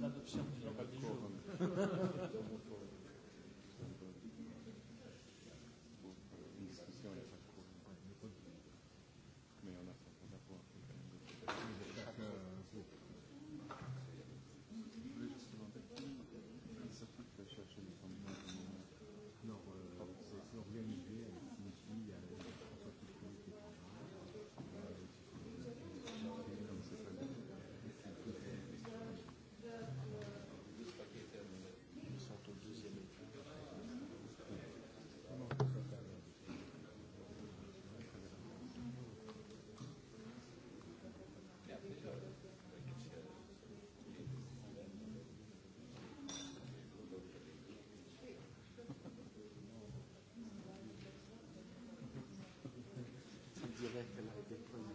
L'adoption du jour. direkte lei dei primi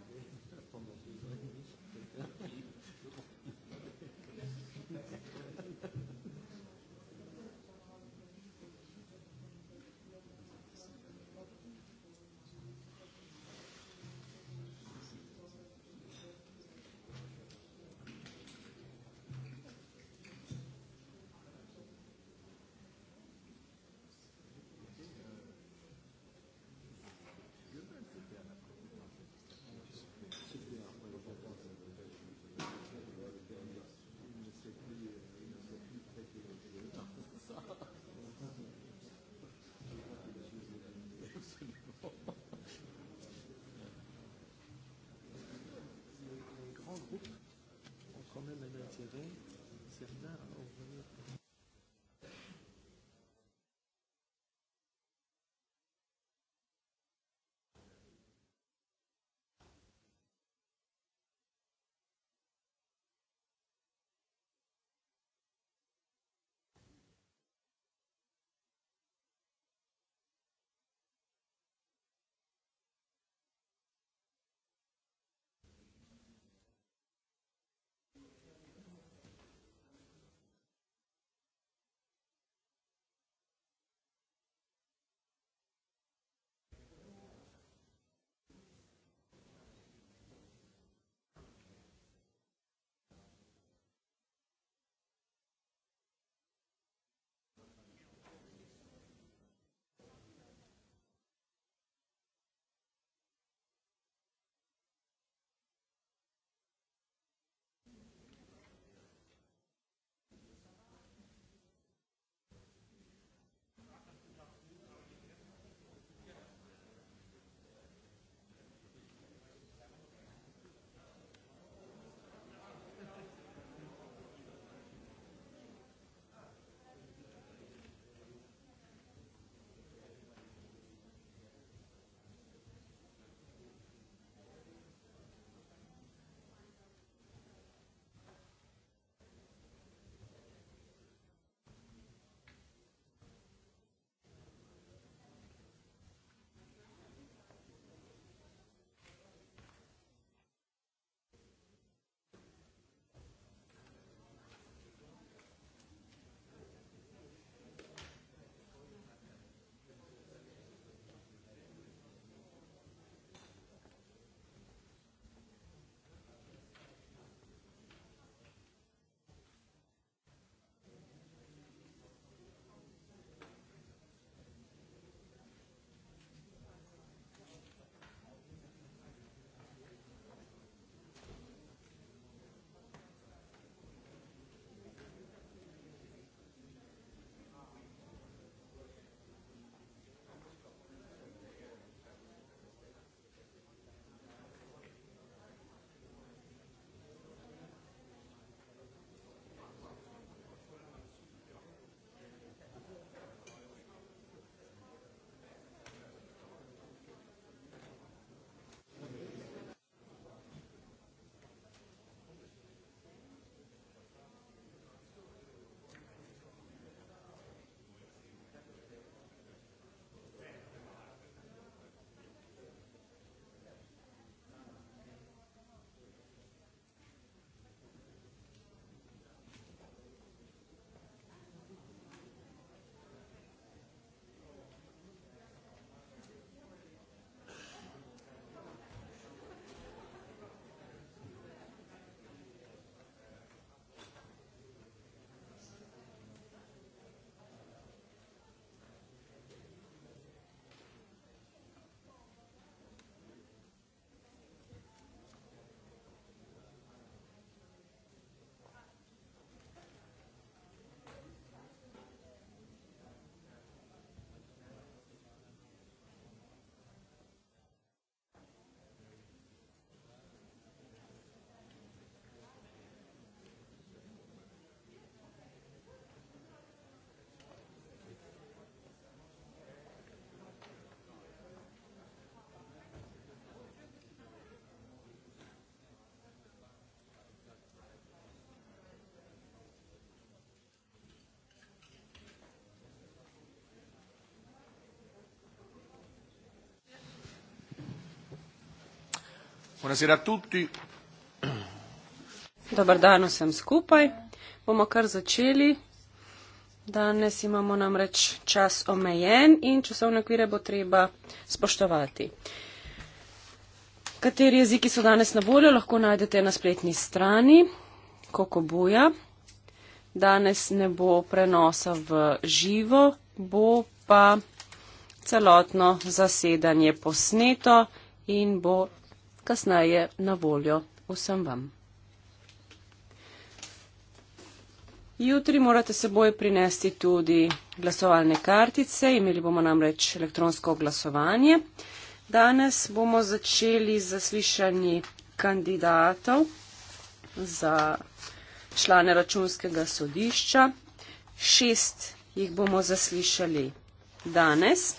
Buonasera a tutti. Dobar dan vsem skupaj. Bomo kar začeli. Danes imamo namreč čas omejen in časovne okvire bo treba spoštovati. Kateri jeziki so danes na voljo, lahko najdete na spletni strani Koko Buja. Danes ne bo prenosa v živo, bo pa celotno zasedanje posneto in bo kasneje na voljo vsem vam. Jutri morate seboj prinesti tudi glasovalne kartice, imeli bomo namreč elektronsko glasovanje. Danes bomo začeli z zaslišanji kandidatov za člane računskega sodišča. Šest jih bomo zaslišali danes.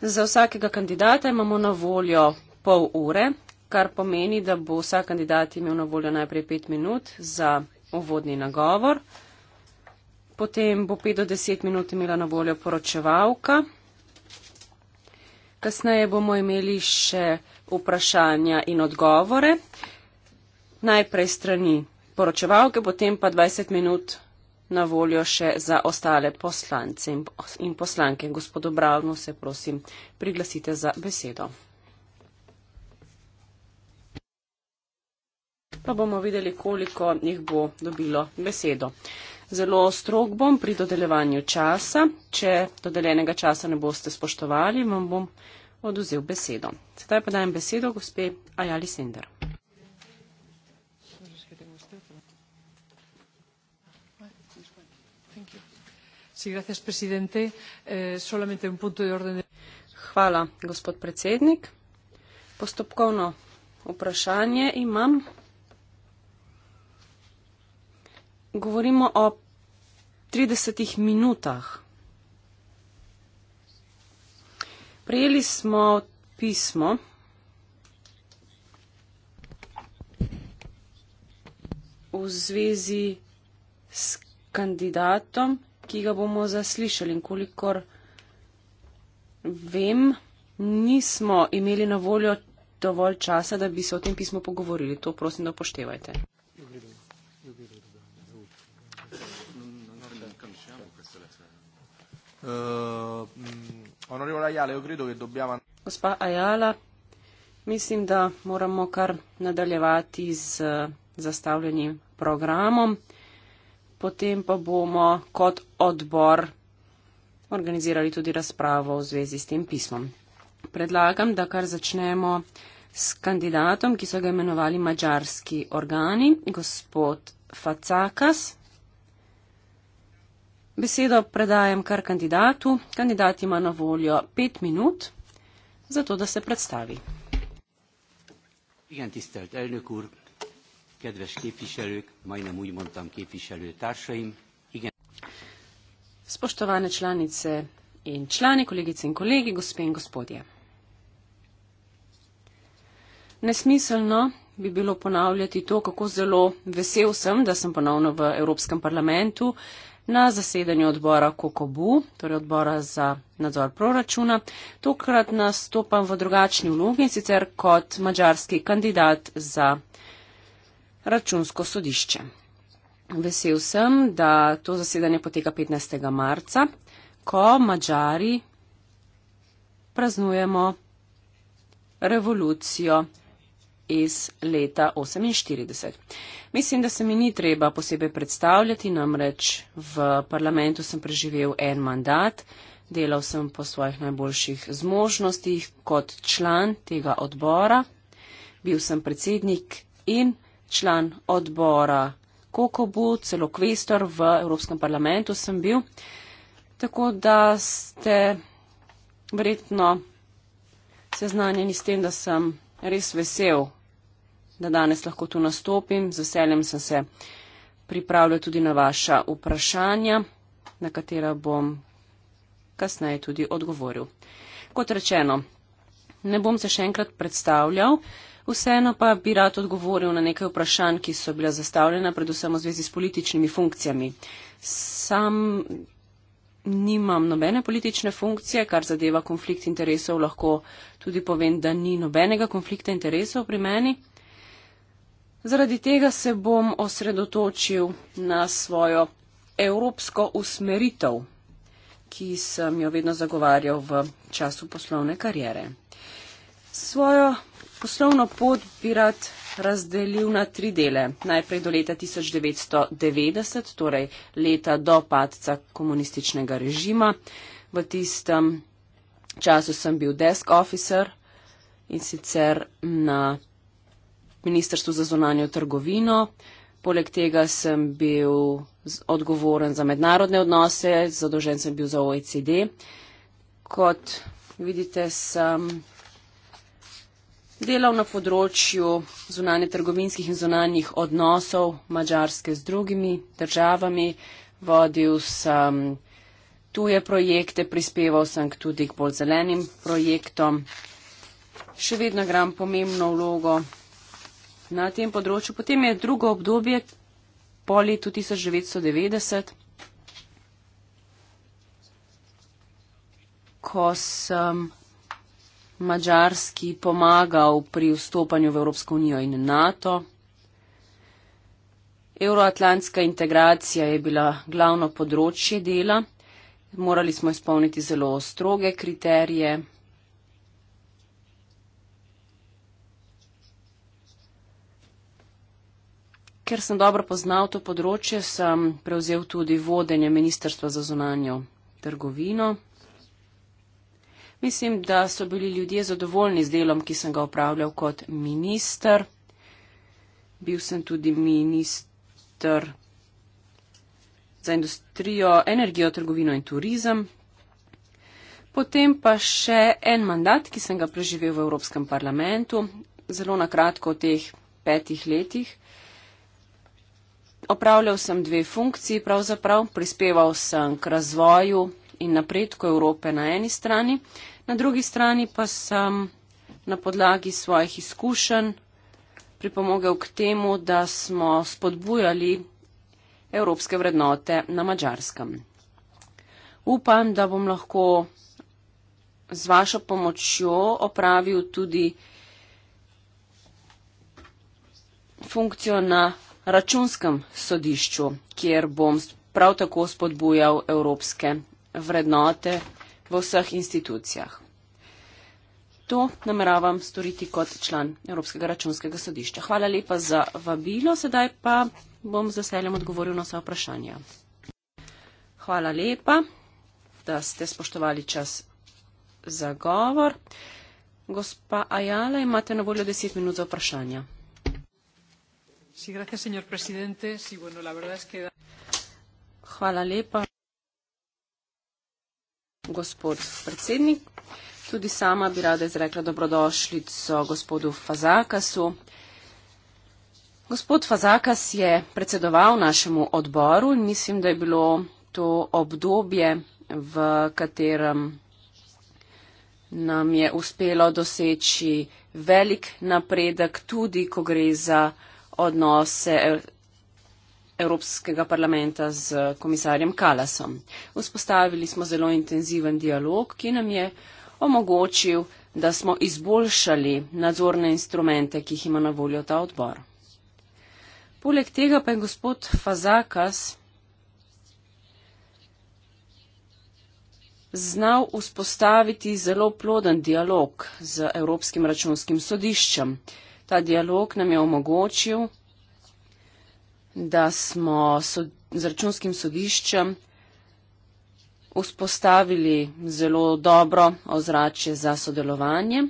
Za vsakega kandidata imamo na voljo pol ure, kar pomeni, da bo vsak kandidat imel na voljo najprej pet minut za uvodni nagovor, potem bo pet do deset minut imela na voljo poročevalka, kasneje bomo imeli še vprašanja in odgovore, najprej strani poročevalke, potem pa 20 minut na voljo še za ostale poslance in poslanke. Gospodo Bravnu, se prosim, priglasite za besedo. Pa bomo videli, koliko jih bo dobilo besedo. Zelo strog bom pri dodelevanju časa. Če dodeljenega časa ne boste spoštovali, vam bom oduzel besedo. Sedaj pa dajem besedo gospe Ajali Sender. Eh, Hvala, gospod predsednik. Postopkovno vprašanje imam. Govorimo o 30 minutah. Prejeli smo pismo. v zvezi s kandidatom ki ga bomo zaslišali. In kolikor vem, nismo imeli na voljo dovolj časa, da bi se o tem pismu pogovorili. To prosim, da upoštevajte. Eh, Gospa Ajala, mislim, da moramo kar nadaljevati z zastavljenim programom potem pa bomo kot odbor organizirali tudi razpravo v zvezi s tem pismom. Predlagam, da kar začnemo s kandidatom, ki so ga imenovali mađarski organi, gospod Facakas. Besedo predajem kar kandidatu. Kandidat ima na voljo pet minut, zato da se predstavi kedves képviselők, majdnem úgy mondtam képviselő társaim. Igen. Spoštovane članice in člani, kolegice in kolegi, gospe in gospodje. Nesmiselno bi bilo ponavljati to, kako zelo vesel sem, da sem ponovno v Evropskem parlamentu na zasedanju odbora Kokobu, torej odbora za nadzor proračuna. Tokrat nastopam v drugačni vlogi, sicer kot mađarski kandidat za računsko sodišče. Vesel sem, da to zasedanje poteka 15. marca, ko Mačari praznujemo revolucijo iz leta 1948. Mislim, da se mi ni treba posebej predstavljati, namreč v parlamentu sem preživel en mandat, delal sem po svojih najboljših zmožnostih kot član tega odbora, bil sem predsednik in član odbora Kokobu, celo kvestor v Evropskem parlamentu sem bil. Tako da ste verjetno seznanjeni s tem, da sem res vesel, da danes lahko tu nastopim. Z veseljem sem se pripravljal tudi na vaša vprašanja, na katera bom kasneje tudi odgovoril. Kot rečeno, ne bom se še enkrat predstavljal. Vseeno pa bi rad odgovoril na nekaj vprašanj, ki so bila zastavljena, predvsem v zvezi s političnimi funkcijami. Sam nimam nobene politične funkcije, kar zadeva konflikt interesov, lahko tudi povem, da ni nobenega konflikta interesov pri meni. Zaradi tega se bom osredotočil na svojo evropsko usmeritev, ki sem jo vedno zagovarjal v času poslovne karijere. Svojo Poslovno pot bi rad razdelil na tri dele. Najprej do leta 1990, torej leta do padca komunističnega režima. V tistem času sem bil desk officer in sicer na Ministrstvu za zonanjo trgovino. Poleg tega sem bil odgovoren za mednarodne odnose, zadolžen sem bil za OECD. Kot vidite, sem delal na področju zunanje trgovinskih in zunanjih odnosov Mačarske z drugimi državami, vodil sem tuje projekte, prispeval sem tudi k bolj zelenim projektom. Še vedno gram pomembno vlogo na tem področju. Potem je drugo obdobje po letu 1990. Ko sem Mačarski pomagal pri vstopanju v Evropsko unijo in NATO. Euroatlantska integracija je bila glavno področje dela. Morali smo izpolniti zelo stroge kriterije. Ker sem dobro poznal to področje, sem prevzel tudi vodenje Ministrstva za zunanjo trgovino. Mislim, da so bili ljudje zadovoljni z delom, ki sem ga upravljal kot minister. Bil sem tudi minister za industrijo, energijo, trgovino in turizem. Potem pa še en mandat, ki sem ga preživel v Evropskem parlamentu, zelo na kratko v teh petih letih. Opravljal sem dve funkciji, pravzaprav prispeval sem k razvoju in napredku Evrope na eni strani, na drugi strani pa sem na podlagi svojih izkušenj pripomogel k temu, da smo spodbujali evropske vrednote na mačarskem. Upam, da bom lahko z vašo pomočjo opravil tudi funkcijo na računskem sodišču, kjer bom prav tako spodbujal evropske vrednote v vseh institucijah. To nameravam storiti kot član Evropskega računskega sodišča. Hvala lepa za vabilo, sedaj pa bom z veseljem odgovoril na vse vprašanja. Hvala lepa, da ste spoštovali čas za govor. Gospa Ajala, imate na voljo deset minut za vprašanja. Hvala lepa gospod predsednik. Tudi sama bi rada izrekla dobrodošlico gospodu Fazakasu. Gospod Fazakas je predsedoval našemu odboru in mislim, da je bilo to obdobje, v katerem nam je uspelo doseči velik napredek, tudi ko gre za odnose Evropskega parlamenta z komisarjem Kalasom. Vzpostavili smo zelo intenziven dialog, ki nam je omogočil, da smo izboljšali nadzorne instrumente, ki jih ima na voljo ta odbor. Poleg tega pa je gospod Fazakas znal vzpostaviti zelo ploden dialog z Evropskim računskim sodiščem. Ta dialog nam je omogočil, da smo z računskim sodiščem vzpostavili zelo dobro ozračje za sodelovanje.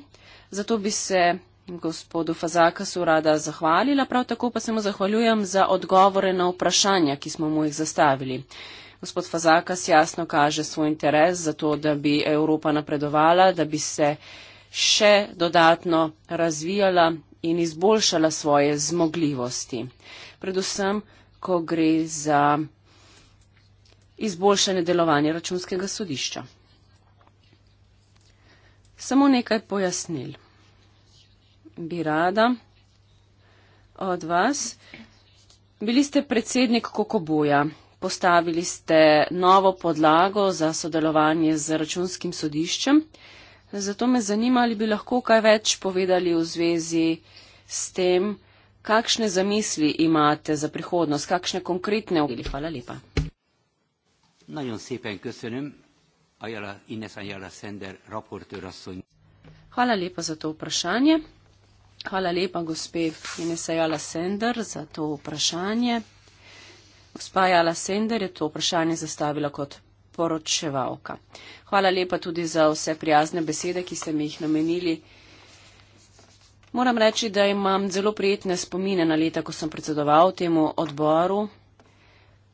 Zato bi se gospodu Fazakasu rada zahvalila, prav tako pa se mu zahvaljujem za odgovore na vprašanja, ki smo mu jih zastavili. Gospod Fazakas jasno kaže svoj interes za to, da bi Evropa napredovala, da bi se še dodatno razvijala in izboljšala svoje zmogljivosti predvsem, ko gre za izboljšanje delovanja računskega sodišča. Samo nekaj pojasnil bi rada od vas. Bili ste predsednik Kokoboja, postavili ste novo podlago za sodelovanje z računskim sodiščem. Zato me zanima, ali bi lahko kaj več povedali v zvezi s tem, Kakšne zamisli imate za prihodnost, kakšne konkretne ugeli? Hvala lepa. Hvala lepa za to vprašanje. Hvala lepa, gospe Inesa Jala Sender, za to vprašanje. Gospa Jala Sender je to vprašanje zastavila kot poročevalka. Hvala lepa tudi za vse prijazne besede, ki ste mi jih namenili. Moram reči, da imam zelo prijetne spomine na leta, ko sem predsedoval temu odboru.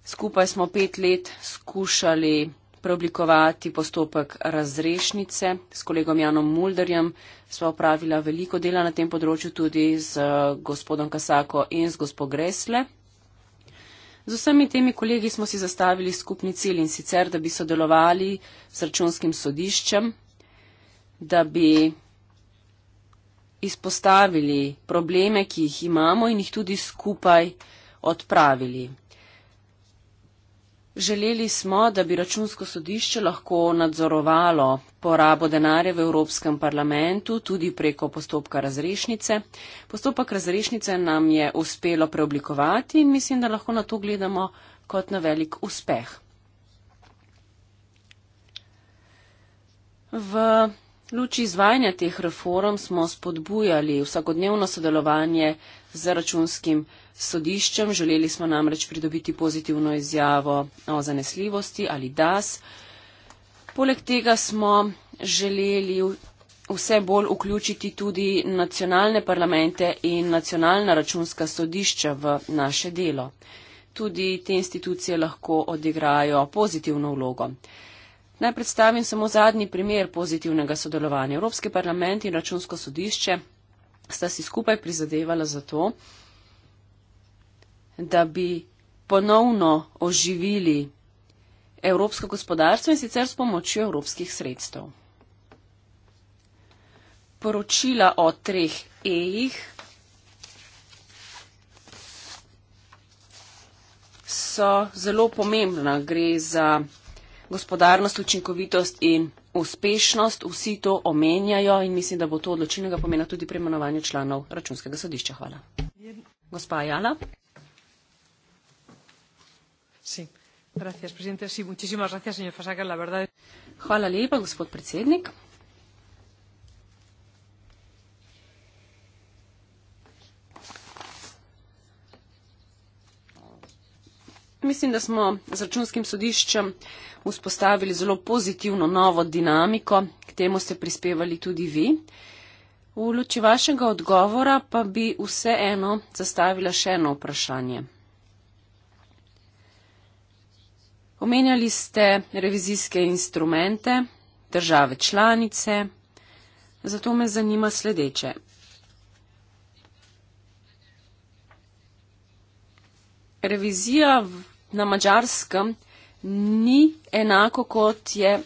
Skupaj smo pet let skušali preoblikovati postopek razrešnice. S kolegom Janom Mulderjem smo opravila veliko dela na tem področju tudi z eh, gospodom Kasako in z gospod Gresle. Z vsemi temi kolegi smo si zastavili skupni cilj in sicer, da bi sodelovali s računskim sodiščem, da bi izpostavili probleme, ki jih imamo in jih tudi skupaj odpravili. Želeli smo, da bi računsko sodišče lahko nadzorovalo porabo denarja v Evropskem parlamentu tudi preko postopka razrešnice. Postopek razrešnice nam je uspelo preoblikovati in mislim, da lahko na to gledamo kot na velik uspeh. V Luči izvajanja teh reform smo spodbujali vsakodnevno sodelovanje z računskim sodiščem. Želeli smo namreč pridobiti pozitivno izjavo o zanesljivosti ali DAS. Poleg tega smo želeli vse bolj vključiti tudi nacionalne parlamente in nacionalna računska sodišča v naše delo. Tudi te institucije lahko odigrajo pozitivno vlogo. Naj predstavim samo zadnji primer pozitivnega sodelovanja. Evropski parlament in računsko sodišče sta si skupaj prizadevala za to, da bi ponovno oživili evropsko gospodarstvo in sicer s pomočjo evropskih sredstev. Poročila o treh E-jih so zelo pomembna. Gre za gospodarnost, učinkovitost in uspešnost, vsi to omenjajo in mislim, da bo to odločilnega pomena tudi pri imenovanju članov računskega sodišča. Hvala. Gospa Jala. Hvala lepa, gospod predsednik. Mislim, da smo z računskim sodiščem vzpostavili zelo pozitivno novo dinamiko, k temu ste prispevali tudi vi. V luči vašega odgovora pa bi vseeno zastavila še eno vprašanje. Omenjali ste revizijske instrumente, države članice, zato me zanima sledeče. Revizija na mačarskem ni enako, kot je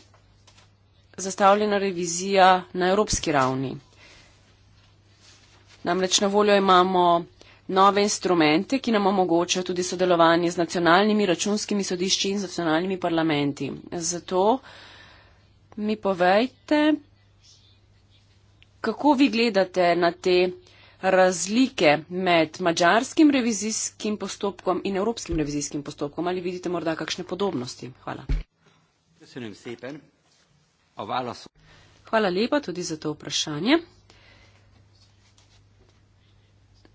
zastavljena revizija na evropski ravni. Namreč na voljo imamo nove instrumente, ki nam omogočajo tudi sodelovanje z nacionalnimi računskimi sodišči in z nacionalnimi parlamenti. Zato mi povejte, kako vi gledate na te razlike med mačarskim revizijskim postopkom in evropskim revizijskim postopkom ali vidite morda kakšne podobnosti? Hvala. Hvala lepa tudi za to vprašanje.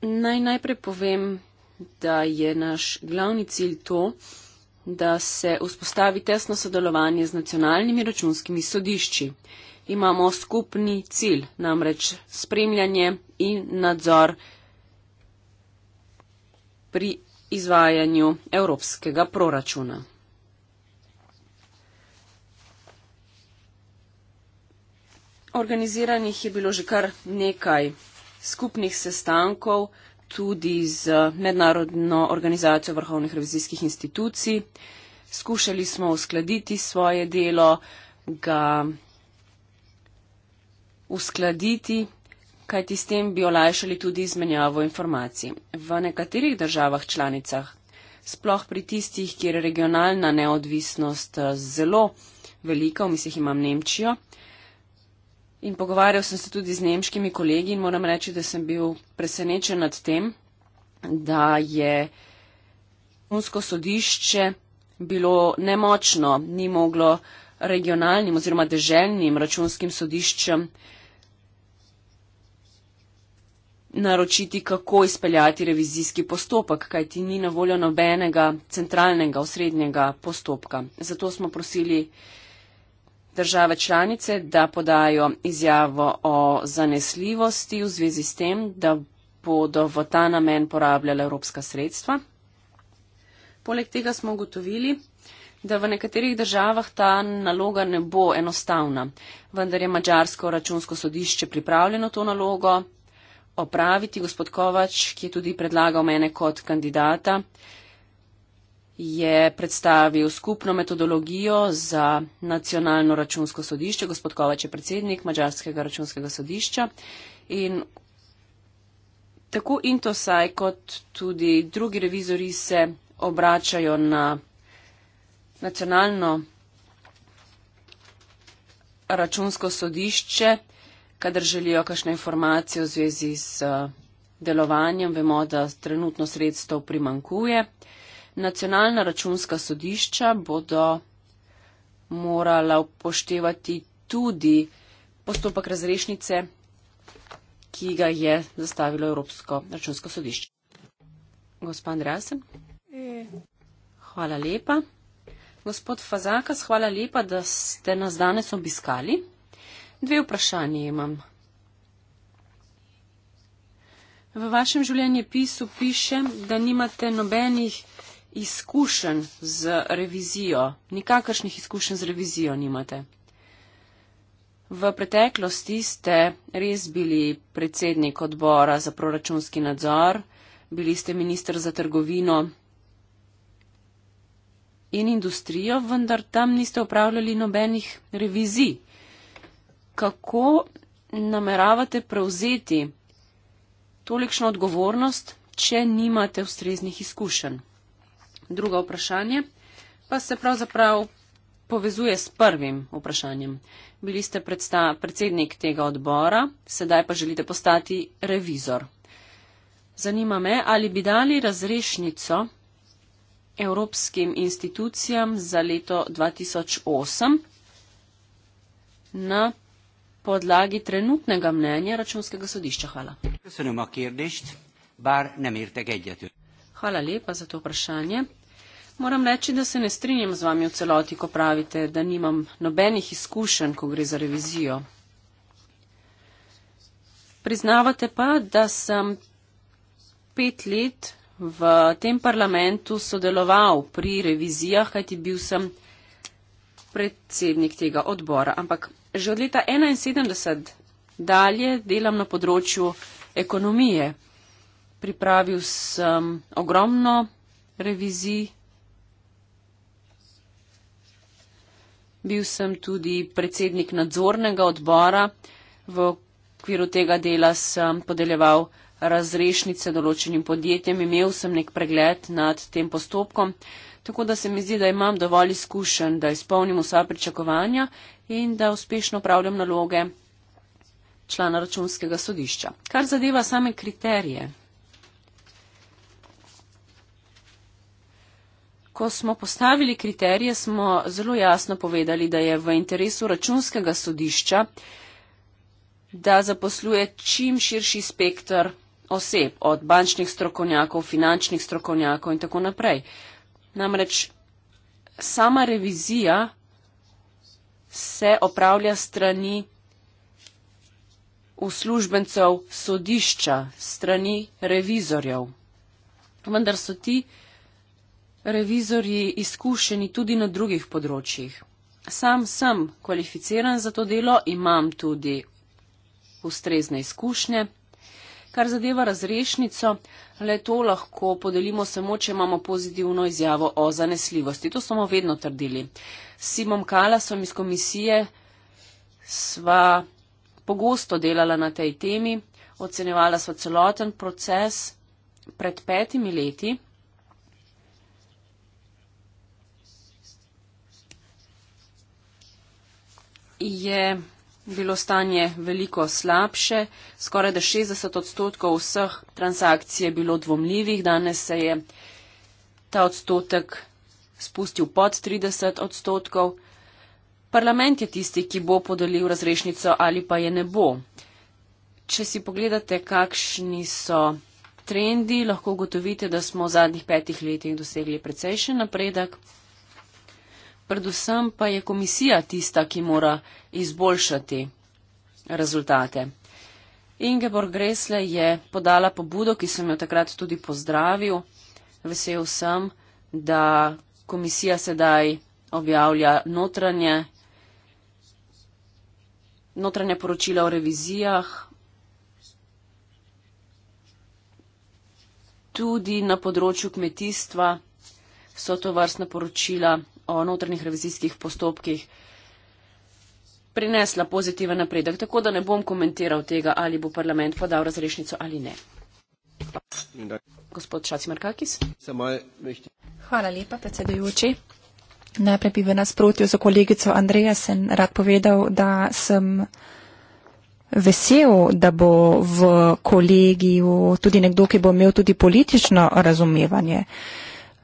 Naj najprej povem, da je naš glavni cilj to, da se vzpostavi tesno sodelovanje z nacionalnimi računskimi sodišči. Imamo skupni cilj, namreč spremljanje in nadzor pri izvajanju evropskega proračuna. Organiziranih je bilo že kar nekaj skupnih sestankov tudi z Mednarodno organizacijo vrhovnih revizijskih institucij. Skušali smo uskladiti svoje delo, ga uskladiti kajti s tem bi olajšali tudi izmenjavo informacij. V nekaterih državah članicah, sploh pri tistih, kjer je regionalna neodvisnost eh, zelo velika, v mislih imam Nemčijo, in pogovarjal sem se tudi z nemškimi kolegi in moram reči, da sem bil presenečen nad tem, da je Unsko sodišče bilo nemočno, ni moglo regionalnim oziroma deželjnim računskim sodiščem uh, naročiti, kako izpeljati revizijski postopek, kajti ni na voljo nobenega centralnega, osrednjega postopka. Zato smo prosili države članice, da podajo izjavo o zanesljivosti v zvezi s tem, da bodo v ta namen porabljala evropska sredstva. Poleg tega smo ugotovili, da v nekaterih državah ta naloga ne bo enostavna, vendar je Mačarsko računsko sodišče pripravljeno to nalogo, opraviti. Gospod Kovač, ki je tudi predlagal mene kot kandidata, je predstavil skupno metodologijo za nacionalno računsko sodišče. Gospod Kovač je predsednik Mačarskega računskega sodišča in tako Intosaj kot tudi drugi revizori se obračajo na nacionalno računsko sodišče kadar želijo kakšne informacije v zvezi s eh, delovanjem, vemo, da trenutno sredstev primankuje. Nacionalna računska sodišča bodo morala upoštevati tudi postopek razrešnice, ki ga je zastavilo Evropsko računsko sodišče. Gospod Andrejasen? Hvala lepa. Gospod Fazakas, hvala lepa, da ste nas danes obiskali. Dve vprašanje imam. V vašem življenjepisu piše, da nimate nobenih izkušenj z revizijo, nikakršnih izkušenj z revizijo nimate. V preteklosti ste res bili predsednik odbora za proračunski nadzor, bili ste minister za trgovino in industrijo, vendar tam niste upravljali nobenih revizij kako nameravate prevzeti tolikšno odgovornost, če nimate ustreznih izkušenj. Drugo vprašanje pa se pravzaprav povezuje s prvim vprašanjem. Bili ste predsta, predsednik tega odbora, sedaj pa želite postati revizor. Zanima me, ali bi dali razrešnico evropskim institucijam za leto 2008 na podlagi trenutnega mnenja računskega sodišča. Hvala. Hvala lepa za to vprašanje. Moram reči, da se ne strinjam z vami v celoti, ko pravite, da nimam nobenih izkušenj, ko gre za revizijo. Priznavate pa, da sem pet let v tem parlamentu sodeloval pri revizijah, kajti bil sem predsednik tega odbora. Ampak že od leta 1971 dalje delam na področju ekonomije. Pripravil sem ogromno revizij. Bil sem tudi predsednik nadzornega odbora. V okviru tega dela sem podeljeval razrešnice določenim podjetjem. Imel sem nek pregled nad tem postopkom tako da se mi zdi, da imam dovolj izkušen, da izpolnim vsa pričakovanja in da uspešno upravljam naloge člana računskega sodišča. Kar zadeva same kriterije. Ko smo postavili kriterije, smo zelo jasno povedali, da je v interesu računskega sodišča, da zaposluje čim širši spektr oseb, od bančnih strokovnjakov, finančnih strokovnjakov in tako naprej. Namreč sama revizija se opravlja strani uslužbencev sodišča, strani revizorjev. Vendar so ti revizori izkušeni tudi na drugih področjih. Sam sem kvalificiran za to delo, imam tudi ustrezne izkušnje. Kar zadeva razrešnico, le to lahko podelimo samo, če imamo pozitivno izjavo o zanesljivosti. To smo vedno trdili. Simom Kalasom iz komisije sva pogosto delala na tej temi, ocenevala sva celoten proces pred petimi leti. Je bilo stanje veliko slabše, skoraj da 60 odstotkov vseh transakcij je bilo dvomljivih, danes se je ta odstotek spustil pod 30 odstotkov. Parlament je tisti, ki bo podelil razrešnico ali pa je ne bo. Če si pogledate, kakšni so trendi, lahko ugotovite, da smo v zadnjih petih letih dosegli precejšen napredek predvsem pa je komisija tista, ki mora izboljšati rezultate. Ingeborg Gresle je podala pobudo, ki sem jo takrat tudi pozdravil. Vesel sem, da komisija sedaj objavlja notranje, notranje poročila o revizijah. Tudi na področju kmetijstva so to vrstna poročila o notrnih revizijskih postopkih prinesla pozitiven napredek, tako da ne bom komentiral tega, ali bo parlament podal razrešnico ali ne. Gospod Šacimarkakis. Hvala lepa, predsedujoči. Najprej bi v nasprotju z kolegico Andreja sem rad povedal, da sem vesel, da bo v kolegiju tudi nekdo, ki bo imel tudi politično razumevanje. Uh,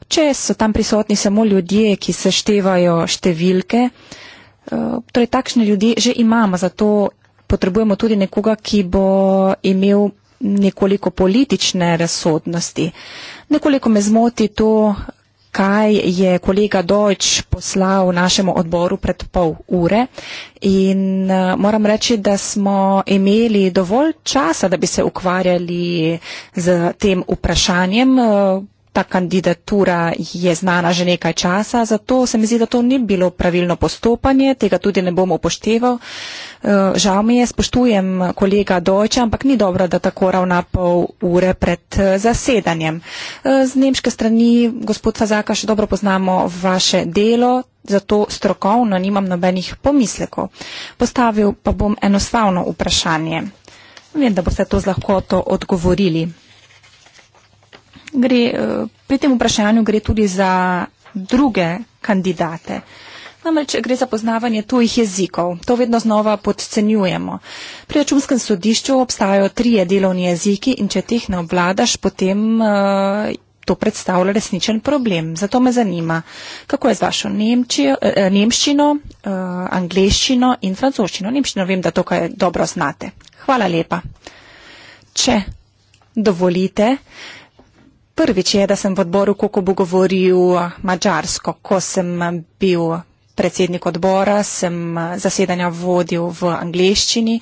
Če so tam prisotni samo ljudje, ki seštevajo številke, eh, torej takšne ljudi že imamo, zato potrebujemo tudi nekoga, ki bo imel nekoliko politične razsodnosti. Nekoliko me zmoti to, kaj je kolega Deutsch poslal našemu odboru pred pol ure in eh, moram reči, da smo imeli dovolj časa, da bi se ukvarjali z tem vprašanjem. Eh, ta kandidatura je znana že nekaj časa, zato se mi zdi, da to ni bilo pravilno postopanje, tega tudi ne bom upošteval. Eh, žal mi je, spoštujem kolega Dojča, ampak ni dobro, da tako ravna pol ure pred eh, zasedanjem. Eh, z nemške strani, gospod Fazaka, še dobro poznamo vaše delo, zato strokovno nimam nobenih pomislekov. Postavil pa bom enostavno vprašanje. Vem, da boste to z lahkoto odgovorili gre, eh, pri tem vprašanju gre tudi za druge kandidate. Namreč gre za poznavanje tujih jezikov. To vedno znova podcenjujemo. Pri računskem sodišču obstajajo trije delovni jeziki in če teh ne obvladaš, potem eh, to predstavlja resničen problem. Zato me zanima, kako je z vašo nemčijo, eh, nemščino, angliščino in francoščino. Nemščino vem, da to kaj dobro znate. Hvala lepa. Če dovolite, prvič je, da sem v odboru Koko bo govoril mačarsko. Ko sem bil predsednik odbora, sem zasedanja vodil v angleščini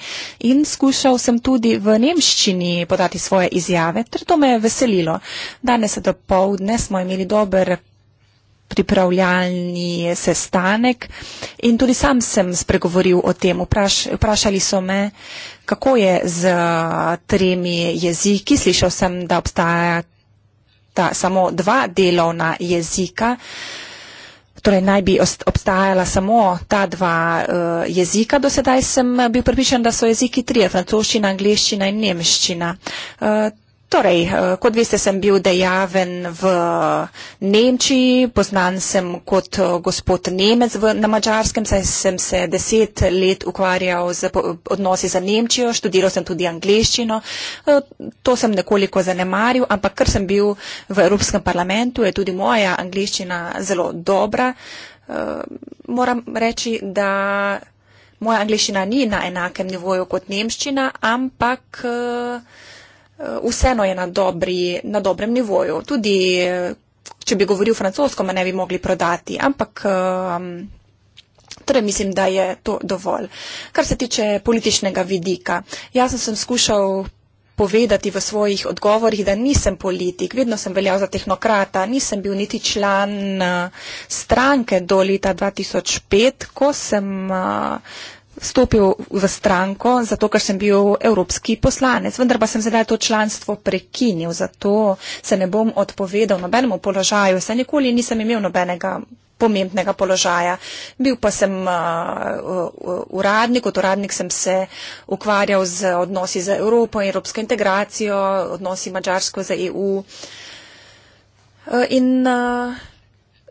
in skušal sem tudi v nemščini podati svoje izjave, ter to me je veselilo. Danes do povdne smo imeli dober pripravljalni sestanek in tudi sam sem spregovoril o tem. Vpraš, vprašali so me, kako je z tremi jeziki. Slišal sem, da obstajajo sta samo dva delovna jezika. Torej, naj bi obstajala samo ta dva uh, jezika. Do sedaj sem eh, bil pripričan, da so jeziki trije, francoščina, angliščina in nemščina. Uh, Torej, eh, kot veste, sem bil dejaven v eh, Nemčiji, poznan sem kot eh, gospod Nemec v, na mačarskem, saj sem se deset let ukvarjal z odnosi za Nemčijo, študiral sem tudi angliščino, to sem nekoliko zanemaril, ampak ker sem bil v Evropskem parlamentu, je tudi moja angliščina zelo dobra. Moram reči, da. Moja angliščina ni na enakem nivoju kot nemščina, ampak. Eh, vseeno je na, dobri, na dobrem nivoju. Tudi, eh, če bi govoril francosko, me ne bi mogli prodati, ampak ehm, torej mislim, da je to dovolj. Kar se tiče političnega vidika, jaz sem skušal povedati v svojih odgovorih, da nisem politik, vedno sem veljal za tehnokrata, nisem bil niti član eh, stranke do leta 2005, ko sem stopil v stranko, zato ker sem bil evropski poslanec. Vendar pa sem sedaj to članstvo prekinil, zato se ne bom odpovedal nobenemu položaju, saj nikoli nisem imel nobenega pomembnega položaja. Bil pa sem uh, uradnik, kot uradnik sem se ukvarjal z odnosi z Evropo, evropsko integracijo, odnosi Mačarsko z EU. Uh, in, uh,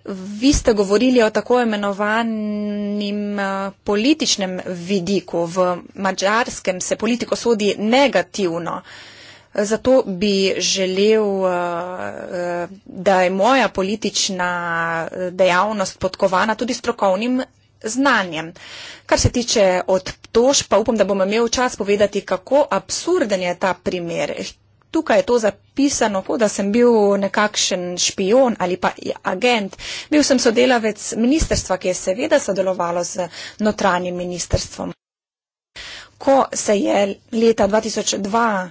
Vi ste govorili o tako imenovanem eh, političnem vidiku. V mačarskem se politiko sodi negativno. Zato bi želel, eh, eh, da je moja politična dejavnost podkovana tudi strokovnim znanjem. Kar se tiče odtož, pa upam, da bom imel čas povedati, kako absurden je ta primer tukaj je to zapisano, kot da sem bil nekakšen špion ali pa agent. Bil sem sodelavec ministerstva, ki je seveda sodelovalo z notranjim ministerstvom. Ko se je leta 2002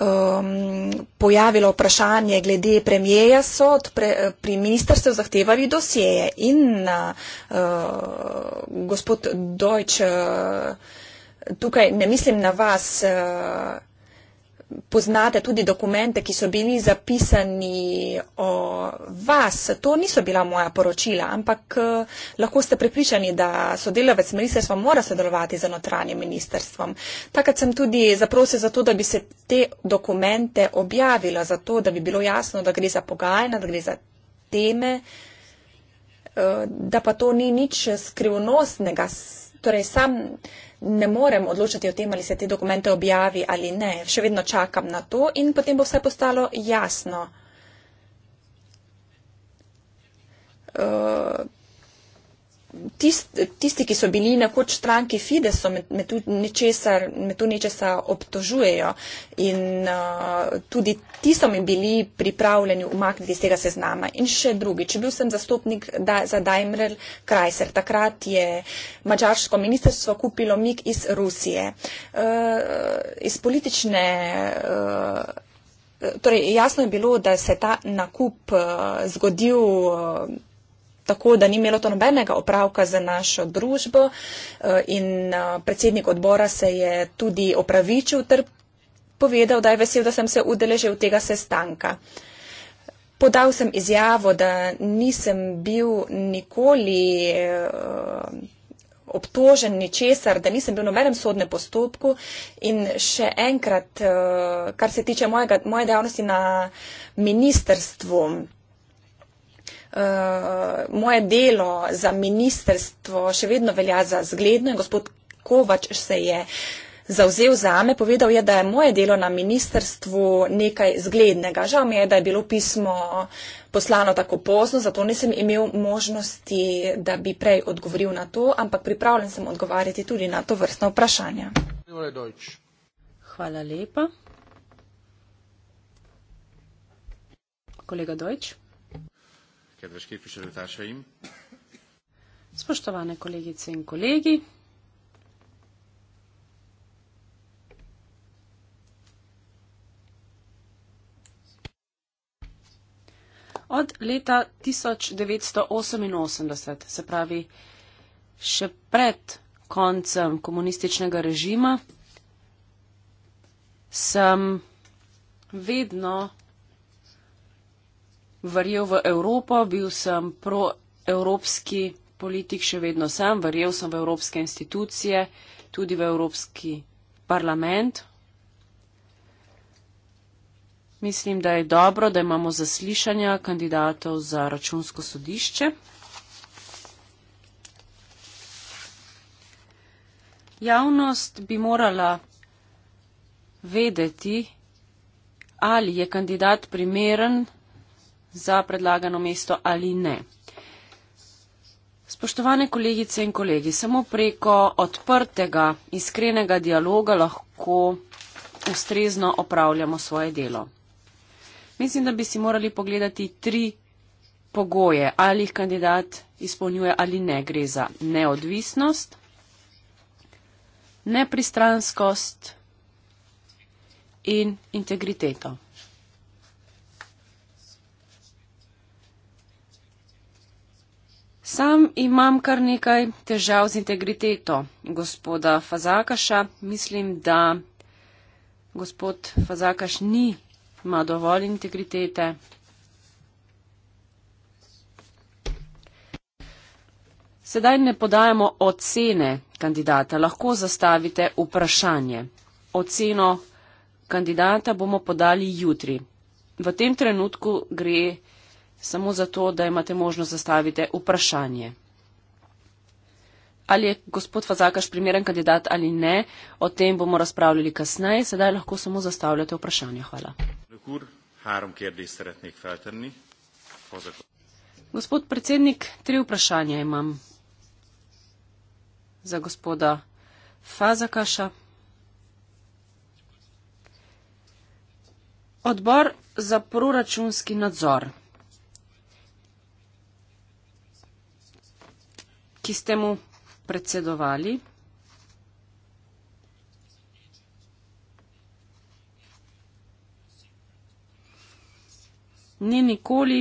um, pojavilo vprašanje glede premijeja, so pre, pri ministrstvu zahtevali dosjeje in uh, gospod Deutsch, uh, tukaj ne mislim na vas. Uh, poznate tudi dokumente, ki so bili zapisani o vas. To niso bila moja poročila, ampak eh, lahko ste prepričani, da sodelavec ministrstva mora sodelovati z notranjim ministrstvom. Takrat sem tudi zaprosil za to, da bi se te dokumente objavila, zato da bi bilo jasno, da gre za pogajanja, da gre za teme, eh, da pa to ni nič skrivnostnega. Torej, sam, uh, ne morem odločati o tem, ali se te dokumente objavi ali ne. Še vedno čakam na to in potem bo vse postalo jasno. Uh, tisti, tisti, ki so bili nekoč stranki Fidesz, me tu nečesa obtožujejo in uh, tudi ti so mi bili pripravljeni umakniti iz tega seznama. In še drugi, če bil sem zastopnik da, za Daimler Krajser, takrat je mačarsko ministrstvo kupilo mik iz Rusije, uh, iz politične. Uh, Torej, jasno je bilo, da se ta nakup uh, zgodil uh, tako, da ni imelo to nobenega opravka za našo družbo eh, in eh, predsednik odbora se je tudi opravičil ter povedal, da je vesel, da sem se udeležil tega sestanka. Podal sem izjavo, da nisem bil nikoli eh, obtožen ničesar, da nisem bil v nobenem sodnem postopku in še enkrat, kar se tiče mojega, moje dejavnosti na ministerstvu, Eh, moje delo za ministerstvo še vedno velja za zgledno in gospod Kovač se je zauzel za me, povedal je, da je moje delo na ministerstvu nekaj zglednega. Žal mi je, da je bilo pismo poslano tako pozno, zato nisem imel možnosti, da bi prej odgovoril na to, ampak pripravljen sem odgovarjati tudi na to vrstno vprašanje. Hvala lepa. Kolega Dojč. Kedves képviselőtársaim! Spoštovane kolegice in kolegi! Od leta 1988, se pravi še pred koncem komunističnega režima, sem vedno verjel v Evropo, bil sem proevropski politik še vedno sem, verjel sem v evropske institucije, tudi v Evropski parlament. Mislim, da je dobro, da imamo zaslišanja kandidatov za računsko sodišče. Javnost bi morala vedeti, ali je kandidat primeren za predlagano mesto ali ne. Spoštovane kolegice in kolegi, samo preko odprtega, iskrenega dialoga lahko ustrezno opravljamo svoje delo. Mislim, da bi si morali pogledati tri pogoje, ali jih kandidat izpolnjuje ali ne. Gre za neodvisnost, nepristranskost in integriteto. Sam imam kar nekaj težav z integriteto gospoda Fazakaša. Mislim, da gospod Fazakaš ni ima dovolj integritete. Sedaj ne podajamo ocene kandidata. Lahko zastavite vprašanje. Oceno kandidata bomo podali jutri. V tem trenutku gre samo zato, da imate možnost zastaviti vprašanje. Ali je gospod Fazakaš primeren kandidat ali ne, o tem bomo razpravljali kasneje, sedaj lahko samo zastavljate vprašanje. Hvala. Gospod predsednik, tri vprašanja imam za gospoda Fazakaša. Odbor za proračunski nadzor. ki ste mu predsedovali. Ni nikoli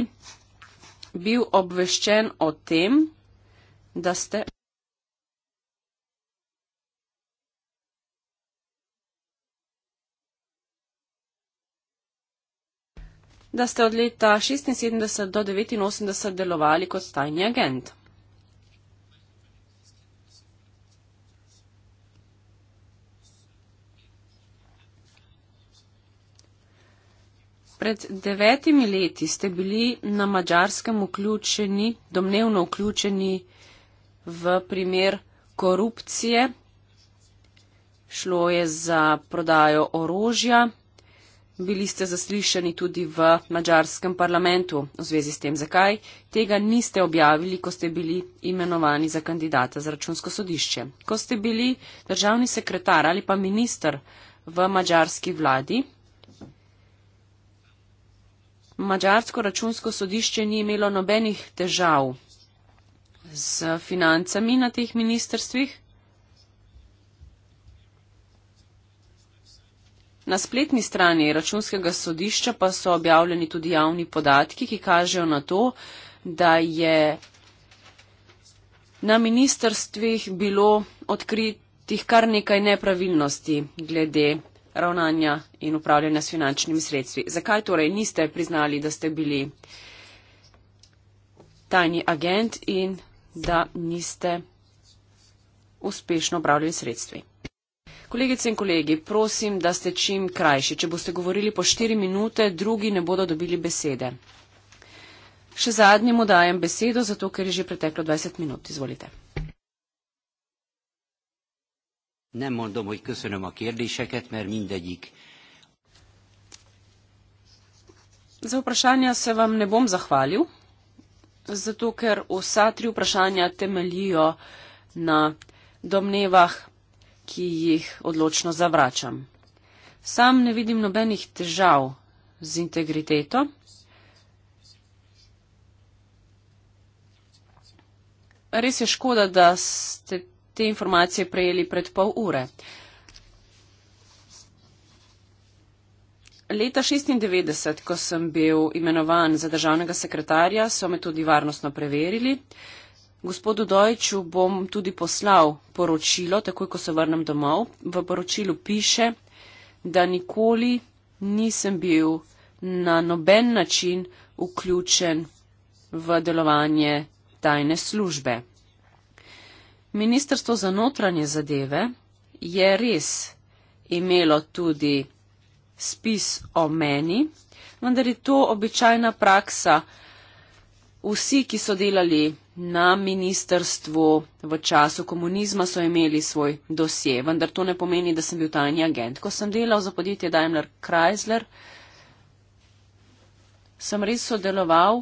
bil obveščen o tem, da ste. da ste od leta 76 do 89 delovali kot tajni agent. Pred devetimi leti ste bili na mačarskem vključeni, domnevno vključeni v primer korupcije. Šlo je za prodajo orožja. Bili ste zaslišani tudi v mačarskem parlamentu v zvezi s tem, zakaj tega niste objavili, ko ste bili imenovani za kandidata za računsko sodišče. Ko ste bili državni sekretar ali pa minister v mačarski vladi, Mačarsko računsko sodišče ni imelo nobenih težav z financami na teh ministrstvih. Na spletni strani računskega sodišča pa so objavljeni tudi javni podatki, ki kažejo na to, da je na ministrstvih bilo odkritih kar nekaj nepravilnosti glede ravnanja in upravljanja s finančnimi sredstvi. Zakaj torej niste priznali, da ste bili tajni agent in da niste uspešno upravljali sredstvi? Kolegice in kolegi, prosim, da ste čim krajši. Če boste govorili po štiri minute, drugi ne bodo dobili besede. Še zadnjemu dajem besedo, zato ker je že preteklo 20 minut. Izvolite. Nem mondom, hogy köszönöm a kérdéseket, mert mindegyik. Za vprašanja se vam ne bom zahvalil, zato ker vsa tri vprašanja temeljijo na domnevah, ki jih odločno zavračam. Sam ne vidim nobenih težav z integriteto. Res je škoda, da ste te informacije prejeli pred pol ure. Leta 1996, ko sem bil imenovan za državnega sekretarja, so me tudi varnostno preverili. Gospodu Dojču bom tudi poslal poročilo, takoj ko se vrnem domov. V poročilu piše, da nikoli nisem bil na noben način vključen v delovanje tajne službe. Ministrstvo za notranje zadeve je res imelo tudi spis o meni, vendar je to običajna praksa. Vsi, ki so delali na ministrstvu v času komunizma, so imeli svoj dosje, vendar to ne pomeni, da sem bil tajni agent. Ko sem delal za podjetje Daimler Chrysler, sem res sodeloval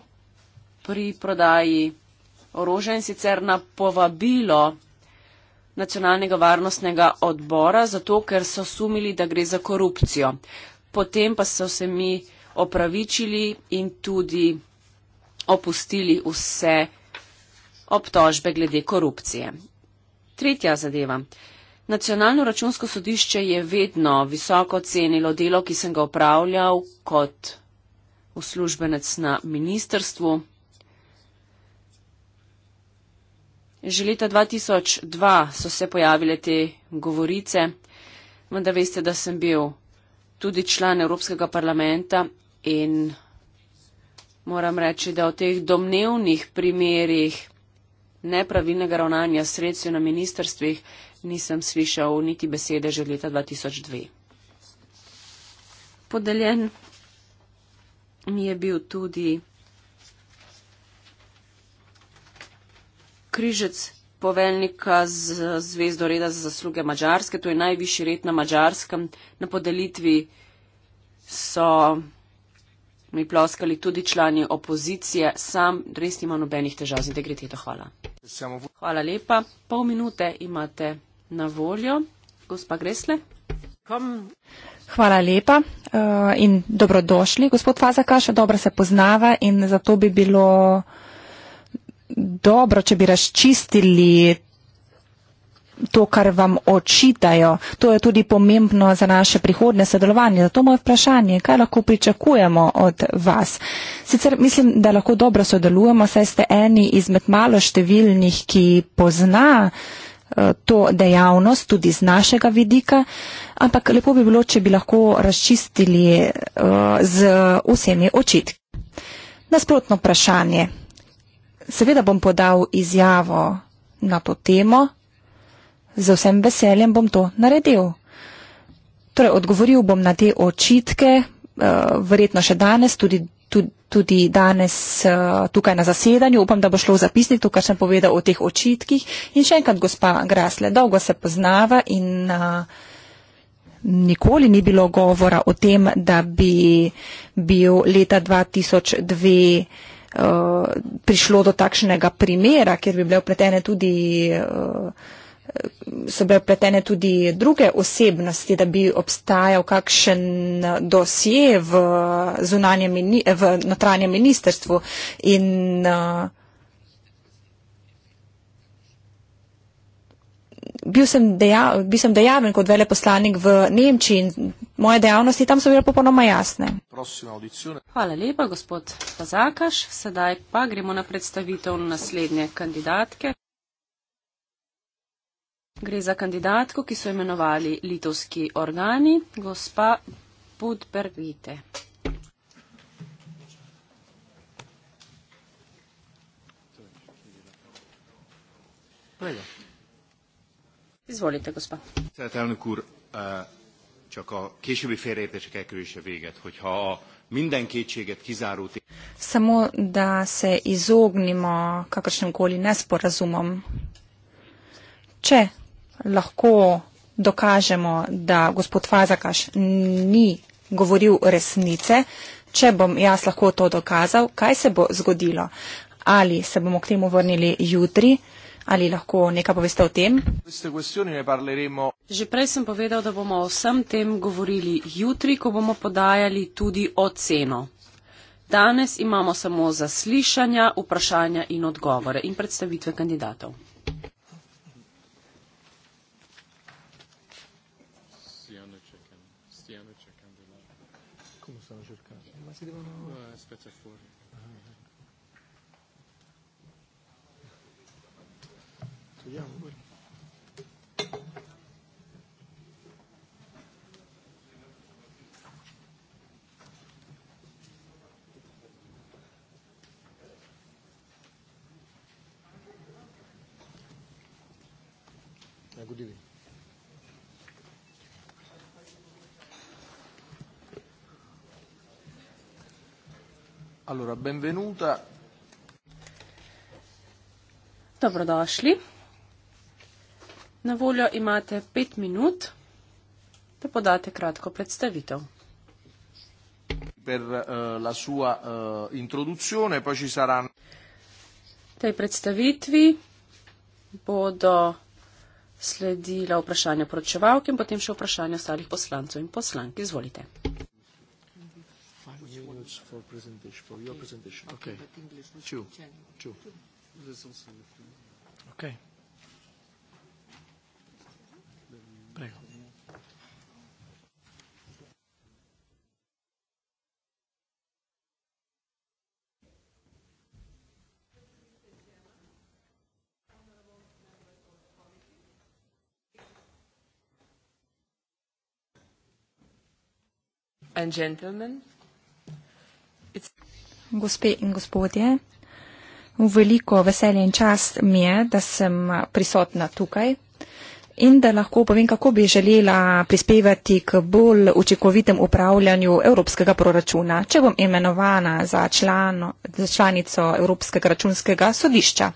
pri prodaji orožja in sicer na povabilo nacionalnega varnostnega odbora, zato ker so sumili, da gre za korupcijo. Potem pa so se mi opravičili in tudi opustili vse obtožbe glede korupcije. Tretja zadeva. Nacionalno računsko sodišče je vedno visoko cenilo delo, ki sem ga upravljal kot uslužbenec na ministrstvu. Že leta 2002 so se pojavile te govorice, vendar veste, da sem bil tudi član Evropskega parlamenta in moram reči, da o teh domnevnih primerjih nepravilnega ravnanja sredstv na ministerstvih nisem slišal niti besede že leta 2002. Podeljen mi je bil tudi križec poveljnika z zvezdo reda za zasluge Mačarske, to je najvišji red na Mačarskem. Na podelitvi so mi ploskali tudi člani opozicije, sam res nima nobenih težav z integriteto. Hvala. Hvala lepa. Pol minute imate na voljo. Gospa Gresle. Kom. Hvala lepa uh, in dobrodošli, gospod Fazakaš, dobro se poznava in zato bi bilo dobro, če bi razčistili to, kar vam očitajo. To je tudi pomembno za naše prihodne sodelovanje. Zato moje vprašanje, kaj lahko pričakujemo od vas? Sicer mislim, da lahko dobro sodelujemo, saj ste eni izmed malo številnih, ki pozna eh, to dejavnost tudi z našega vidika, ampak lepo bi bilo, če bi lahko razčistili eh, z vsemi očitki. Nasprotno vprašanje seveda bom podal izjavo na to temo, z vsem veseljem bom to naredil. Torej, odgovoril bom na te očitke, uh, verjetno še danes, tudi, tudi, tudi danes uh, tukaj na zasedanju. Upam, da bo šlo v zapisnik to, kar sem povedal o teh očitkih. In še enkrat, gospa Grasle, dolgo se poznava in uh, nikoli ni bilo govora o tem, da bi bil leta 2002. Eh, prišlo do takšnega primera, kjer bi bile upletene tudi. Uh, so bile pletene tudi druge osebnosti, da bi obstajal kakšen dosje v, v notranjem ministerstvu in uh, bil sem, deja, bil sem dejaven kot veleposlanik v Nemčiji in moje dejavnosti tam so bile popolnoma jasne. Hvala lepa, gospod Pazakaš. Sedaj pa gremo na predstavitev naslednje kandidatke. Gre za kandidatko, ki so imenovali litovski organi, gospa Budbergite. Hvala. Izvolite, gospa. Tisztelt elnök úr, csak a későbbi félreértések elkerülése véget, hogyha a minden kétséget kizáró Samo, da se izognimo kakršnemkoli nesporazumom. Če lahko dokažemo, da gospod Fazakaš ni govoril resnice, če bom jaz lahko to dokazal, kaj se bo zgodilo? Ali se bomo k temu vrnili jutri? Ali lahko nekaj poveste o tem? Že prej sem povedal, da bomo o vsem tem govorili jutri, ko bomo podajali tudi oceno. Danes imamo samo zaslišanja, vprašanja in odgovore in predstavitve kandidatov. Allora, benvenuta. Dobrodošli. Na voljo imate pet minut, da podate kratko predstavitev. Per uh, la sua uh, introduzione, poi ci saranno. Tej predstavitvi bodo sledila vprašanja poročevalke in potem še vprašanja ostalih poslancev in poslank. Izvolite words for presentation, for okay. your presentation. Okay. okay. But English was Two. Two. Two. This is also in the okay. And gentlemen, Gospe in gospodje, v veliko veselje in čast mi je, da sem prisotna tukaj in da lahko povem, kako bi želela prispevati k bolj učinkovitem upravljanju evropskega proračuna, če bom imenovana za, člano, za članico Evropskega računskega sodišča.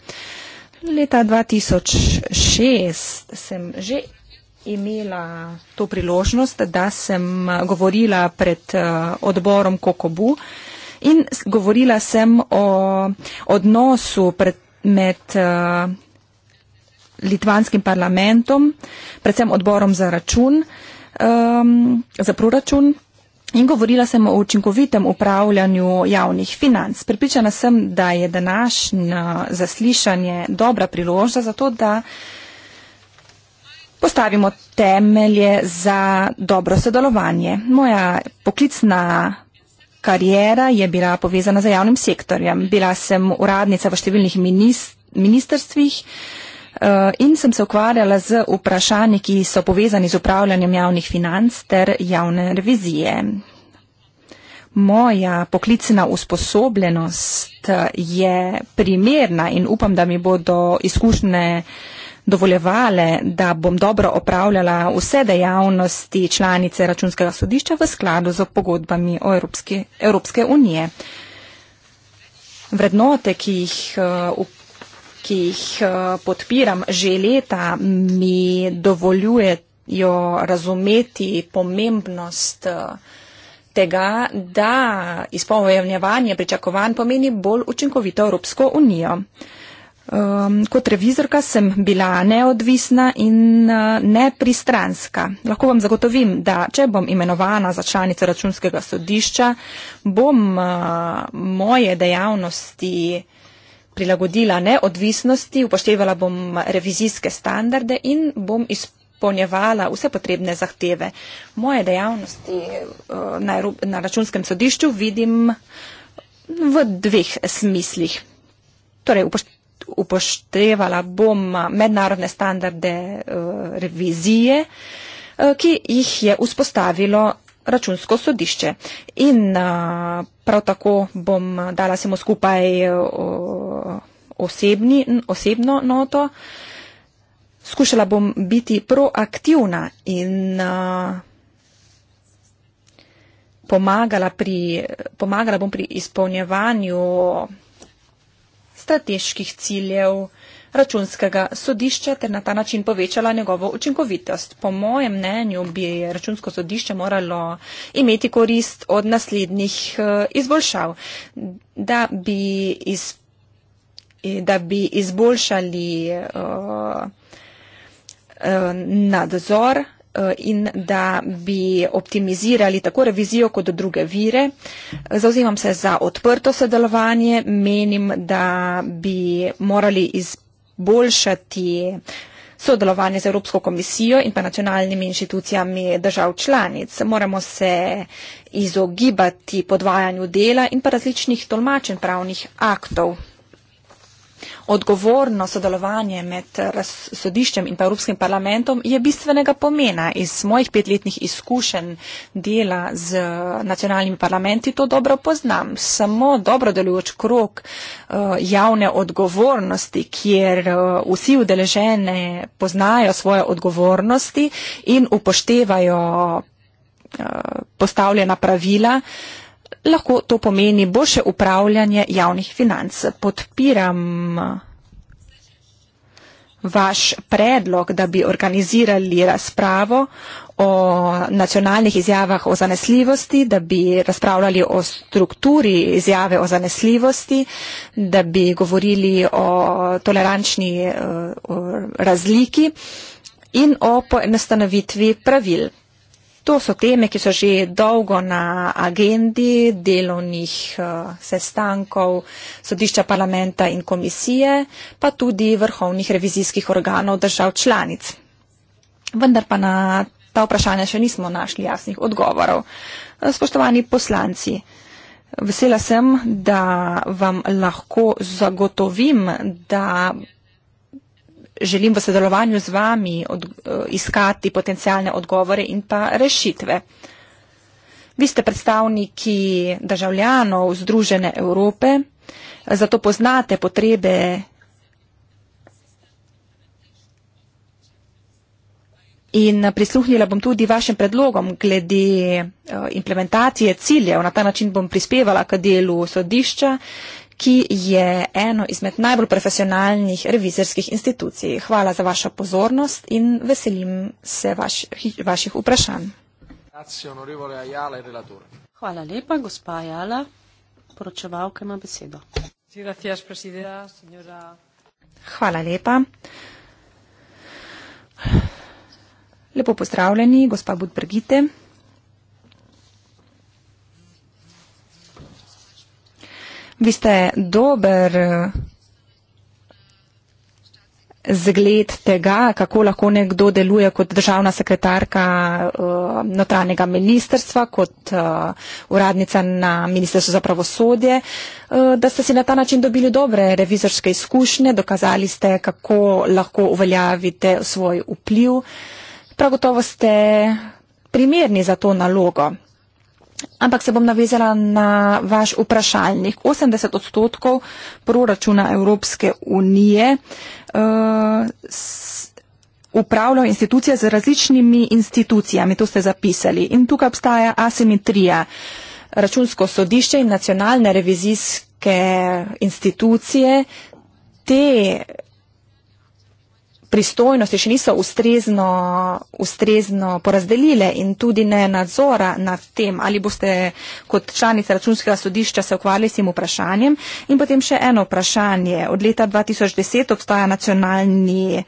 Leta 2006 sem že imela to priložnost, da sem govorila pred eh, odborom Kokobu, In govorila sem o odnosu pred, med uh, litvanskim parlamentom, predvsem odborom za račun, um, za proračun. In govorila sem o učinkovitem upravljanju javnih financ. Pripričana sem, da je današnje zaslišanje dobra priložnost za to, da postavimo temelje za dobro sodelovanje. Moja poklicna kariera je bila povezana z javnim sektorjem. Bila sem uradnica v številnih ministrstvih eh, in sem se ukvarjala z vprašanji, ki so povezani z upravljanjem javnih financ ter javne revizije. Moja poklicna usposobljenost eh, je primerna in upam, da mi bodo izkušnje uh, dovoljevale, da bom dobro opravljala vse dejavnosti članice računskega sodišča v skladu z pogodbami o Evropske, Evropske unije. Vrednote, ki jih, uh, ki jih uh, podpiram že leta, mi dovoljujejo razumeti pomembnost uh, tega, da izpolnjevanje pričakovanj pomeni bolj učinkovito Evropsko unijo. Um, kot revizorka sem bila neodvisna in uh, nepristranska. Lahko vam zagotovim, da če bom imenovana za članico računskega sodišča, bom uh, moje dejavnosti prilagodila neodvisnosti, upoštevala bom revizijske standarde in bom izpolnjevala vse potrebne zahteve. Moje dejavnosti uh, na, na računskem sodišču vidim v dveh smislih. Torej, upošte upoštevala bom eh, mednarodne standarde eh, revizije, eh, ki jih je vzpostavilo računsko sodišče. In prav tako bom dala samo skupaj osebni, osebno noto. Skušala bom biti proaktivna in pomagala, pri, pomagala bom pri izpolnjevanju strateških ciljev računskega sodišča ter na ta način povečala njegovo učinkovitost. Po mojem mnenju bi računsko sodišče moralo imeti korist od naslednjih eh, izboljšav, da bi, iz, da bi izboljšali uh, uh, nadzor Eh, in da bi optimizirali tako revizijo kot druge vire. Zauzimam se za odprto sodelovanje, menim, da bi morali izboljšati sodelovanje z Evropsko komisijo in pa nacionalnimi inštitucijami držav članic. Moramo se izogibati podvajanju dela in pa različnih tolmačen pravnih aktov odgovorno sodelovanje med sodiščem in pa Evropskim parlamentom je bistvenega pomena. Iz mojih petletnih izkušenj dela z nacionalnimi parlamenti to dobro poznam. Samo dobro delujoč krok eh, javne odgovornosti, kjer eh, vsi udeležene poznajo svoje odgovornosti in upoštevajo eh, postavljena pravila, lahko to pomeni boljše upravljanje javnih financ. Podpiram eh, vaš predlog, da bi organizirali razpravo o nacionalnih izjavah o zanesljivosti, da bi razpravljali o strukturi izjave o zanesljivosti, da bi govorili o tolerančni eh, razliki in o poenostanovitvi pravil. To so teme, ki so že dolgo na agendi delovnih eh, sestankov sodišča parlamenta in komisije, pa tudi vrhovnih revizijskih organov držav članic. Vendar pa na ta vprašanja še nismo našli jasnih odgovorov. Eh, spoštovani poslanci, vesela sem, da vam lahko zagotovim, da želim v sodelovanju z vami od, eh, iskati potencijalne odgovore in pa rešitve. Vi ste predstavniki državljanov Združene Evrope, zato poznate potrebe in prisluhnila bom tudi vašim predlogom glede eh, implementacije ciljev. Na ta način bom prispevala k delu sodišča. Uh, ki je eno izmed najbolj profesionalnih revizorskih institucij. Hvala za vašo pozornost in veselim se vaš, vaših vprašanj. Hvala lepa, gospa Jala. Poročevalka ima besedo. Hvala lepa. Lepo pozdravljeni, gospa Budbrgite. Vi ste dober eh, zgled tega, kako lahko nekdo deluje kot državna sekretarka eh, notranjega ministrstva, kot eh, uradnica na Ministrstvu za pravosodje, da ste si na ta način dobili dobre revizorske izkušnje, dokazali ste, kako lahko uveljavite svoj vpliv. Prav gotovo ste primerni za to nalogo. Ampak se bom navezala na vaš vprašalnik. 80 odstotkov proračuna Evropske unije uh, upravljajo institucije z različnimi institucijami, to ste zapisali. In tukaj obstaja asimetrija. Računsko sodišče in nacionalne revizijske institucije, te pristojnosti še niso ustrezno, ustrezno porazdelile in tudi ne nadzora nad tem, ali boste kot članica računskega sodišča se ukvarjali s tem vprašanjem. In potem še eno vprašanje. Od leta 2010 obstaja nacionalni, eh,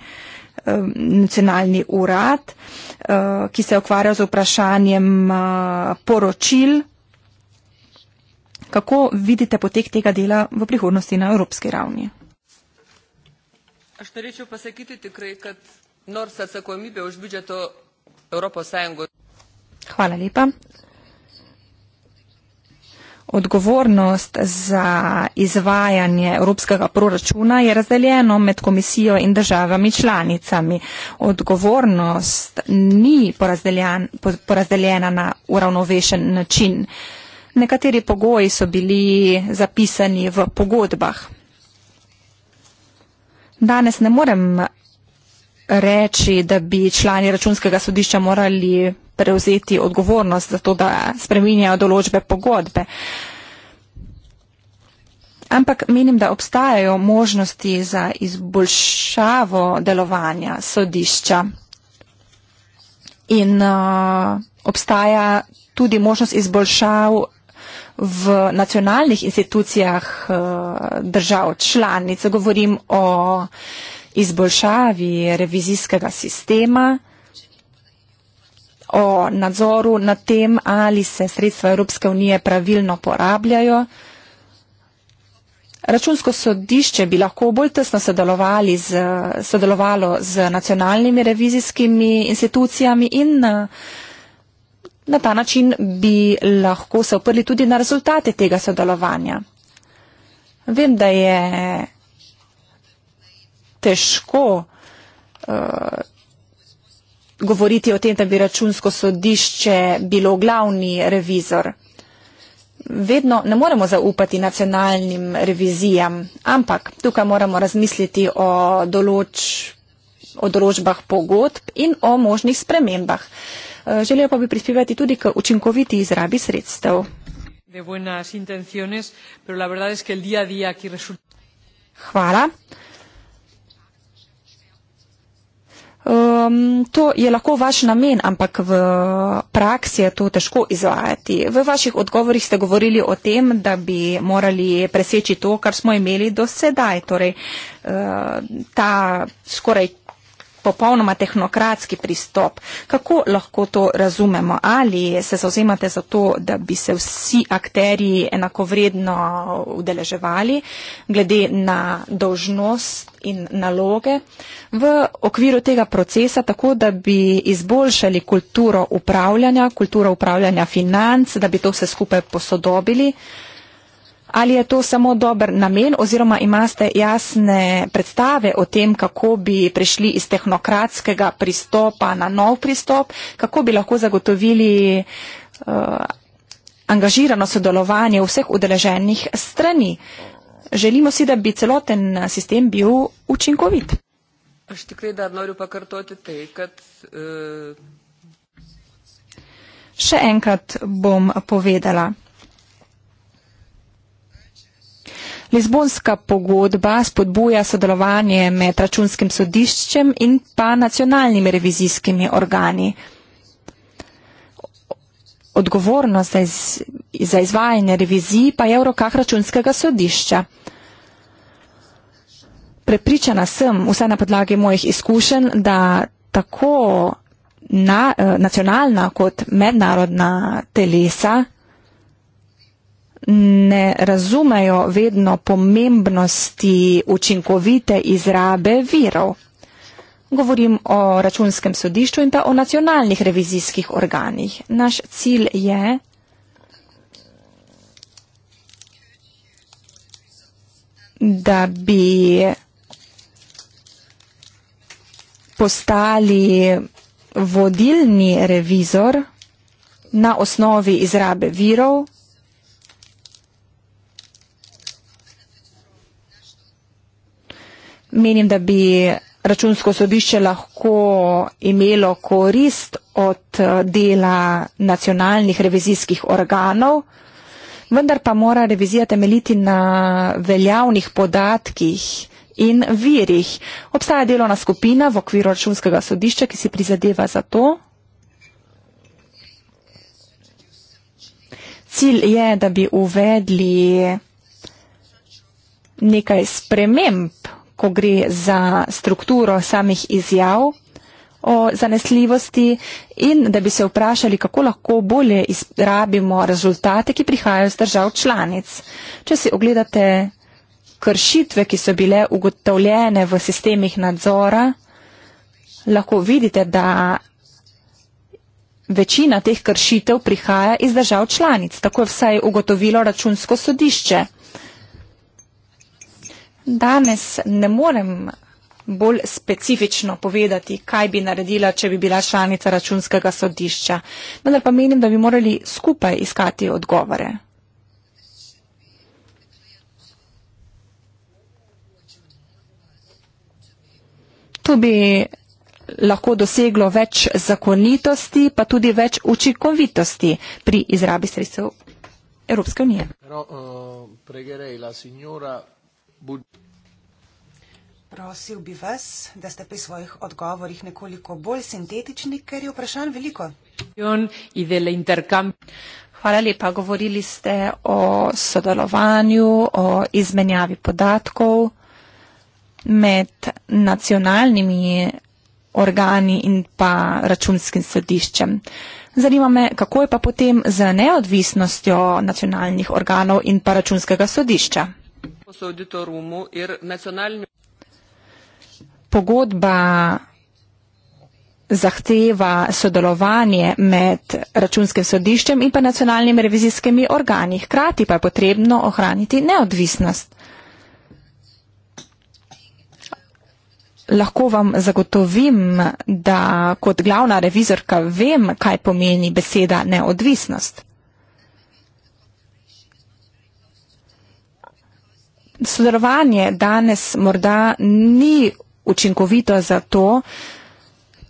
nacionalni urad, eh, ki se ukvarja z vprašanjem eh, poročil. Kako vidite potek tega dela v prihodnosti na evropski ravni? Aš norėčiau pasakyti tikrai, kad nors atsakomybė už biudžeto Europos Sąjungos. Hvala lepa. Odgovornost za izvajanje evropskega proračuna je razdeljeno med komisijo in državami članicami. Odgovornost ni porazdeljena na uravnovešen način. Nekateri pogoji so bili zapisani v pogodbah. Danes ne morem reči, da bi člani računskega sodišča morali prevzeti odgovornost za to, da spreminjajo določbe pogodbe. Ampak menim, da obstajajo možnosti za izboljšavo delovanja sodišča. In uh, obstaja tudi možnost izboljšav v nacionalnih institucijah eh, držav članic. Govorim o izboljšavi revizijskega sistema, o nadzoru nad tem, ali se sredstva Evropske unije pravilno porabljajo. Računsko sodišče bi lahko bolj tesno z, sodelovalo z nacionalnimi revizijskimi institucijami in uh, Na ta način bi lahko se oprli tudi na rezultate tega sodelovanja. Vem, da je težko uh, govoriti o tem, da bi računsko sodišče bilo glavni revizor. Vedno ne moremo zaupati nacionalnim revizijam, ampak tukaj moramo razmisliti o, določ, o določbah pogodb in o možnih spremembah. Uh, Eh, želijo pa bi prispevati tudi k učinkoviti izrabi sredstev. Hvala. Um, to je lahko vaš namen, ampak v praksi je to težko izvajati. V vaših odgovorih ste govorili o tem, da bi morali preseči to, kar smo imeli do sedaj. Torej, uh, ta skoraj popolnoma tehnokratski pristop. Kako lahko to razumemo? Ali se zauzemate za to, da bi se vsi akteri enakovredno udeleževali glede na dožnost in naloge v okviru tega procesa, tako da bi izboljšali kulturo upravljanja, kulturo upravljanja financ, da bi to vse skupaj posodobili? Ali je to samo dober namen oziroma imate jasne predstave o tem, kako bi prišli iz tehnokratskega pristopa na nov pristop, kako bi lahko zagotovili uh, angažirano sodelovanje vseh udeleženih strani. Želimo si, da bi celoten sistem bil učinkovit. Eh, Še enkrat bom povedala. Lizbonska pogodba spodbuja sodelovanje med računskim sodiščem in pa nacionalnimi revizijskimi organi. Odgovornost za izvajanje revizij pa je v rokah računskega sodišča. Prepričana sem, vse na podlagi mojih izkušenj, da tako na, eh, nacionalna kot mednarodna telesa ne razumejo vedno pomembnosti učinkovite izrabe virov. Govorim o računskem sodišču in pa o nacionalnih revizijskih organih. Naš cilj je da bi postali vodilni revizor na osnovi izrabe virov menim, da bi računsko sodišče lahko imelo korist od eh, dela nacionalnih revizijskih organov, vendar pa mora revizija temeljiti na veljavnih podatkih in virih. Obstaja delovna skupina v okviru računskega sodišča, ki si prizadeva za to. Cilj je, da bi uvedli nekaj sprememb ko gre za strukturo samih izjav o zanesljivosti in da bi se vprašali, kako lahko bolje izrabimo rezultate, ki prihajajo z držav članic. Če si ogledate kršitve, ki so bile ugotovljene v sistemih nadzora, lahko vidite, da večina teh kršitev prihaja iz držav članic. Tako je vsaj ugotovilo računsko sodišče danes ne morem bolj specifično povedati, kaj bi naredila, če bi bila članica računskega sodišča. Vendar pa menim, da bi morali skupaj iskati odgovore. To bi lahko doseglo več zakonitosti, pa tudi več učinkovitosti pri izrabi sredstev Evropske unije. Pero, uh, eh, Prosil bi vas, da ste pri svojih odgovorih nekoliko bolj sintetični, ker je vprašanj veliko. Hvala lepa. Govorili ste o sodelovanju, o izmenjavi podatkov med nacionalnimi organi in pa računskim sodiščem. Zanima me, kako je pa potem z neodvisnostjo nacionalnih organov in pa računskega sodišča pogodba zahteva sodelovanje med računskim sodiščem in pa nacionalnimi revizijskimi organi. Hkrati pa je potrebno ohraniti neodvisnost. Lahko vam zagotovim, da kot glavna revizorka vem, kaj pomeni beseda neodvisnost. Sodelovanje danes morda ni učinkovito zato,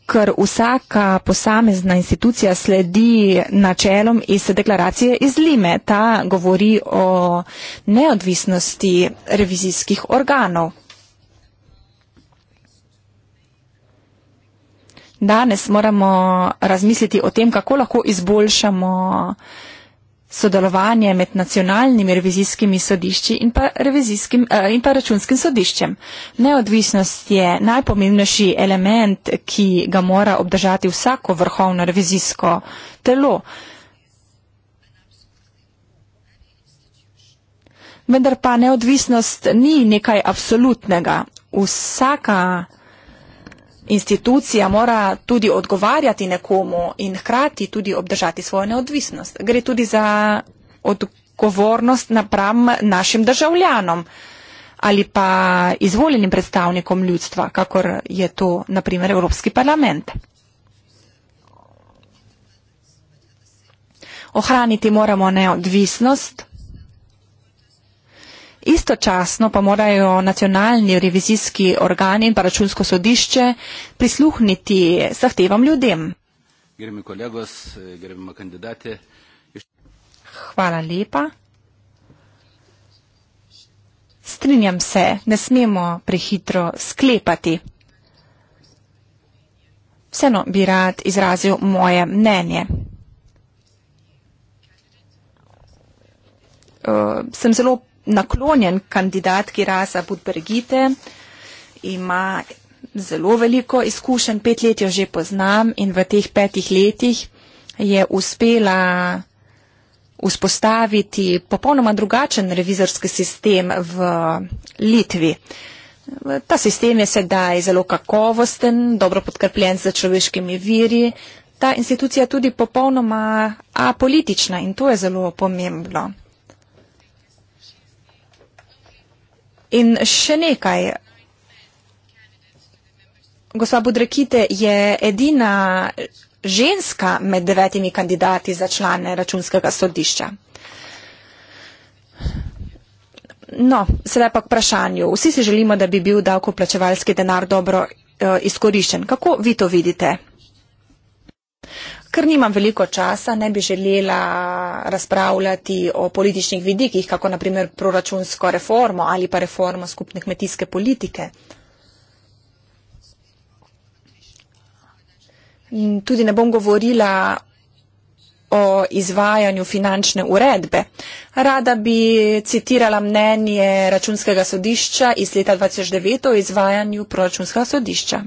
ker vsaka posamezna institucija sledi načelom iz deklaracije iz Lime. Ta govori o neodvisnosti revizijskih organov. Danes moramo razmisliti o tem, kako lahko izboljšamo uh, sodelovanje med nacionalnimi revizijskimi sodišči in pa, revizijskim, eh, in pa računskim sodiščem. Neodvisnost je najpomembnejši element, ki ga mora obdržati vsako vrhovno revizijsko telo. Vendar pa neodvisnost ni nekaj absolutnega. Vsaka institucija mora tudi odgovarjati nekomu in hkrati tudi obdržati svojo neodvisnost. Gre tudi za odgovornost napram našim državljanom ali pa izvoljenim predstavnikom ljudstva, kakor je to naprimer Evropski parlament. Ohraniti moramo neodvisnost Istočasno pa morajo nacionalni revizijski organi in paračunsko sodišče prisluhniti zahtevam ljudem. Hvala lepa. Strinjam se, ne smemo prehitro sklepati. Vseeno bi rad izrazil moje mnenje. Uh, sem zelo naklonjen kandidat Kirasa Budbergite, ima zelo veliko izkušenj, pet let jo že poznam in v teh petih letih je uspela vzpostaviti popolnoma drugačen revizorski sistem v Litvi. Ta sistem je sedaj zelo kakovosten, dobro podkrpljen za človeškimi viri, ta institucija je tudi popolnoma apolitična in to je zelo pomembno. In še nekaj. Gospa Budrekite je edina ženska med devetimi kandidati za člane računskega sodišča. No, sedaj pa k vprašanju. Vsi si želimo, da bi bil davkoplačevalski denar dobro uh, izkoriščen. Kako vi to vidite? Ker nimam veliko časa, ne bi želela razpravljati o političnih vidikih, kako naprimer proračunsko reformo ali pa reformo skupne kmetijske politike. Tudi ne bom govorila o izvajanju finančne uredbe. Rada bi citirala mnenje računskega sodišča iz leta 2009 o izvajanju proračunskega sodišča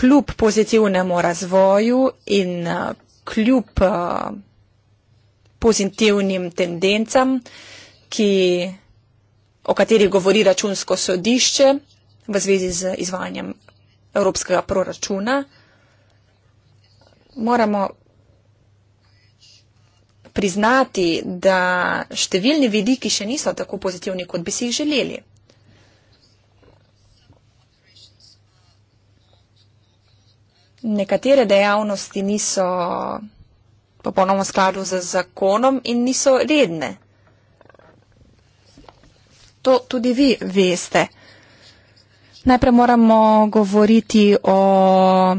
kljub pozitivnemu razvoju in eh, kljub eh, pozitivnim tendencam, ki, o katerih govori računsko sodišče v zvezi z izvajanjem evropskega proračuna, moramo priznati, da številni vidiki še niso tako pozitivni, kot bi si jih želeli. nekatere dejavnosti niso popolnoma skladu z zakonom in niso redne. To tudi vi veste. Najprej moramo govoriti o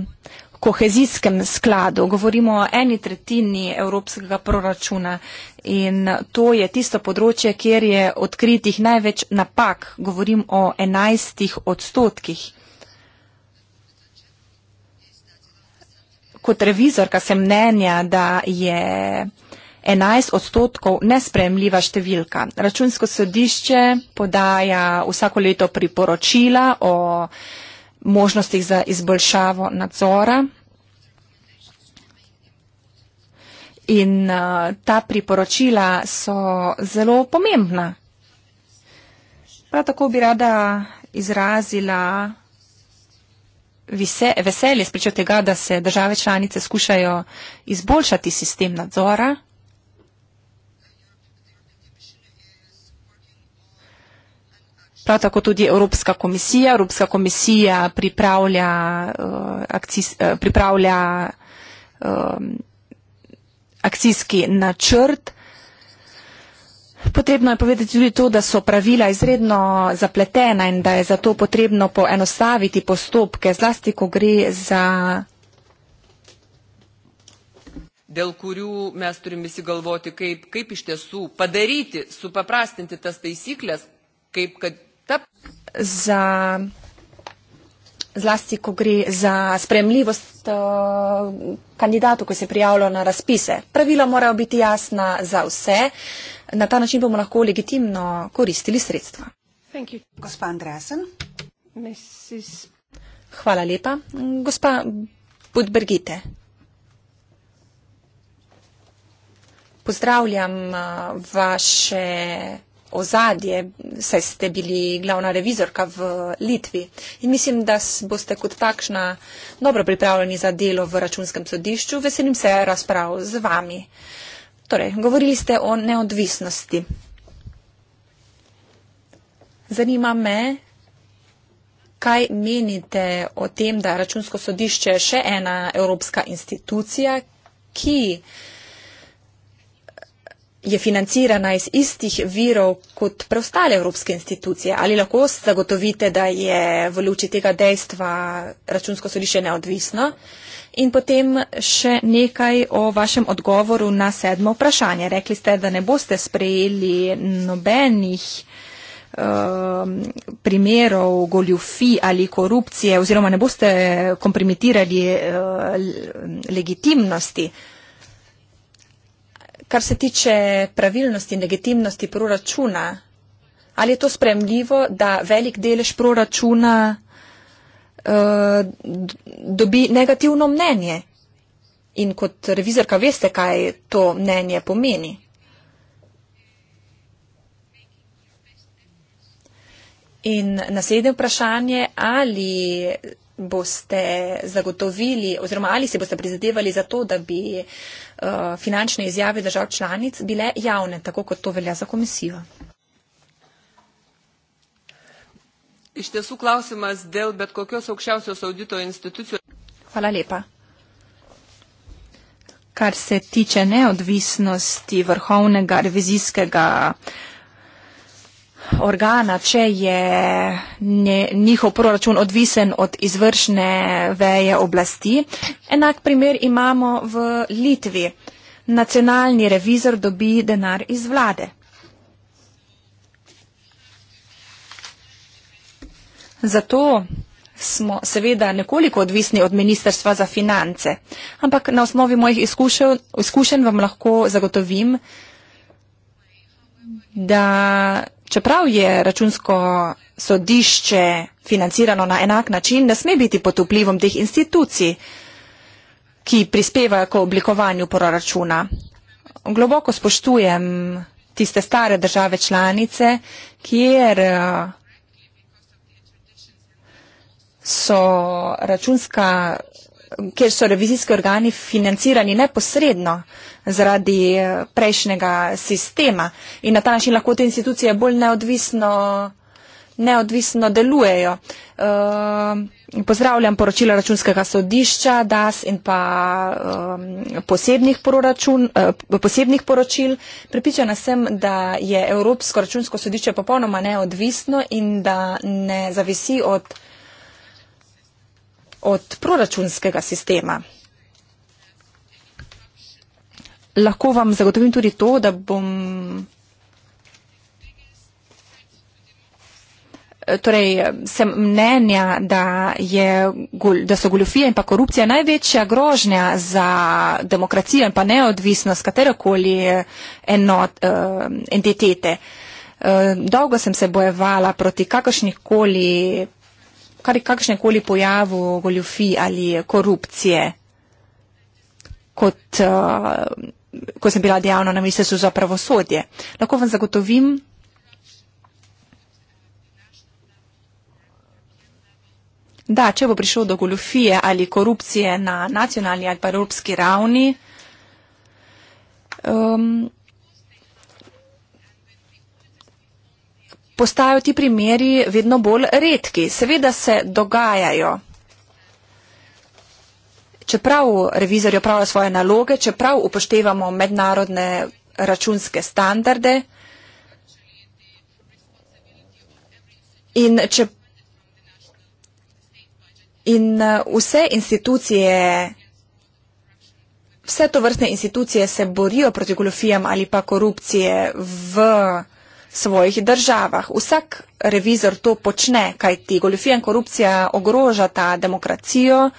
kohezijskem skladu. Govorimo o eni tretjini evropskega proračuna in to je tisto področje, kjer je odkritih največ napak. Govorim o enajstih odstotkih. kot revizorka sem mnenja, da je 11 odstotkov nespremljiva številka. Računsko sodišče podaja vsako leto priporočila o možnostih za izboljšavo nadzora. In uh, ta priporočila so zelo pomembna. Prav tako bi rada izrazila vise, veselje spričo tega, da se države članice skušajo izboljšati sistem nadzora. Prav tako tudi Evropska komisija. Evropska komisija pripravlja, uh, akcis, uh, pripravlja um, akcijski načrt. Potrebno je povedati tudi to, da so pravila izredno zapletena in da je zato potrebno poenostaviti postopke, zlasti, ko gre za. Dėl kurių mes turim visi galvoti, kaip, kaip iš tiesų padaryti, supaprastinti tas taisyklės, kaip kad tap. Za, zlasti, ko gre za spremljivost eh, kandidatov, ko se prijavljajo na razpise. Pravila morajo biti jasna za vse na ta način bomo lahko legitimno koristili sredstva. Gospa Andresen. Mrs. Hvala lepa. Gospa Budbergite. Pozdravljam vaše ozadje, saj ste bili glavna revizorka v Litvi in mislim, da boste kot takšna dobro pripravljeni za delo v računskem sodišču. Veselim se razprav z vami. Uh, Torej, govorili ste o neodvisnosti. Zanima me, kaj menite o tem, da je računsko sodišče še ena evropska institucija, ki je financirana iz istih virov kot preostale evropske institucije. Ali lahko zagotovite, da je v luči tega dejstva računsko sodišče neodvisno? In potem še nekaj o vašem odgovoru na sedmo vprašanje. Rekli ste, da ne boste sprejeli nobenih ehm, primerov goljufi ali korupcije oziroma ne boste kompromitirali eh, legitimnosti. Kar se tiče pravilnosti in legitimnosti proračuna, ali je to spremljivo, da velik delež proračuna Eh, dobi negativno mnenje. In kot revizorka veste, kaj to mnenje pomeni. In naslednje vprašanje, ali boste zagotovili oziroma ali se boste prizadevali za to, da bi uh, finančne izjave držav članic bile javne, tako kot to velja za komisijo. Iš tiesų klausimas dėl bet kokios aukščiausios audito institucijos. Hvala lepa. Kar se tiče neodvisnosti vrhovnega revizijskega organa, če je ne, njihov proračun odvisen od izvršne veje oblasti. Enak primer imamo v Litvi. Nacionalni revizor dobi denar iz vlade. Zato smo seveda nekoliko odvisni od Ministrstva za finance, ampak na osnovi mojih izkušen, izkušen vam lahko zagotovim, da čeprav je računsko sodišče financirano na enak način, ne sme biti pod vplivom teh institucij, ki prispevajo k oblikovanju proračuna. Globoko spoštujem tiste stare države članice, kjer so računska, kjer so revizijski organi financirani neposredno zaradi eh, prejšnjega sistema in na ta način lahko te institucije bolj neodvisno, neodvisno delujejo. Uh, pozdravljam poročila računskega sodišča, DAS in pa um, posebnih, uh, posebnih poročil. Pripričana sem, da je Evropsko računsko sodišče popolnoma neodvisno in da ne zavisi od od proračunskega sistema. Lahko vam zagotovim tudi to, da bom. Torej, sem mnenja, da, je, da so goljofije in pa korupcija največja grožnja za demokracijo in pa neodvisnost katerokoli enot, eh, entitete. Eh, dolgo sem se bojevala proti kakršnikoli kar kakšne koli pojavu goljufi ali korupcije, kot, uh, ko sem bila dejavna na ministrstvu za pravosodje. Lahko vam zagotovim, da če bo prišlo do goljufije ali korupcije na nacionalni ali pa evropski ravni, um, postajajo ti primeri vedno bolj redki. Seveda se dogajajo. Čeprav revizorji opravljajo svoje naloge, čeprav upoštevamo mednarodne računske standarde in, če, in uh, vse institucije, vse to vrstne institucije se borijo proti goljofijam ali pa korupcije v svojih državah. Vsak revizor to počne, kaj ti goljofija in korupcija ogroža ta demokracijo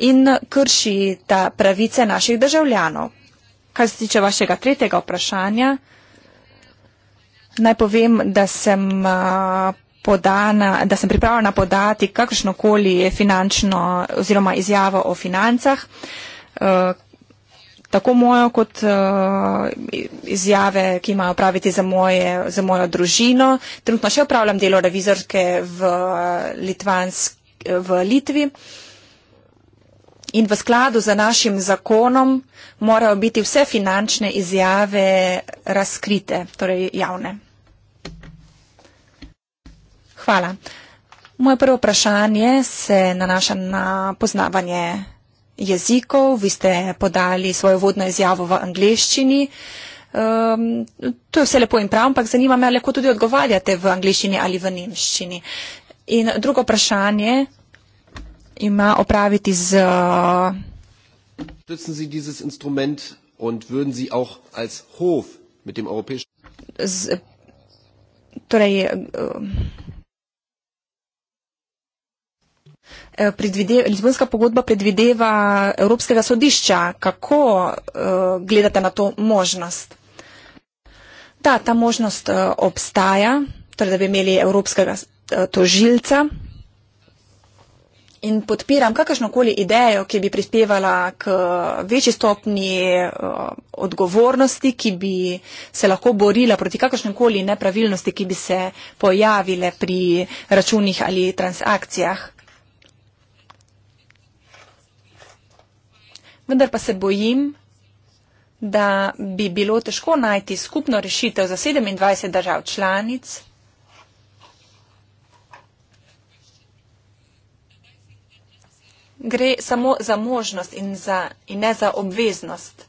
in krši ta pravice naših državljanov. Kar se tiče vašega tretjega vprašanja, naj povem, da sem, podana, da sem pripravljena podati kakršnokoli finančno oziroma izjavo o financah, tako mojo kot uh, izjave, ki imajo praviti za, moje, za mojo družino. Trenutno še upravljam delo revizorske v, eh, Litvansk, v Litvi. In v skladu z našim zakonom morajo biti vse finančne izjave razkrite, torej javne. Hvala. Moje prvo vprašanje se nanaša na poznavanje jezikov, vi ste podali svojo vodno izjavo v angliščini. Um, ehm, to je vse lepo in prav, ampak zanima me, ali lahko tudi odgovarjate v angliščini ali v nemščini. In drugo vprašanje ima opraviti z. Stützen Sie dieses Instrument und würden Sie auch als Hof mit dem europäischen. Z, torej, uh, Eh, predvideva, Lizbonska pogodba predvideva Evropskega sodišča. Kako uh, gledate na to možnost? Da, ta možnost uh, obstaja, torej da bi imeli Evropskega uh, tožilca. In podpiram kakršnokoli idejo, ki bi prispevala k večji stopni odgovornosti, ki bi se lahko borila proti kakršnokoli nepravilnosti, ki bi se pojavile pri računih ali transakcijah. vendar pa se bojim, da bi bilo težko najti skupno rešitev za 27 držav članic. Gre samo za možnost in, za, in ne za obveznost.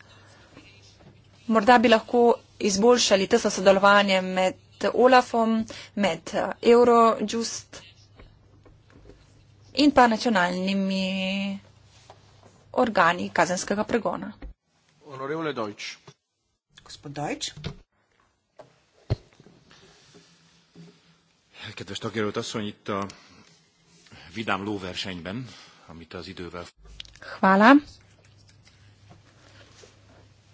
Morda bi lahko izboljšali tesno sodelovanje med OLAF-om, med eh, Eurojust in pa nacionalnimi organi kazenskega pregona. Gospod Dojč. Kedves tagjelölt asszony, itt a vidám lóversenyben, amit az idővel... Hvala.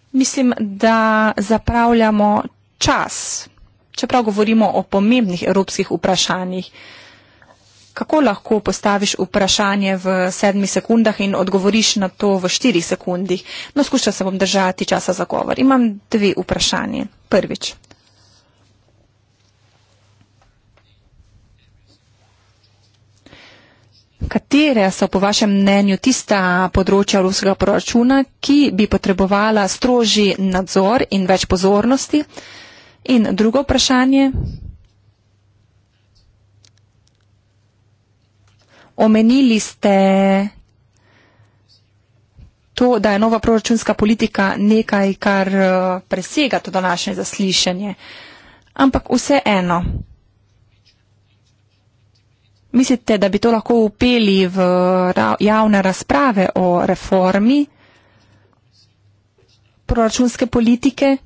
Mislim, da zapravljamo čas, čeprav govorimo o pomembnih evropskih vprašanjih kako lahko postaviš vprašanje v sedmi sekundah in odgovoriš na to v štiri sekundi. No, skuša se bom držati časa za govor. Imam dve vprašanje. Prvič. Katere so po vašem mnenju tista področja ruskega proračuna, ki bi potrebovala strožji nadzor in več pozornosti? In drugo vprašanje, omenili ste to, da je nova proračunska politika nekaj, kar eh, presega to današnje zaslišanje. Ampak vse eno. Mislite, da bi to lahko upeli v javne razprave o reformi proračunske politike?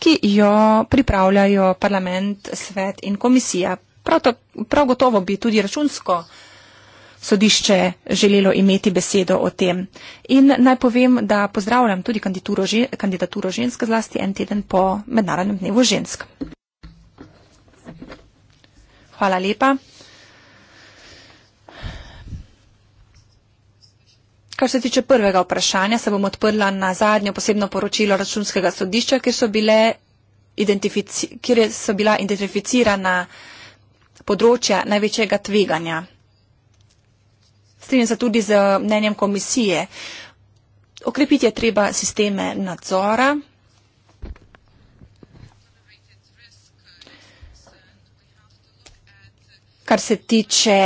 ki jo pripravljajo parlament, svet in komisija. Prav, to, prav gotovo bi tudi računsko sodišče želelo imeti besedo o tem. In naj povem, da pozdravljam tudi kandidaturo žensk zlasti en teden po Mednarodnem dnevu žensk. Hvala lepa. Kar se tiče prvega vprašanja, se bom odprla na zadnjo posebno poročilo računskega sodišča, kjer so, bile identifici kjer so bila identificirana področja največjega tveganja. Strinjam se tudi z mnenjem komisije. Okrepiti je treba sisteme nadzora. Kar se tiče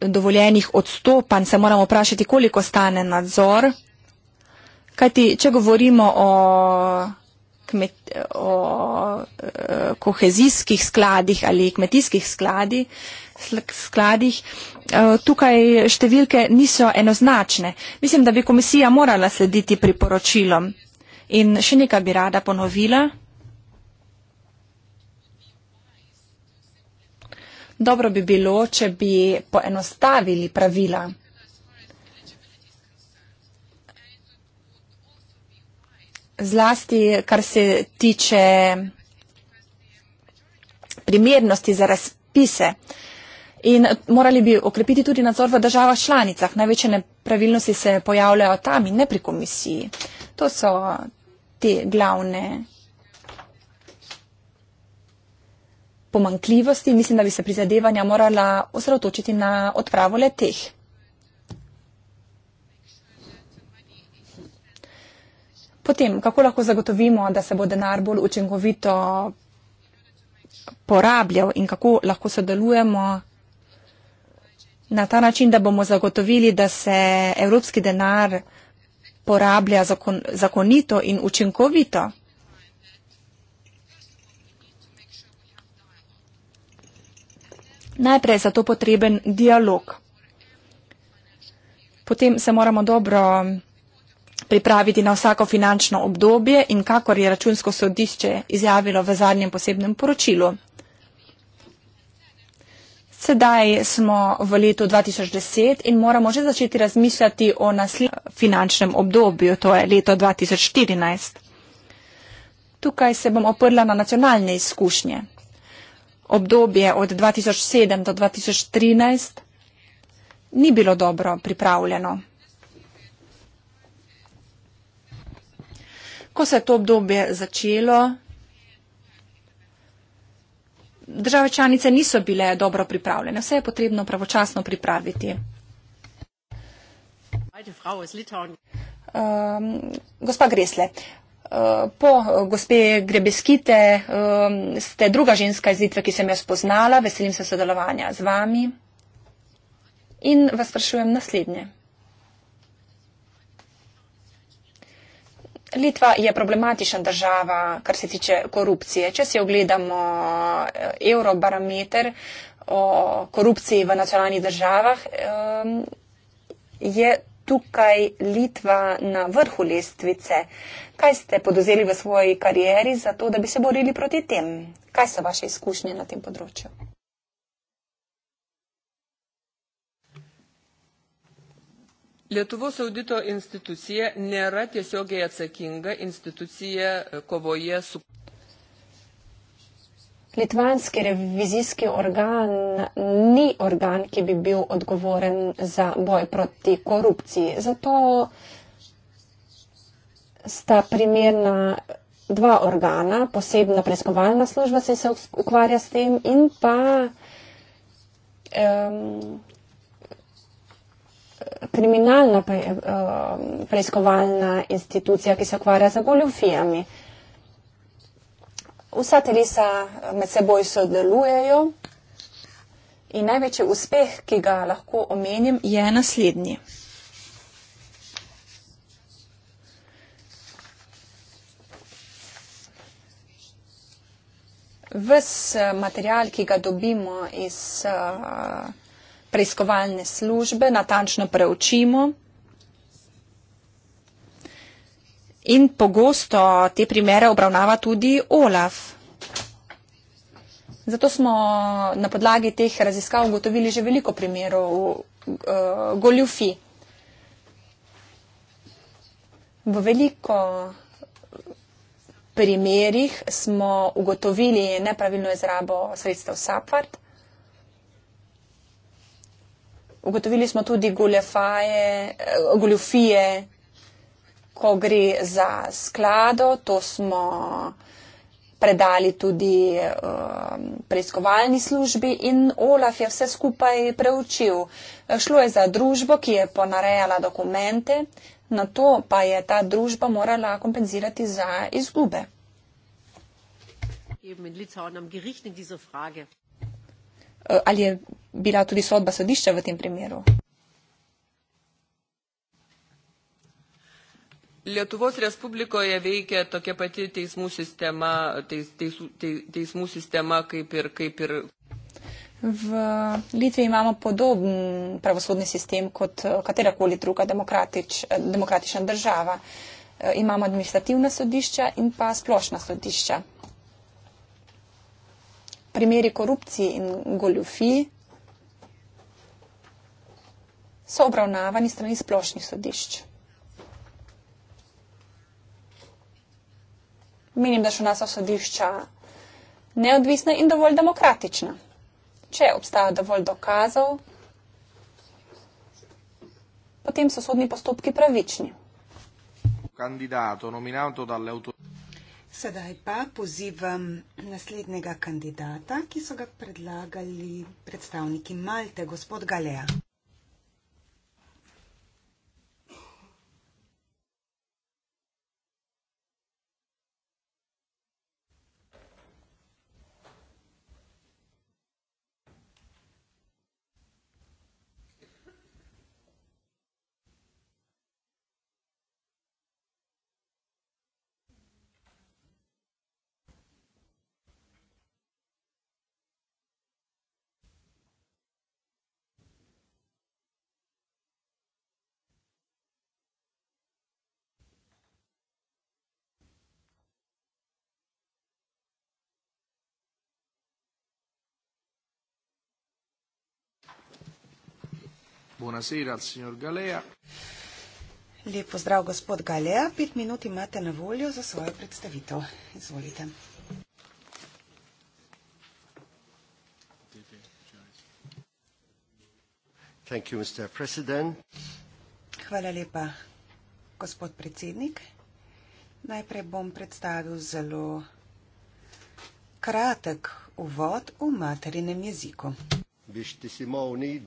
dovoljenih odstopanj, se moramo vprašati, koliko stane nadzor. Kajti, če govorimo o, kmet, o e, kohezijskih skladih ali kmetijskih skladi, skladih, e, tukaj številke niso enoznačne. Mislim, da bi komisija morala slediti priporočilom. In še nekaj bi rada ponovila. dobro bi bilo, če bi poenostavili pravila. Zlasti, kar se tiče primernosti za razpise. In morali bi okrepiti tudi nadzor v državah članicah. Največje nepravilnosti se pojavljajo tam in ne pri komisiji. To so te glavne. pomankljivosti, mislim, da bi se prizadevanja morala osredotočiti na odpravo le teh. Potem, kako lahko zagotovimo, da se bo denar bolj učinkovito porabljal in kako lahko sodelujemo na ta način, da bomo zagotovili, da se evropski denar porablja zakon, zakonito in učinkovito. Najprej je za to potreben dialog. Potem se moramo dobro pripraviti na vsako finančno obdobje in kakor je računsko sodišče izjavilo v zadnjem posebnem poročilu. Sedaj smo v letu 2010 in moramo že začeti razmišljati o naslednjem finančnem obdobju, to je leto 2014. Tukaj se bom oprla na nacionalne izkušnje obdobje od 2007 do 2013 ni bilo dobro pripravljeno. Ko se je to obdobje začelo, države članice niso bile dobro pripravljene. Vse je potrebno pravočasno pripraviti. Um, gospa Gresle, Eh, po eh, gospe Grebeskite eh, ste druga ženska iz Litve, ki sem jo spoznala. Veselim se sodelovanja z vami. In vas sprašujem naslednje. Litva je problematična država, kar se tiče korupcije. Če si ogledamo eurobarometer o korupciji v nacionalnih državah, je tukaj Litva na vrhu lestvice. Kaj ste podozeli v svoji karieri za to, da bi se borili proti tem? Kaj so vaše izkušnje na tem področju? Lietuvos audito institucija nėra tiesiogiai atsakinga institucija kovoje su. Litvanski revizijski organ ni organ, ki bi bil odgovoren za boj proti korupciji. Zato sta primerna dva organa, posebna preiskovalna služba se ukvarja s tem in pa um, kriminalna pre, eh, um, preiskovalna institucija, ki se ukvarja z goljofijami. Uh, Vsa telesa eh, med seboj sodelujejo in največji uspeh, ki ga lahko omenim, je naslednji. Ves eh, material, ki ga dobimo iz eh, preiskovalne službe, natančno preučimo. in pogosto te primere obravnava tudi OLAF. Zato smo na podlagi teh raziskav ugotovili že veliko primerov uh, goljufi. V veliko primerih smo ugotovili nepravilno izrabo sredstev SAPARD. Ugotovili smo tudi goljufije, eh, ko gre za sklado, to smo predali tudi uh, preiskovalni službi in Olaf je vse skupaj preučil. Šlo je za družbo, ki je ponarejala dokumente, na to pa je ta družba morala kompenzirati za izgube. Uh, ali je bila tudi sodba sodišča v tem primeru? lietuvos respublikoje veikia tokia pati teismų sistema, teis, teis, teis, teismų sistema kaip ir. Kaip ir... V Litvi imamo podoben pravosodni sistem kot eh, katera koli druga demokratič, demokratična država. Eh, imamo administrativna sodišča in pa splošna sodišča. Primeri korupcije in goljufij so obravnavani strani splošnih sodišč. Menim, da so naša sodišča neodvisna in dovolj demokratična. Če obstaja dovolj dokazov, potem so sodni postopki pravični. Sedaj pa pozivam naslednjega kandidata, ki so ga predlagali predstavniki Malte, gospod Galea. Buonasera al signor Galea. Lepo zdrav, gospod Galea. Pet minut imate na voljo za svojo predstavitev. Izvolite. Thank you, Mr. President. Hvala lepa, gospod predsednik. Najprej bom predstavil zelo kratek uvod v materinem jeziku. Bišti si mal ni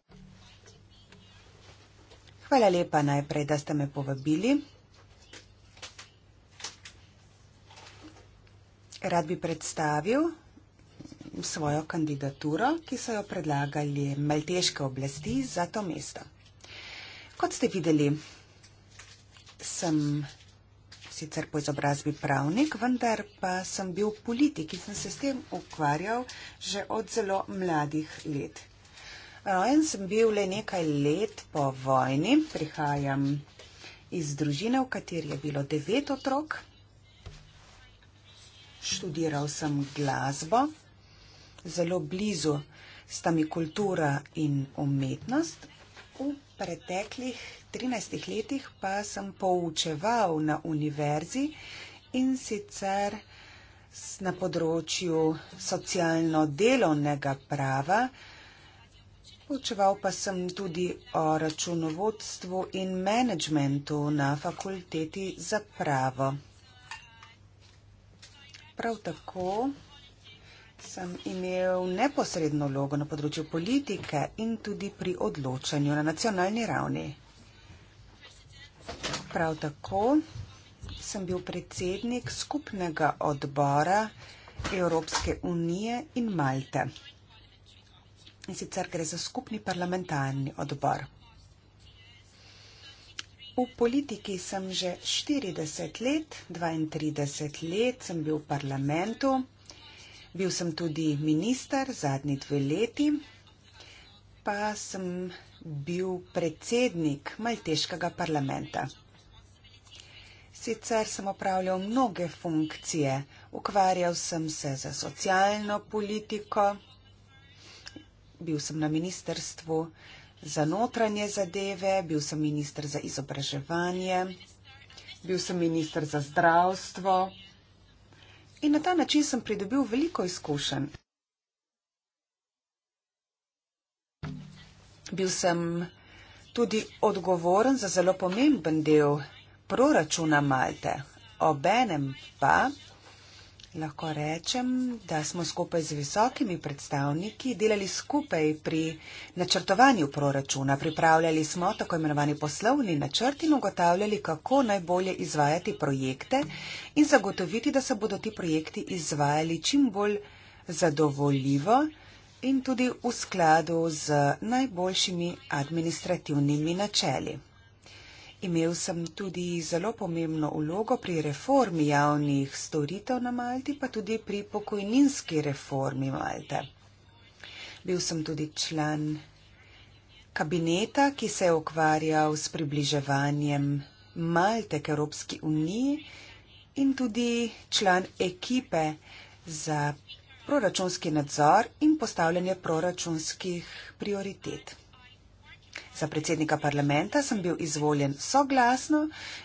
Hvala lepa najprej, da ste me povabili. Rad bi predstavil svojo kandidaturo, ki so jo predlagali malteške oblasti za to mesto. Kot ste videli, sem sicer po izobrazbi pravnik, vendar pa sem bil politik in sem se s tem ukvarjal že od zelo mladih let. Rojen sem bil le nekaj let po vojni. Prihajam iz družine, v kateri je bilo devet otrok. Študiral sem glasbo. Zelo blizu sta mi kultura in umetnost. V preteklih 13 letih pa sem poučeval na univerzi in sicer na področju socialno-delovnega prava poučeval pa sem tudi o računovodstvu in menedžmentu na fakulteti za pravo. Prav tako sem imel neposredno vlogo na področju politike in tudi pri odločanju na nacionalni ravni. Prav tako sem bil predsednik skupnega odbora Evropske unije in Malte in sicer gre za skupni parlamentarni odbor. V politiki sem že 40 let, 32 let sem bil v parlamentu, bil sem tudi minister zadnji dve leti, pa sem bil predsednik Malteškega parlamenta. Sicer sem opravljal mnoge funkcije, ukvarjal sem se za socialno politiko, bil sem na ministrstvu za notranje zadeve, bil sem minister za izobraževanje, bil sem minister za zdravstvo in na ta način sem pridobil veliko izkušenj. Bil sem tudi odgovoren za zelo pomemben del proračuna Malte, obenem pa Lahko rečem, da smo skupaj z visokimi predstavniki delali skupaj pri načrtovanju proračuna. Pripravljali smo tako imenovani poslovni načrt in ugotavljali, kako najbolje izvajati projekte in zagotoviti, da se bodo ti projekti izvajali čim bolj zadovoljivo in tudi v skladu z najboljšimi administrativnimi načeli. Imel sem tudi zelo pomembno ulogo pri reformi javnih storitev na Malti, pa tudi pri pokojninski reformi Malte. Bil sem tudi član kabineta, ki se je ukvarjal s približevanjem Malte k Evropski uniji in tudi član ekipe za proračunski nadzor in postavljanje proračunskih prioritet. Za predsednika parlamenta sem bil izvoljen soglasno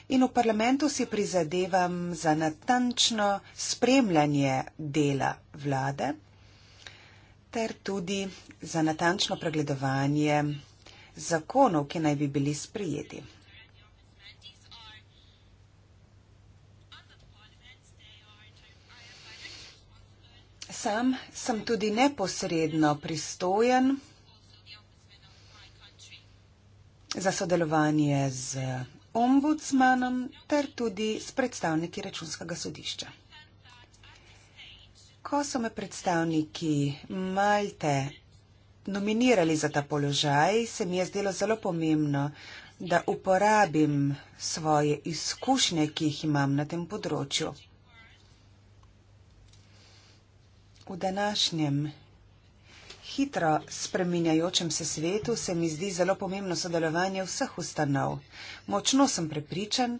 in v parlamentu si prizadevam za natančno spremljanje dela vlade ter tudi za natančno pregledovanje zakonov, ki naj bi bili sprejeti. Sam sem tudi neposredno pristojen za sodelovanje z ombudsmanom ter tudi s predstavniki računskega sodišča. Ko so me predstavniki Malte nominirali za ta položaj, se mi je zdelo zelo pomembno, da uporabim svoje izkušnje, ki jih imam na tem področju. V današnjem hitro spreminjajočem se svetu se mi zdi zelo pomembno sodelovanje vseh ustanov. Močno sem prepričan,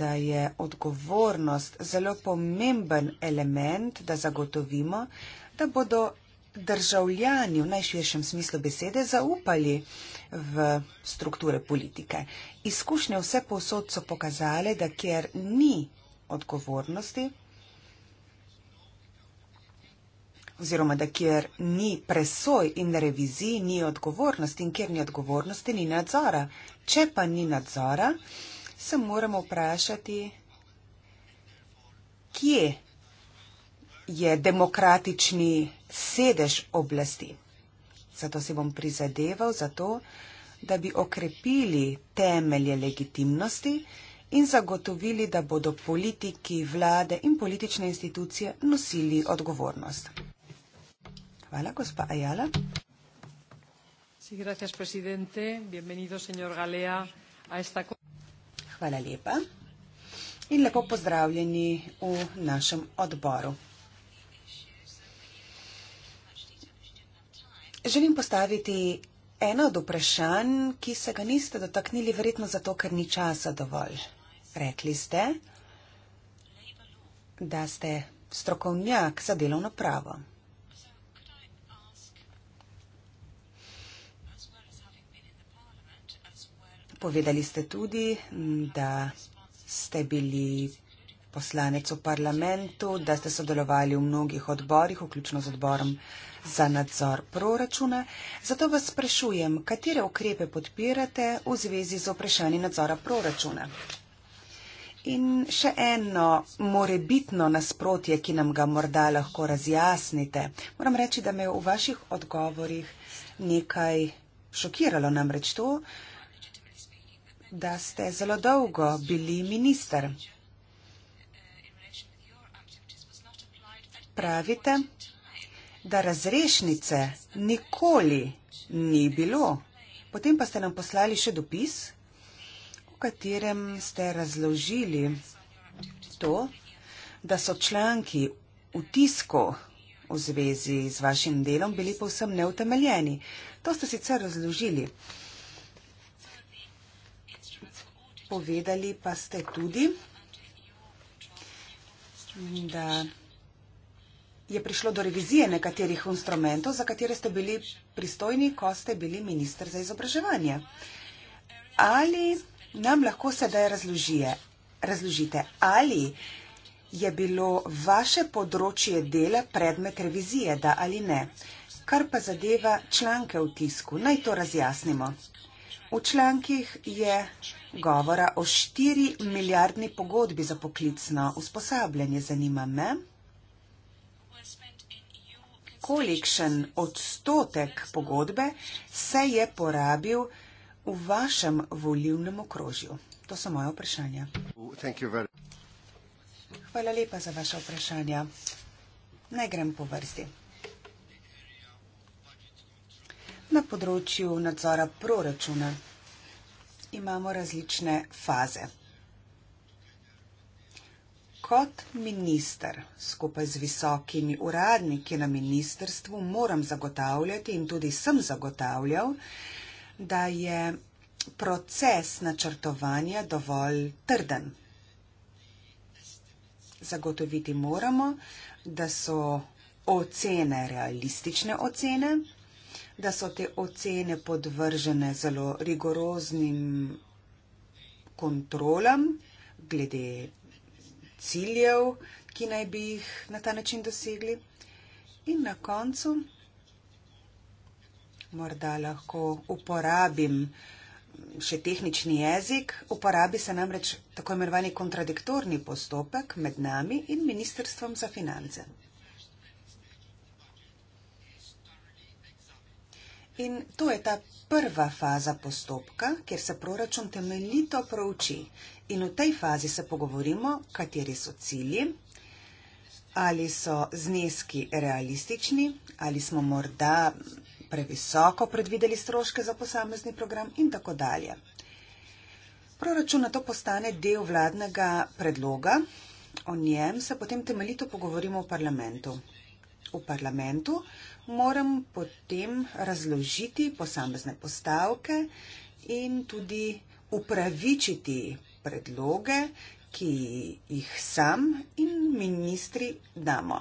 da je odgovornost zelo pomemben element, da zagotovimo, da bodo državljani v najširšem smislu besede zaupali v strukture politike. Izkušnje vse posod so pokazale, da kjer ni odgovornosti, oziroma da kjer ni presoj in revizij, ni odgovornosti in kjer ni odgovornosti, ni nadzora. Če pa ni nadzora, se moramo vprašati, kje je demokratični sedež oblasti. Zato si bom prizadeval za to, da bi okrepili temelje legitimnosti in zagotovili, da bodo politiki, vlade in politične institucije nosili odgovornost. Hvala, gospa Ajala. Hvala lepa in lepo pozdravljeni v našem odboru. Želim postaviti eno od vprašanj, ki se ga niste dotaknili, verjetno zato, ker ni časa dovolj. Rekli ste, da ste strokovnjak za delovno pravo. Povedali ste tudi, da ste bili poslanec v parlamentu, da ste sodelovali v mnogih odborih, vključno z odborom za nadzor proračuna. Zato vas sprašujem, katere ukrepe podpirate v zvezi z vprašanjem nadzora proračuna. In še eno morebitno nasprotje, ki nam ga morda lahko razjasnite. Moram reči, da me je v vaših odgovorih nekaj šokiralo, namreč to, da ste zelo dolgo bili minister. Pravite, da razrešnice nikoli ni bilo. Potem pa ste nam poslali še dopis, v katerem ste razložili to, da so članki v tisku v zvezi z vašim delom bili povsem neutemeljeni. To ste sicer razložili. Povedali pa ste tudi, da je prišlo do revizije nekaterih instrumentov, za katere ste bili pristojni, ko ste bili minister za izobraževanje. Ali nam lahko sedaj razložije, razložite, ali je bilo vaše področje dela predmet revizije, da ali ne. Kar pa zadeva članke v tisku, naj to razjasnimo. V člankih je govora o 4 milijardni pogodbi za poklicno usposabljanje. Zanima me, kolikšen odstotek pogodbe se je porabil v vašem volivnem okrožju. To so moje vprašanja. Hvala lepa za vaše vprašanja. Naj grem po vrsti. Na področju nadzora proračuna imamo različne faze. Kot minister skupaj z visokimi uradniki na ministerstvu moram zagotavljati in tudi sem zagotavljal, da je proces načrtovanja dovolj trden. Zagotoviti moramo, da so ocene realistične ocene, da so te ocene podvržene zelo rigoroznim kontrolam glede ciljev, ki naj bi jih na ta način dosegli. In na koncu morda lahko uporabim še tehnični jezik, uporabi se namreč tako imenovani kontradiktorni postopek med nami in Ministrstvom za finance. In to je ta prva faza postopka, kjer se proračun temeljito prouči. In v tej fazi se pogovorimo, kateri so cilji, ali so zneski realistični, ali smo morda previsoko predvideli stroške za posamezni program in tako dalje. Proračun na to postane del vladnega predloga, o njem se potem temeljito pogovorimo v parlamentu. V parlamentu moram potem razložiti posamezne postavke in tudi upravičiti predloge, ki jih sam in ministri damo.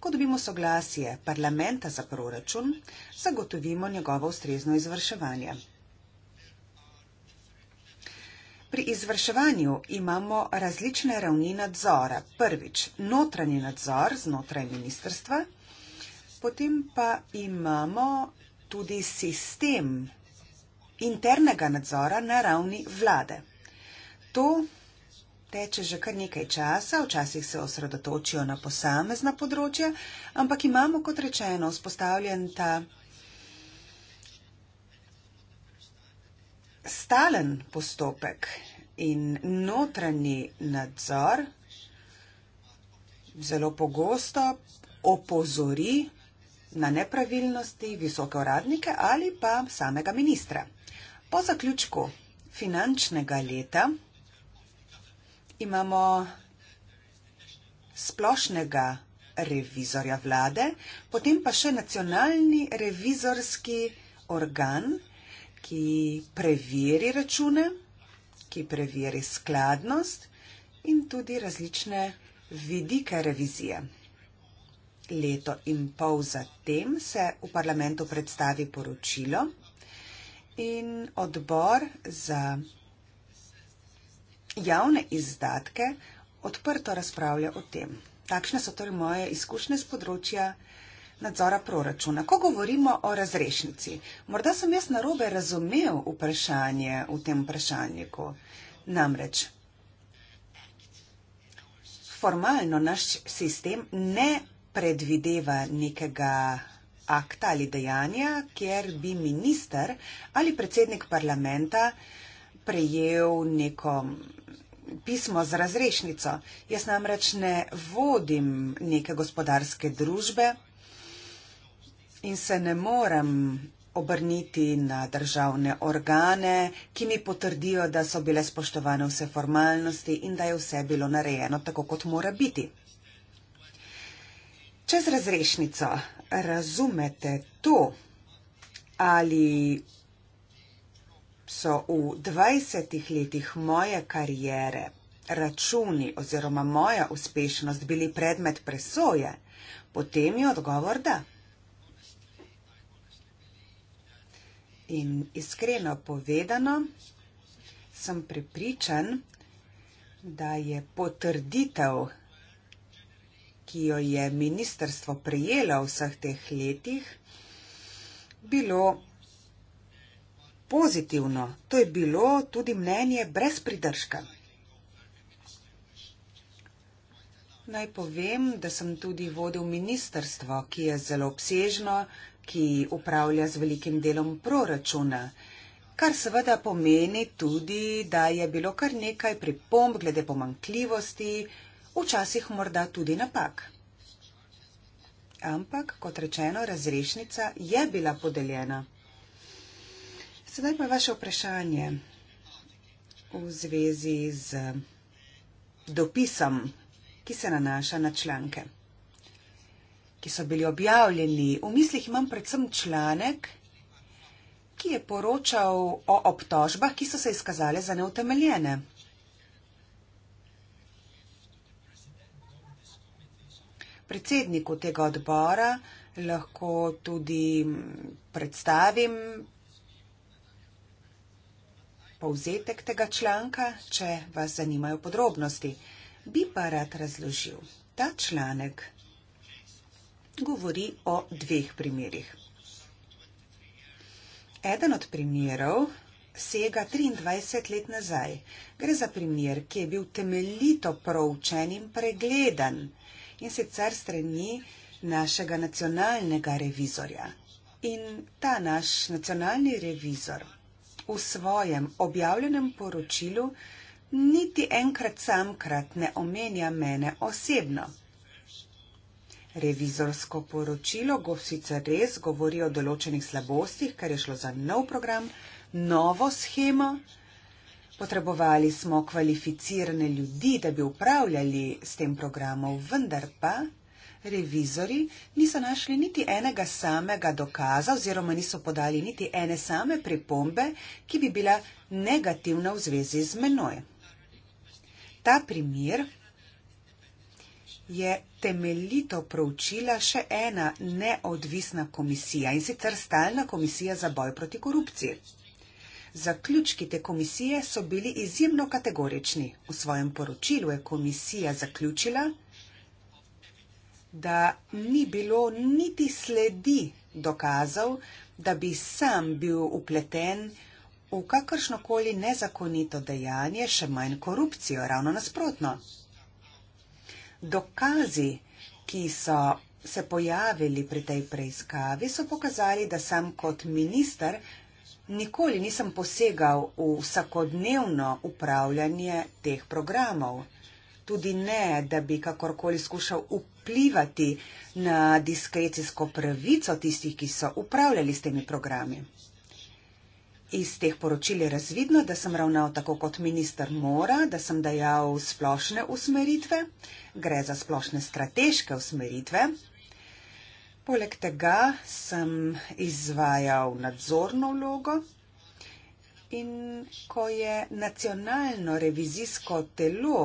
Ko dobimo soglasje parlamenta za proračun, zagotovimo njegovo ustrezno izvrševanje. Pri izvrševanju imamo različne ravni nadzora. Prvič, notranji nadzor znotraj ministrstva potem pa imamo tudi sistem internega nadzora na ravni vlade. To teče že kar nekaj časa, včasih se osredotočijo na posamezna področja, ampak imamo, kot rečeno, vzpostavljen ta stalen postopek in notranji nadzor zelo pogosto opozori na nepravilnosti visoke uradnike ali pa samega ministra. Po zaključku finančnega leta imamo splošnega revizorja vlade, potem pa še nacionalni revizorski organ, ki preveri račune, ki preveri skladnost in tudi različne vidike revizije leto in pol zatem se v parlamentu predstavi poročilo in odbor za javne izdatke odprto razpravlja o tem. Takšne so torej moje izkušnje z področja nadzora proračuna. Ko govorimo o razrešnici, morda sem jaz narobe razumel vprašanje v tem vprašalniku. Namreč, formalno naš sistem ne predvideva nekega akta ali dejanja, kjer bi minister ali predsednik parlamenta prejel neko pismo z razrešnico. Jaz namreč ne vodim neke gospodarske družbe in se ne morem obrniti na državne organe, ki mi potrdijo, da so bile spoštovane vse formalnosti in da je vse bilo narejeno tako, kot mora biti. Čez razrešnico razumete to, ali so v 20 letih moje karijere računi oziroma moja uspešnost bili predmet presoje, potem je odgovor da. In iskreno povedano, sem prepričan, da je potrditev, ki jo je ministrstvo prejelo v vseh teh letih, bilo pozitivno. To je bilo tudi mnenje brez pridržka. Naj povem, da sem tudi vodil ministrstvo, ki je zelo obsežno, ki upravlja z velikim delom proračuna, kar seveda pomeni tudi, da je bilo kar nekaj pripomb glede pomankljivosti, včasih morda tudi napak. Ampak, kot rečeno, razrešnica je bila podeljena. Sedaj pa vaše vprašanje v zvezi z dopisom, ki se nanaša na članke, ki so bili objavljeni. V mislih imam predvsem članek, ki je poročal o obtožbah, ki so se izkazale za neutemeljene. predsedniku tega odbora lahko tudi predstavim povzetek tega članka, če vas zanimajo podrobnosti. Bi pa rad razložil. Ta članek govori o dveh primerih. Eden od primerov sega 23 let nazaj. Gre za primer, ki je bil temeljito proučen in pregledan in sicer strani našega nacionalnega revizorja. In ta naš nacionalni revizor v svojem objavljenem poročilu niti enkrat samkrat ne omenja mene osebno. Revizorsko poročilo go sicer res govori o določenih slabostih, ker je šlo za nov program, novo schemo, Potrebovali smo kvalificirane ljudi, da bi upravljali s tem programom, vendar pa revizori niso našli niti enega samega dokaza oziroma niso podali niti ene same pripombe, ki bi bila negativna v zvezi z menoj. Ta primer je temeljito proučila še ena neodvisna komisija in sicer stalna komisija za boj proti korupciji. Zaključki te komisije so bili izjemno kategorični. V svojem poročilu je komisija zaključila, da ni bilo niti sledi dokazov, da bi sam bil upleten v kakršnokoli nezakonito dejanje, še manj korupcijo, ravno nasprotno. Dokazi, ki so se pojavili pri tej preiskavi, so pokazali, da sem kot minister Nikoli nisem posegal v vsakodnevno upravljanje teh programov, tudi ne, da bi kakorkoli skušal vplivati na diskrecijsko pravico tistih, ki so upravljali s temi programi. Iz teh poročil je razvidno, da sem ravnal tako kot minister mora, da sem dajal splošne usmeritve, gre za splošne strateške usmeritve, Poleg tega sem izvajal nadzorno vlogo in ko je nacionalno revizijsko telo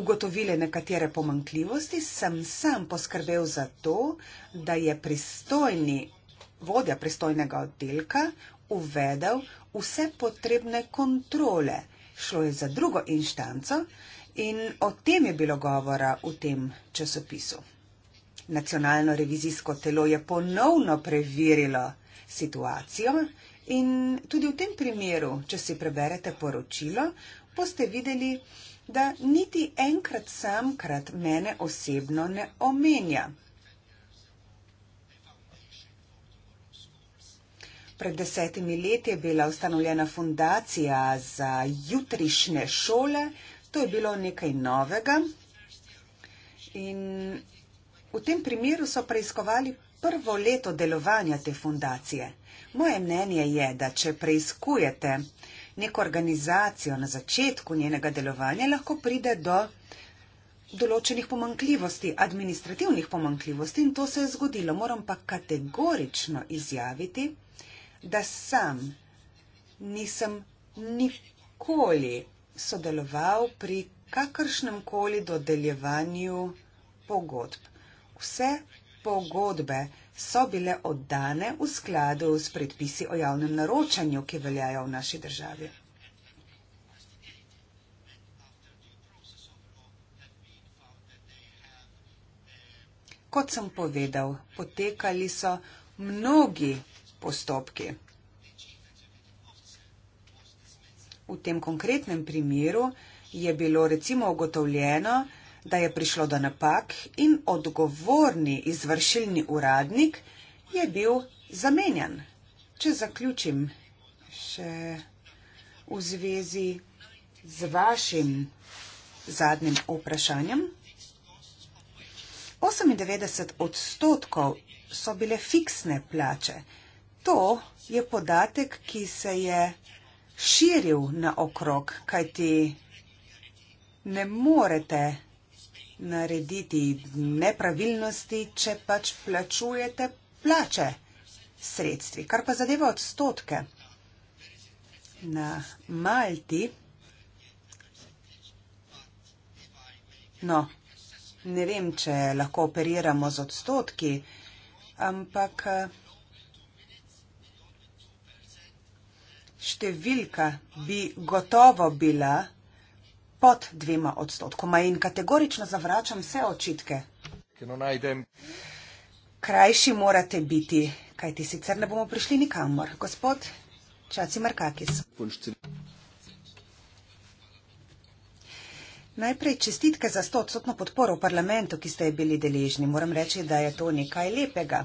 ugotovile nekatere pomankljivosti, sem sam poskrbel za to, da je pristojni, vodja pristojnega oddelka uvedel vse potrebne kontrole. Šlo je za drugo inštanco in o tem je bilo govora v tem časopisu nacionalno revizijsko telo je ponovno preverilo situacijo in tudi v tem primeru, če si preberete poročilo, boste videli, da niti enkrat samkrat mene osebno ne omenja. Pred desetimi leti je bila ustanovljena fundacija za jutrišnje šole, to je bilo nekaj novega. In V tem primeru so preiskovali prvo leto delovanja te fundacije. Moje mnenje je, da če preiskujete neko organizacijo na začetku njenega delovanja, lahko pride do določenih pomankljivosti, administrativnih pomankljivosti in to se je zgodilo. Moram pa kategorično izjaviti, da sam nisem nikoli sodeloval pri kakršnem koli dodeljevanju pogodb vse pogodbe so bile oddane v skladu s predpisi o javnem naročanju, ki veljajo v naši državi. Kot sem povedal, potekali so mnogi postopki. V tem konkretnem primeru je bilo recimo ugotovljeno, da da je prišlo do napak in odgovorni izvršilni uradnik je bil zamenjan. Če zaključim še v zvezi z vašim zadnjim vprašanjem. 98 odstotkov so bile fiksne plače. To je podatek, ki se je širil na okrog, kajti ne morete narediti nepravilnosti, če pač plačujete plače sredstvi. Kar pa zadeva odstotke. Na Malti, no, ne vem, če lahko operiramo z odstotki, ampak eh, številka bi gotovo bila 0,5 pod dvema odstotkoma in kategorično zavračam vse očitke. No Krajši morate biti, kajti sicer ne bomo prišli nikamor. Gospod Čaci Markakis. Najprej čestitke za 100-odstotno podporo v parlamentu, ki ste je bili deležni. Moram reči, da je to nekaj lepega.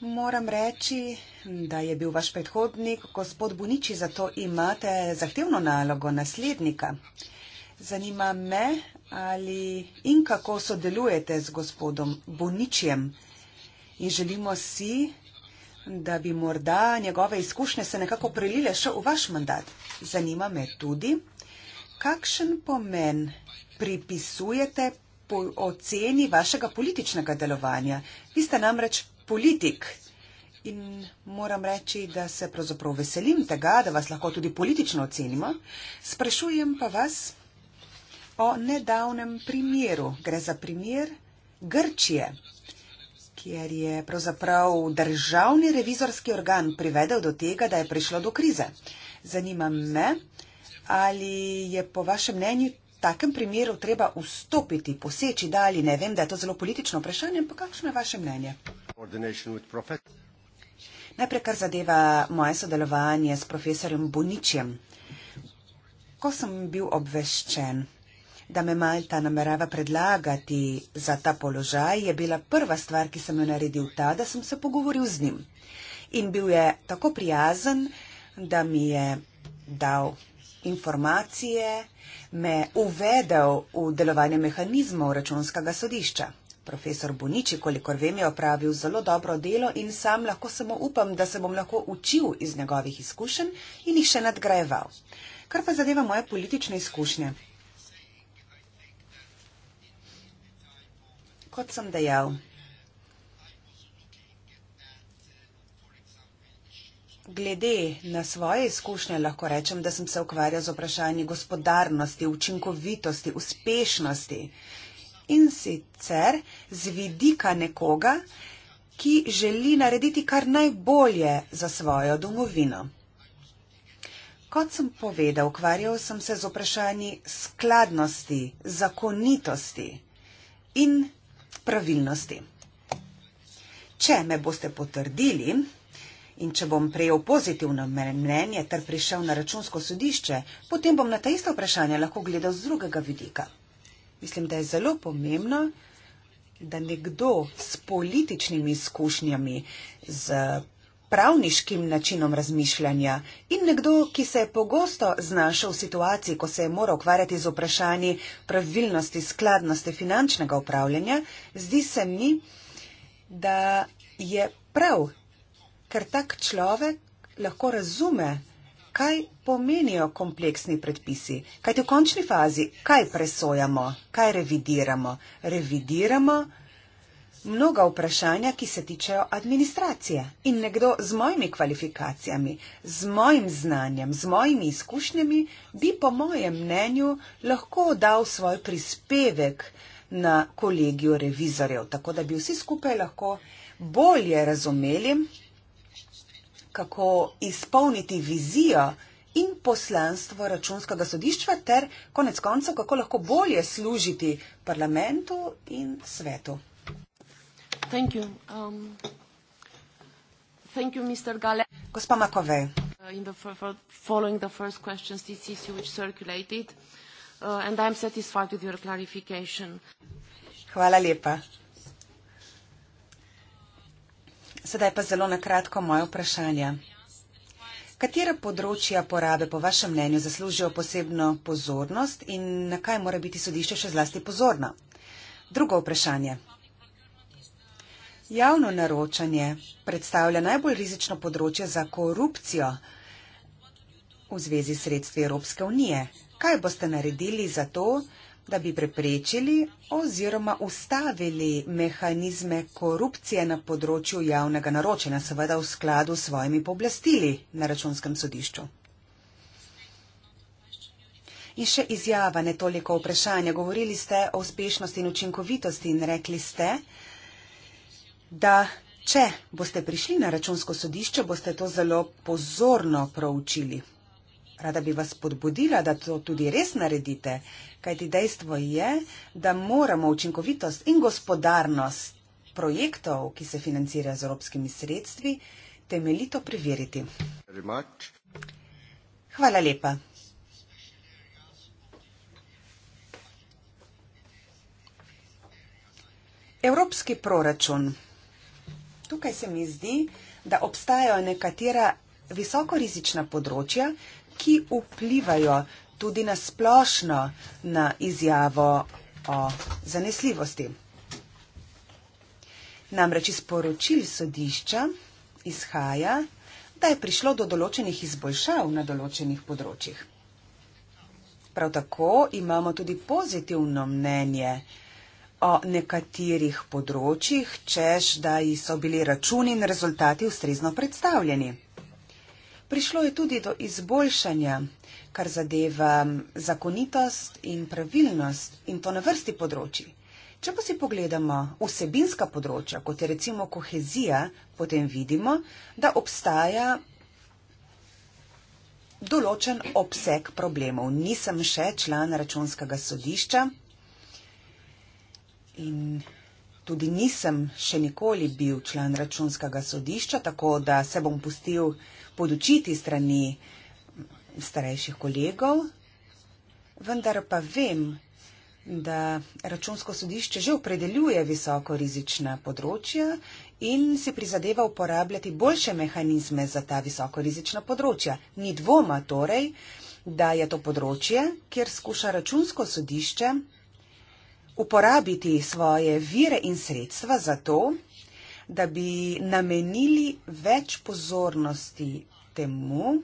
Moram reči, da je bil vaš predhodnik, gospod Buniči, zato imate zahtevno nalogo naslednika. Zanima me, ali in kako sodelujete z gospodom Buničjem. In želimo si, da bi morda njegove izkušnje se nekako prelile še v vaš mandat. Zanima me tudi, kakšen pomen pripisujete po oceni vašega političnega delovanja. Vi ste namreč politik. In moram reči, da se pravzaprav veselim tega, da vas lahko tudi politično ocenimo. Sprašujem pa vas o nedavnem primeru. Gre za primer Grčije, kjer je pravzaprav državni revizorski organ privedel do tega, da je prišlo do krize. Zanima me, ali je po vašem mnenju takem primeru treba vstopiti, poseči dalje. Ne vem, da je to zelo politično vprašanje, ampak kakšno je vaše mnenje? Najprej, kar zadeva moje sodelovanje s profesorjem Boničjem. Ko sem bil obveščen, da me Malta namerava predlagati za ta položaj, je bila prva stvar, ki sem jo naredil ta, da sem se pogovoril z njim. In bil je tako prijazen, da mi je dal informacije, me uvedel v delovanje mehanizmov računskega sodišča. Profesor Boniči, kolikor vem, je opravil zelo dobro delo in sam lahko samo upam, da se bom lahko učil iz njegovih izkušenj in jih še nadgrajeval. Kar pa zadeva moje politične izkušnje. Kot sem dejal, glede na svoje izkušnje lahko rečem, da sem se ukvarjal z vprašanji gospodarnosti, učinkovitosti, uspešnosti in sicer z vidika nekoga, ki želi narediti kar najbolje za svojo domovino. Kot sem povedal, ukvarjal sem se z vprašanji skladnosti, zakonitosti in pravilnosti. Če me boste potrdili in če bom prejel pozitivno mnenje ter prišel na računsko sodišče, potem bom na ta isto vprašanje lahko gledal z drugega vidika. Mislim, da je zelo pomembno, da nekdo s političnimi izkušnjami, z pravniškim načinom razmišljanja in nekdo, ki se je pogosto znašel v situaciji, ko se je moral ukvarjati z vprašanji pravilnosti, skladnosti finančnega upravljanja, zdi se mi, da je prav, ker tak človek lahko razume, kaj pomenijo kompleksni predpisi. Kaj ti v končni fazi, kaj presojamo, kaj revidiramo? Revidiramo mnoga vprašanja, ki se tičejo administracije. In nekdo z mojimi kvalifikacijami, z mojim znanjem, z mojimi izkušnjami bi, po mojem mnenju, lahko dal svoj prispevek na kolegijo revizorjev, tako da bi vsi skupaj lahko bolje razumeli, kako izpolniti vizijo in poslanstvo računskega sodišča, ter konec koncev, kako lahko bolje služiti parlamentu in svetu. Thank you. Um... Thank you, Mr. Gale. Gospa Makove. Uh, in the following the first questions, this issue which circulated, uh, and I'm satisfied with your clarification. Hvala lepa. Sedaj pa zelo na kratko moje vprašanje. Katera področja porabe po vašem mnenju zaslužijo posebno pozornost in na kaj mora biti sodišče še zlasti pozorno? Drugo vprašanje. Javno naročanje predstavlja najbolj rizično področje za korupcijo v zvezi s sredstvi Evropske unije. Kaj boste naredili za to, da da bi preprečili oziroma ustavili mehanizme korupcije na področju javnega naročanja, seveda v skladu s svojimi pooblastili na računskem sodišču. In še izjava, ne toliko vprašanja. Govorili ste o uspešnosti in učinkovitosti in rekli ste, da če boste prišli na računsko sodišče, boste to zelo pozorno proučili. Rada bi vas podbudila, da to tudi res naredite. Kajti dejstvo je, da moramo učinkovitost in gospodarnost projektov, ki se financirajo z evropskimi sredstvi, temeljito preveriti. Hvala lepa. Evropski proračun. Tukaj se mi zdi, da obstajajo nekatera visokorizična področja, ki vplivajo tudi na splošno na izjavo o zanesljivosti. Namreč iz poročil sodišča izhaja, da je prišlo do določenih izboljšav na določenih področjih. Prav tako imamo tudi pozitivno mnenje o nekaterih področjih, čež da so bili računi in rezultati ustrezno predstavljeni. Prišlo je tudi do izboljšanja, kar zadeva zakonitost in pravilnost in to na vrsti področji. Če pa si pogledamo vsebinska področja, kot je recimo kohezija, potem vidimo, da obstaja določen obseg problemov. Nisem še član računskega sodišča in tudi nisem še nikoli bil član računskega sodišča, tako da se bom pustil podučiti strani starejših kolegov. Vendar pa vem, da računsko sodišče že opredeljuje visoko rizična področja in si prizadeva uporabljati boljše mehanizme za ta visoko rizična področja. Ni dvoma torej, da je to področje, kjer skuša računsko sodišče uporabiti svoje vire in sredstva za to, da bi namenili več pozornosti temu,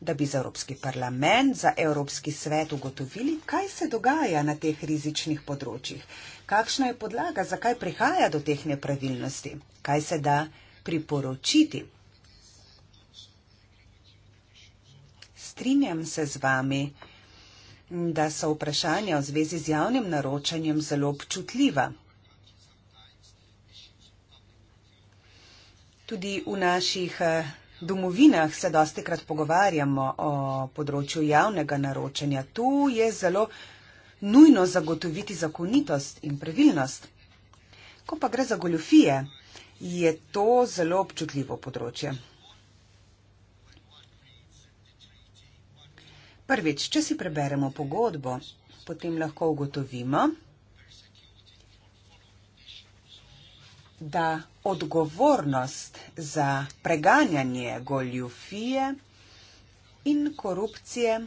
da bi za Evropski parlament, za Evropski svet ugotovili, kaj se dogaja na teh rizičnih področjih, kakšna je podlaga, zakaj prihaja do teh nepravilnosti, kaj se da priporočiti. Strinjam se z vami, da da so vprašanja v zvezi z javnim naročanjem zelo občutljiva. Tudi v naših eh, domovinah se dosti krat pogovarjamo o področju javnega naročanja. Tu je zelo nujno zagotoviti zakonitost in pravilnost. Ko pa gre za goljofije, je to zelo občutljivo področje. Prvič, če si preberemo pogodbo, potem lahko ugotovimo, da odgovornost za preganjanje goljufije in korupcije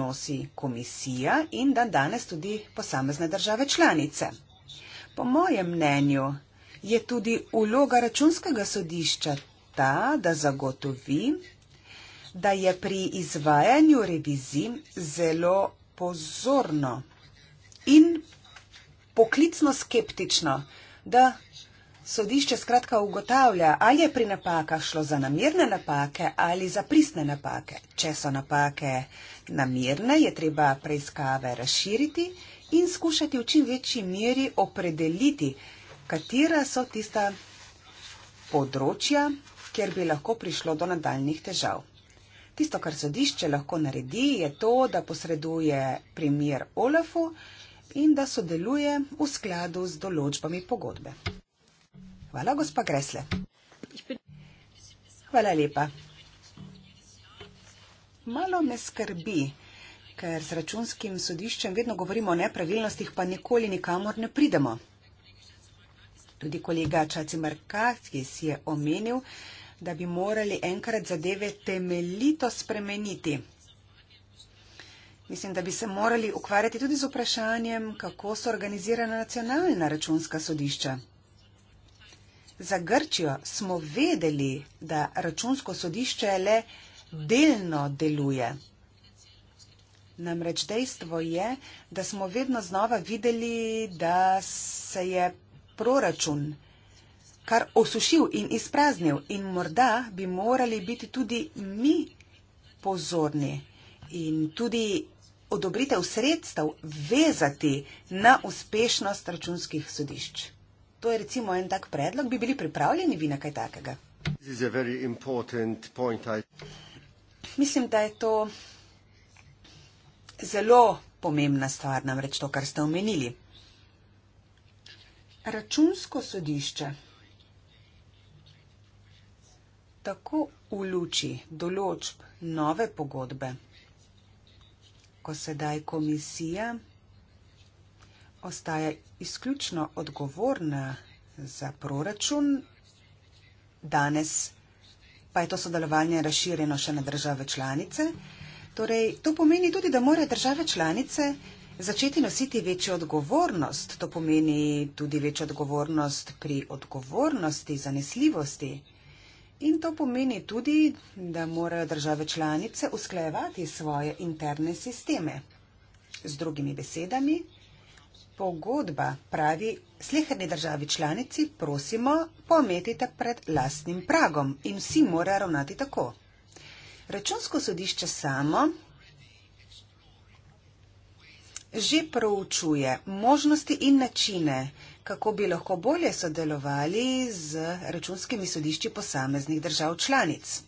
nosi komisija in da danes tudi posamezne države članice. Po mojem mnenju je tudi uloga računskega sodišča ta, da zagotovi, da je pri izvajanju revizij zelo pozorno in poklicno skeptično, da sodišče skratka ugotavlja, ali je pri napakah šlo za namirne napake ali za pristne napake. Če so napake namirne, je treba preiskave razširiti in skušati v čim večji meri opredeliti, katera so tista področja, kjer bi lahko prišlo do nadaljnih težav. Tisto, kar sodišče lahko naredi, je to, da posreduje primer Olafu in da sodeluje v skladu z določbami pogodbe. Hvala, gospa Gresle. Hvala lepa. Malo me skrbi, ker s računskim sodiščem vedno govorimo o nepravilnostih, pa nikoli nikamor ne pridemo. Tudi kolega Čacimarkaskis je omenil, da bi morali enkrat zadeve temeljito spremeniti. Mislim, da bi se morali ukvarjati tudi z vprašanjem, kako so organizirana nacionalna računska sodišča. Za Grčijo smo vedeli, da računsko sodišče le delno deluje. Namreč dejstvo je, da smo vedno znova videli, da se je proračun vsega, kar osušil in izpraznil. In morda bi morali biti tudi mi pozorni in tudi odobritev sredstev vezati na uspešnost računskih sodišč. To je recimo en tak predlog. Bi bili pripravljeni vi na kaj takega? Mislim, da je to zelo pomembna stvar, namreč to, kar ste omenili. Računsko sodišče tako v luči določb nove pogodbe, ko sedaj komisija ostaja izključno odgovorna za proračun, danes pa je to sodelovanje razširjeno še na države članice. Torej, to pomeni tudi, da morajo države članice začeti nositi večjo odgovornost. To pomeni tudi večjo odgovornost pri odgovornosti, zanesljivosti. In to pomeni tudi, da morajo države članice usklajevati svoje interne sisteme. Z drugimi besedami, pogodba pravi sleherni državi članici prosimo pometite pred lastnim pragom in vsi morajo ravnati tako. Računsko sodišče samo že proučuje možnosti in načine, kako bi lahko bolje sodelovali z računskimi sodišči posameznih držav članic.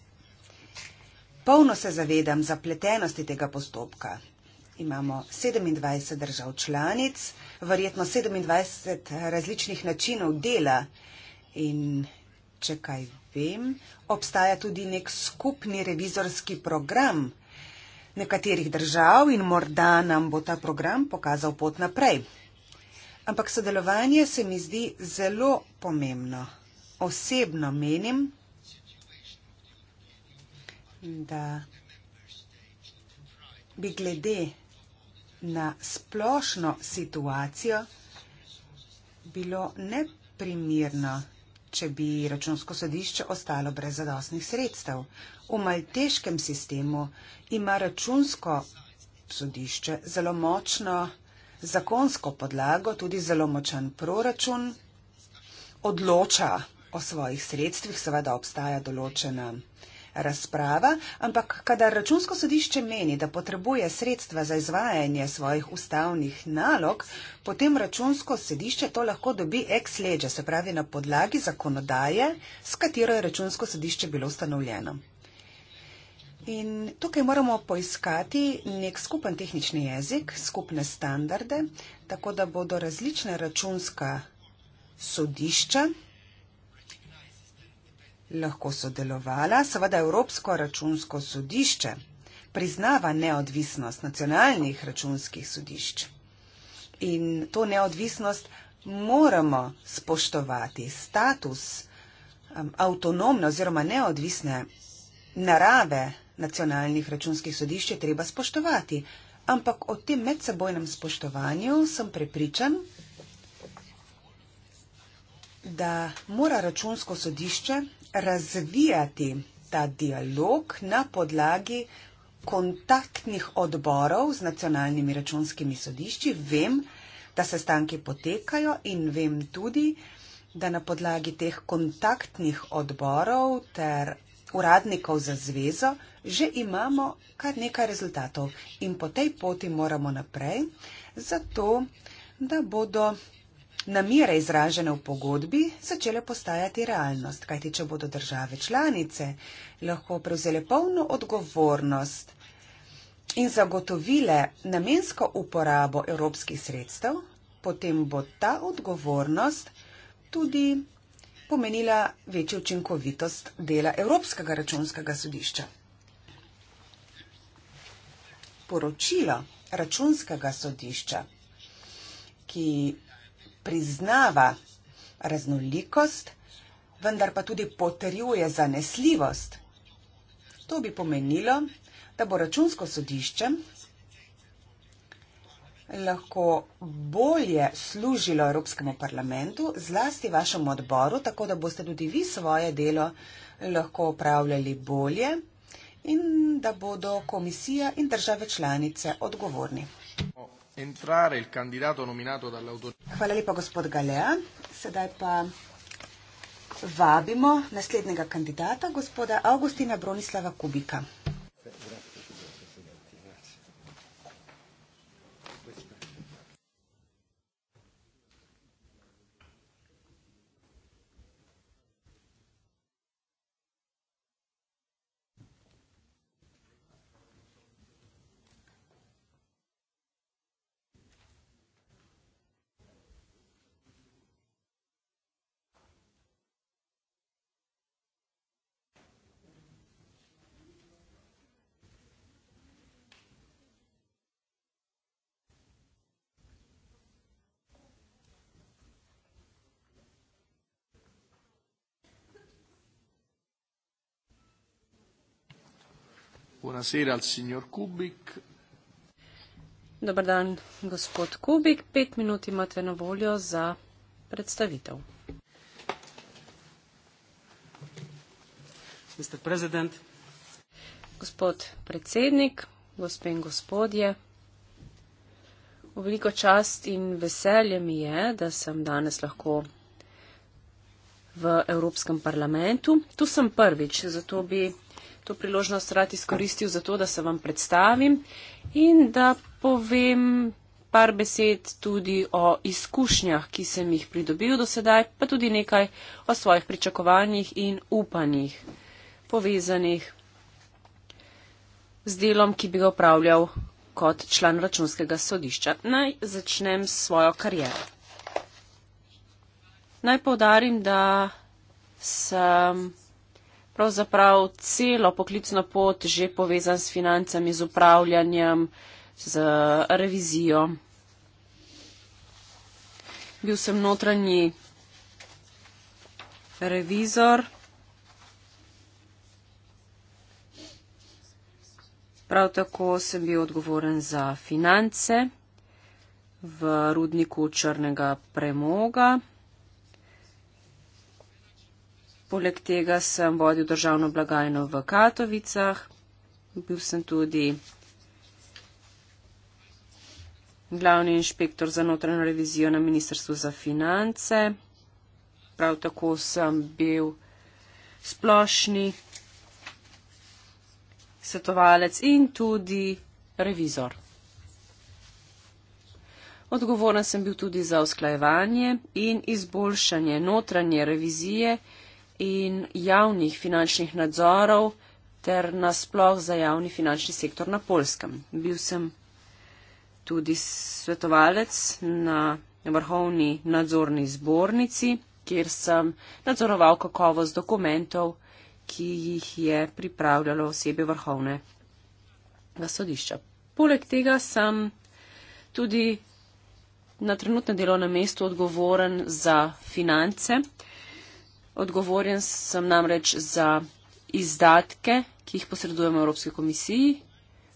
Polno se zavedam zapletenosti tega postopka. Imamo 27 držav članic, verjetno 27 različnih načinov dela in če kaj vem, obstaja tudi nek skupni revizorski program nekaterih držav in morda nam bo ta program pokazal pot naprej ampak sodelovanje se mi zdi zelo pomembno. Osebno menim, da bi glede na splošno situacijo bilo neprimirno, če bi računsko sodišče ostalo brez zadostnih sredstev. V malteškem sistemu ima računsko sodišče zelo močno zakonsko podlago, tudi zelo močan proračun, odloča o svojih sredstvih, seveda obstaja določena razprava, ampak kadar računsko sodišče meni, da potrebuje sredstva za izvajanje svojih ustavnih nalog, potem računsko sodišče to lahko dobi ex lege, se pravi na podlagi zakonodaje, s katero je računsko sodišče bilo ustanovljeno. In tukaj moramo poiskati nek skupen tehnični jezik, skupne standarde, tako da bodo različne računska sodišča lahko sodelovala. Seveda Evropsko računsko sodišče priznava neodvisnost nacionalnih računskih sodišč. In to neodvisnost moramo spoštovati. Status um, avtonomne oziroma neodvisne narave nacionalnih računskih sodišč je treba spoštovati. Ampak o tem medsebojnem spoštovanju sem prepričan, da mora računsko sodišče razvijati ta dialog na podlagi kontaktnih odborov z nacionalnimi računskimi sodišči. Vem, da se stanki potekajo in vem tudi, da na podlagi teh kontaktnih odborov ter uradnikov za zvezo, že imamo kar nekaj rezultatov in po tej poti moramo naprej, zato da bodo namere izražene v pogodbi začele postajati realnost. Kajti, če bodo države članice lahko prevzele polno odgovornost in zagotovile namensko uporabo evropskih sredstev, potem bo ta odgovornost tudi pomenila večjo učinkovitost dela Evropskega računskega sodišča. Poročilo računskega sodišča, ki priznava raznolikost, vendar pa tudi potrjuje zanesljivost. To bi pomenilo, da bo računsko sodišče lahko bolje služilo Evropskemu parlamentu, zlasti vašemu odboru, tako da boste tudi vi svoje delo lahko upravljali bolje in da bodo komisija in države članice odgovorni. Hvala lepa, gospod Galea. Sedaj pa vabimo naslednjega kandidata, gospoda Augustina Bronislava Kubika. Buonasera al signor Kubik. Dobar dan, gospod Kubik. Pet minut imate na voljo za predstavitev. Gospod predsednik, gospe in gospodje, v veliko čast in veselje mi je, da sem danes lahko v Evropskem parlamentu. Tu sem prvič, zato bi to priložnost rad izkoristil za to, da se vam predstavim in da povem par besed tudi o izkušnjah, ki sem jih pridobil do sedaj, pa tudi nekaj o svojih pričakovanjih in upanjih povezanih z delom, ki bi ga upravljal kot član računskega sodišča. Naj začnem s svojo kariero. Naj povdarim, da sem pravzaprav celo poklicno pot že povezan s financami, z upravljanjem, z revizijo. Bil sem notranji revizor. Prav tako sem bil odgovoren za finance v rudniku črnega premoga. Poleg tega sem vodil državno blagajno v Katovicah, bil sem tudi glavni inšpektor za notranjo revizijo na Ministrstvu za finance. Prav tako sem bil splošni svetovalec in tudi revizor. Odgovoren sem bil tudi za usklajevanje in izboljšanje notranje revizije, in javnih finančnih nadzorov ter nasploh za javni finančni sektor na Polskem. Bil sem tudi svetovalec na vrhovni nadzorni zbornici, kjer sem nadzoroval kakovost dokumentov, ki jih je pripravljalo osebe vrhovne sodišča. Poleg tega sem tudi na trenutnem delovnem mestu odgovoren za finance odgovoren sem namreč za izdatke, ki jih posredujemo Evropske komisiji.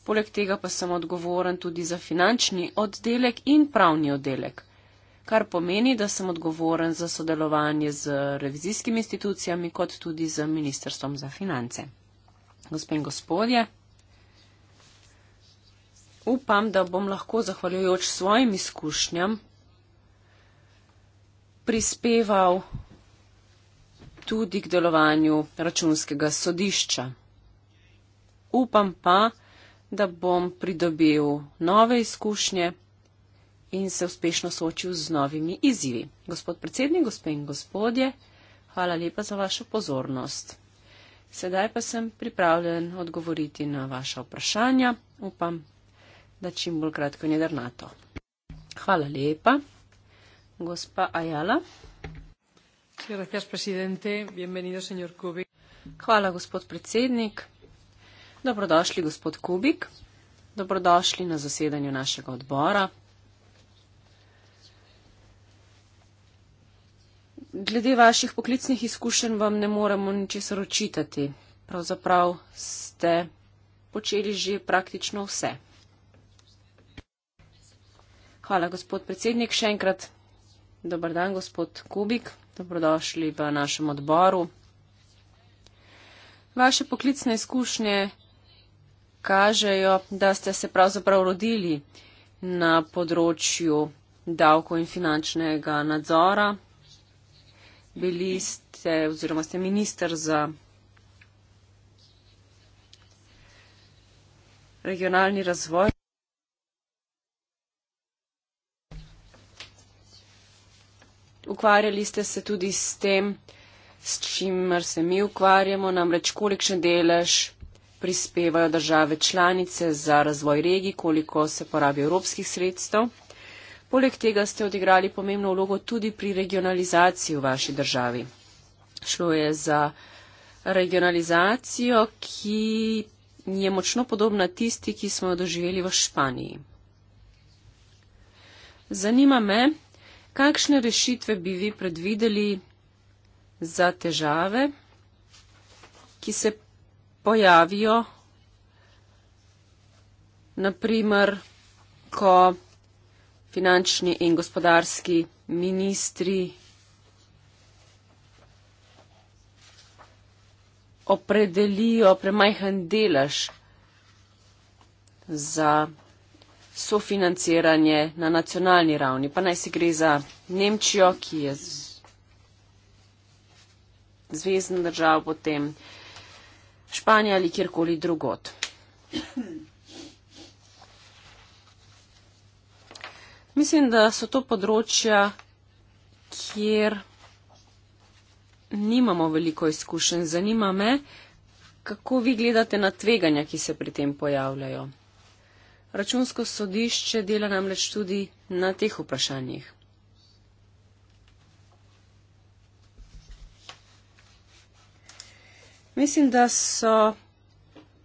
Poleg tega pa sem odgovoren tudi za finančni oddelek in pravni oddelek, kar pomeni, da sem odgovoren za sodelovanje z revizijskimi institucijami, kot tudi z Ministrstvom za finance. Gospe in gospodje, upam, da bom lahko zahvaljujoč svojim izkušnjam prispeval tudi k delovanju računskega sodišča. Upam pa, da bom pridobil nove izkušnje in se uspešno soočil z novimi izzivi. Gospod predsednik, gospe in gospodje, hvala lepa za vašo pozornost. Sedaj pa sem pripravljen odgovoriti na vaša vprašanja. Upam, da čim bolj kratko in jedrnato. Hvala lepa. Gospa Ajala. Hvala, gospod predsednik. Dobrodošli, gospod Kubik. Dobrodošli na zasedanju našega odbora. Glede vaših poklicnih izkušenj vam ne moremo ničesar očitati. Pravzaprav ste počeli že praktično vse. Hvala, gospod predsednik. Še enkrat dober dan, gospod Kubik. Dobrodošli v našem odboru. Vaše poklicne izkušnje kažejo, da ste se pravzaprav rodili na področju davko in finančnega nadzora. Bili ste oziroma ste minister za regionalni razvoj. ukvarjali ste se tudi s tem, s čimer se mi ukvarjamo, namreč kolikšen delež prispevajo države članice za razvoj regij, koliko se porabi evropskih sredstev. Poleg tega ste odigrali pomembno vlogo tudi pri regionalizaciji v vaši državi. Šlo je za regionalizacijo, ki je močno podobna tisti, ki smo jo doživeli v Španiji. Zanima me, Kakšne rešitve bi vi predvideli za težave, ki se pojavijo, naprimer, ko finančni in gospodarski ministri opredelijo premajhen delež za sofinanciranje na nacionalni ravni, pa naj si gre za Nemčijo, ki je zvezdna država, potem Španija ali kjerkoli drugot. Mislim, da so to področja, kjer nimamo veliko izkušenj. Zanima me, kako vi gledate na tveganja, ki se pri tem pojavljajo. Računsko sodišče dela namreč tudi na teh vprašanjih. Mislim, da so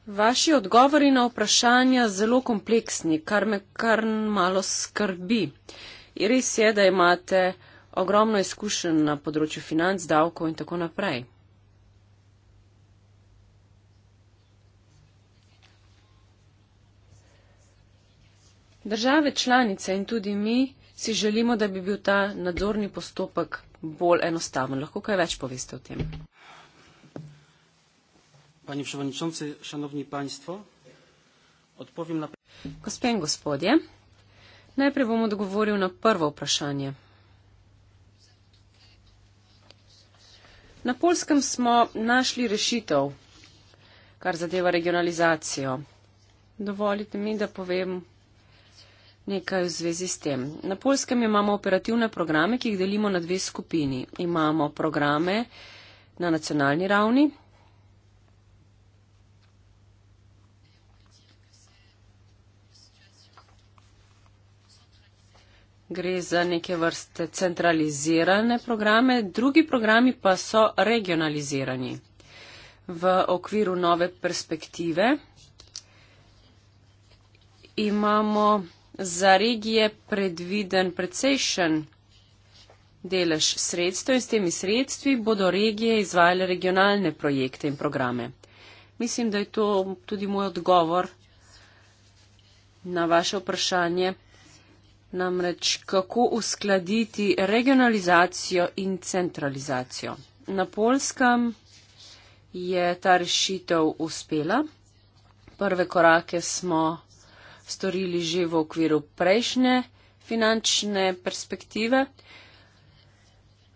vaši odgovori na vprašanja zelo kompleksni, kar me kar malo skrbi. In res je, da imate ogromno izkušenj na področju financ, davkov in tako naprej. Države članice in tudi mi si želimo, da bi bil ta nadzorni postopek bolj enostaven. Lahko kaj več poveste o tem? Pani predsedujoči, šanovni panjstvo, odpovem na. Gospe in gospodje, najprej bom odgovoril na prvo vprašanje. Na polskem smo našli rešitev, kar zadeva regionalizacijo. Dovolite mi, da povem Nekaj v zvezi s tem. Na polskem imamo operativne programe, ki jih delimo na dve skupini. Imamo programe na nacionalni ravni. Gre za neke vrste centralizirane programe, drugi programi pa so regionalizirani. V okviru nove perspektive imamo za regije predviden precejšen delež sredstev in s temi sredstvi bodo regije izvajale regionalne projekte in programe. Mislim, da je to tudi moj odgovor na vaše vprašanje, namreč kako uskladiti regionalizacijo in centralizacijo. Na Polskem je ta rešitev uspela. Prve korake smo storili že v okviru prejšnje finančne perspektive.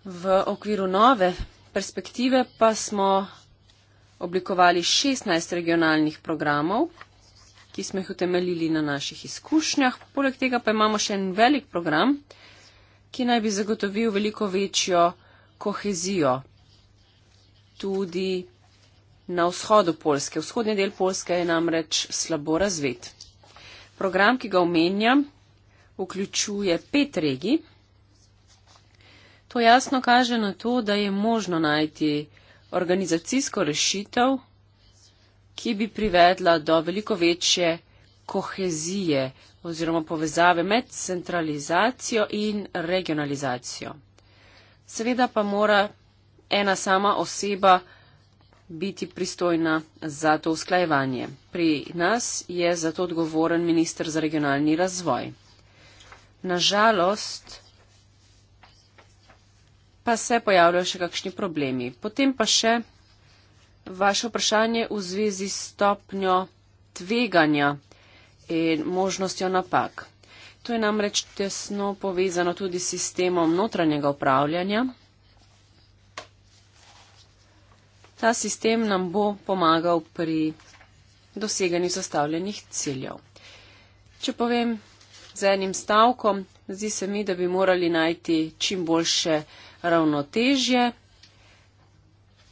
V okviru nove perspektive pa smo oblikovali 16 regionalnih programov, ki smo jih utemeljili na naših izkušnjah. Poleg tega pa imamo še en velik program, ki naj bi zagotovil veliko večjo kohezijo tudi na vzhodu Polske. Vzhodni del Polske je namreč slabo razvit. Program, ki ga omenjam, vključuje pet regij. To jasno kaže na to, da je možno najti organizacijsko rešitev, ki bi privedla do veliko večje kohezije oziroma povezave med centralizacijo in regionalizacijo. Seveda pa mora ena sama oseba biti pristojna za to usklajevanje. Pri nas je za to odgovoren minister za regionalni razvoj. Nažalost pa se pojavljajo še kakšni problemi. Potem pa še vaše vprašanje v zvezi s stopnjo tveganja in možnostjo napak. To je namreč tesno povezano tudi s sistemom notranjega upravljanja. Ta sistem nam bo pomagal pri doseganju zastavljenih ciljev. Če povem z enim stavkom, zdi se mi, da bi morali najti čim boljše ravnotežje.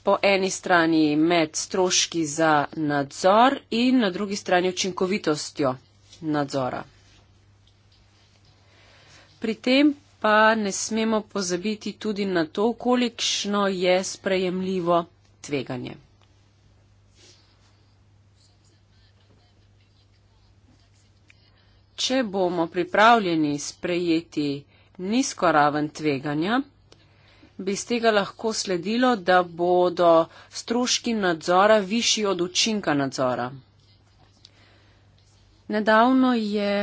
Po eni strani med stroški za nadzor in na drugi strani učinkovitostjo nadzora. Pri tem pa ne smemo pozabiti tudi na to, kolikšno je sprejemljivo tveganje. Če bomo pripravljeni sprejeti nizko raven tveganja, bi iz tega lahko sledilo, da bodo stroški nadzora višji od učinka nadzora. Nedavno je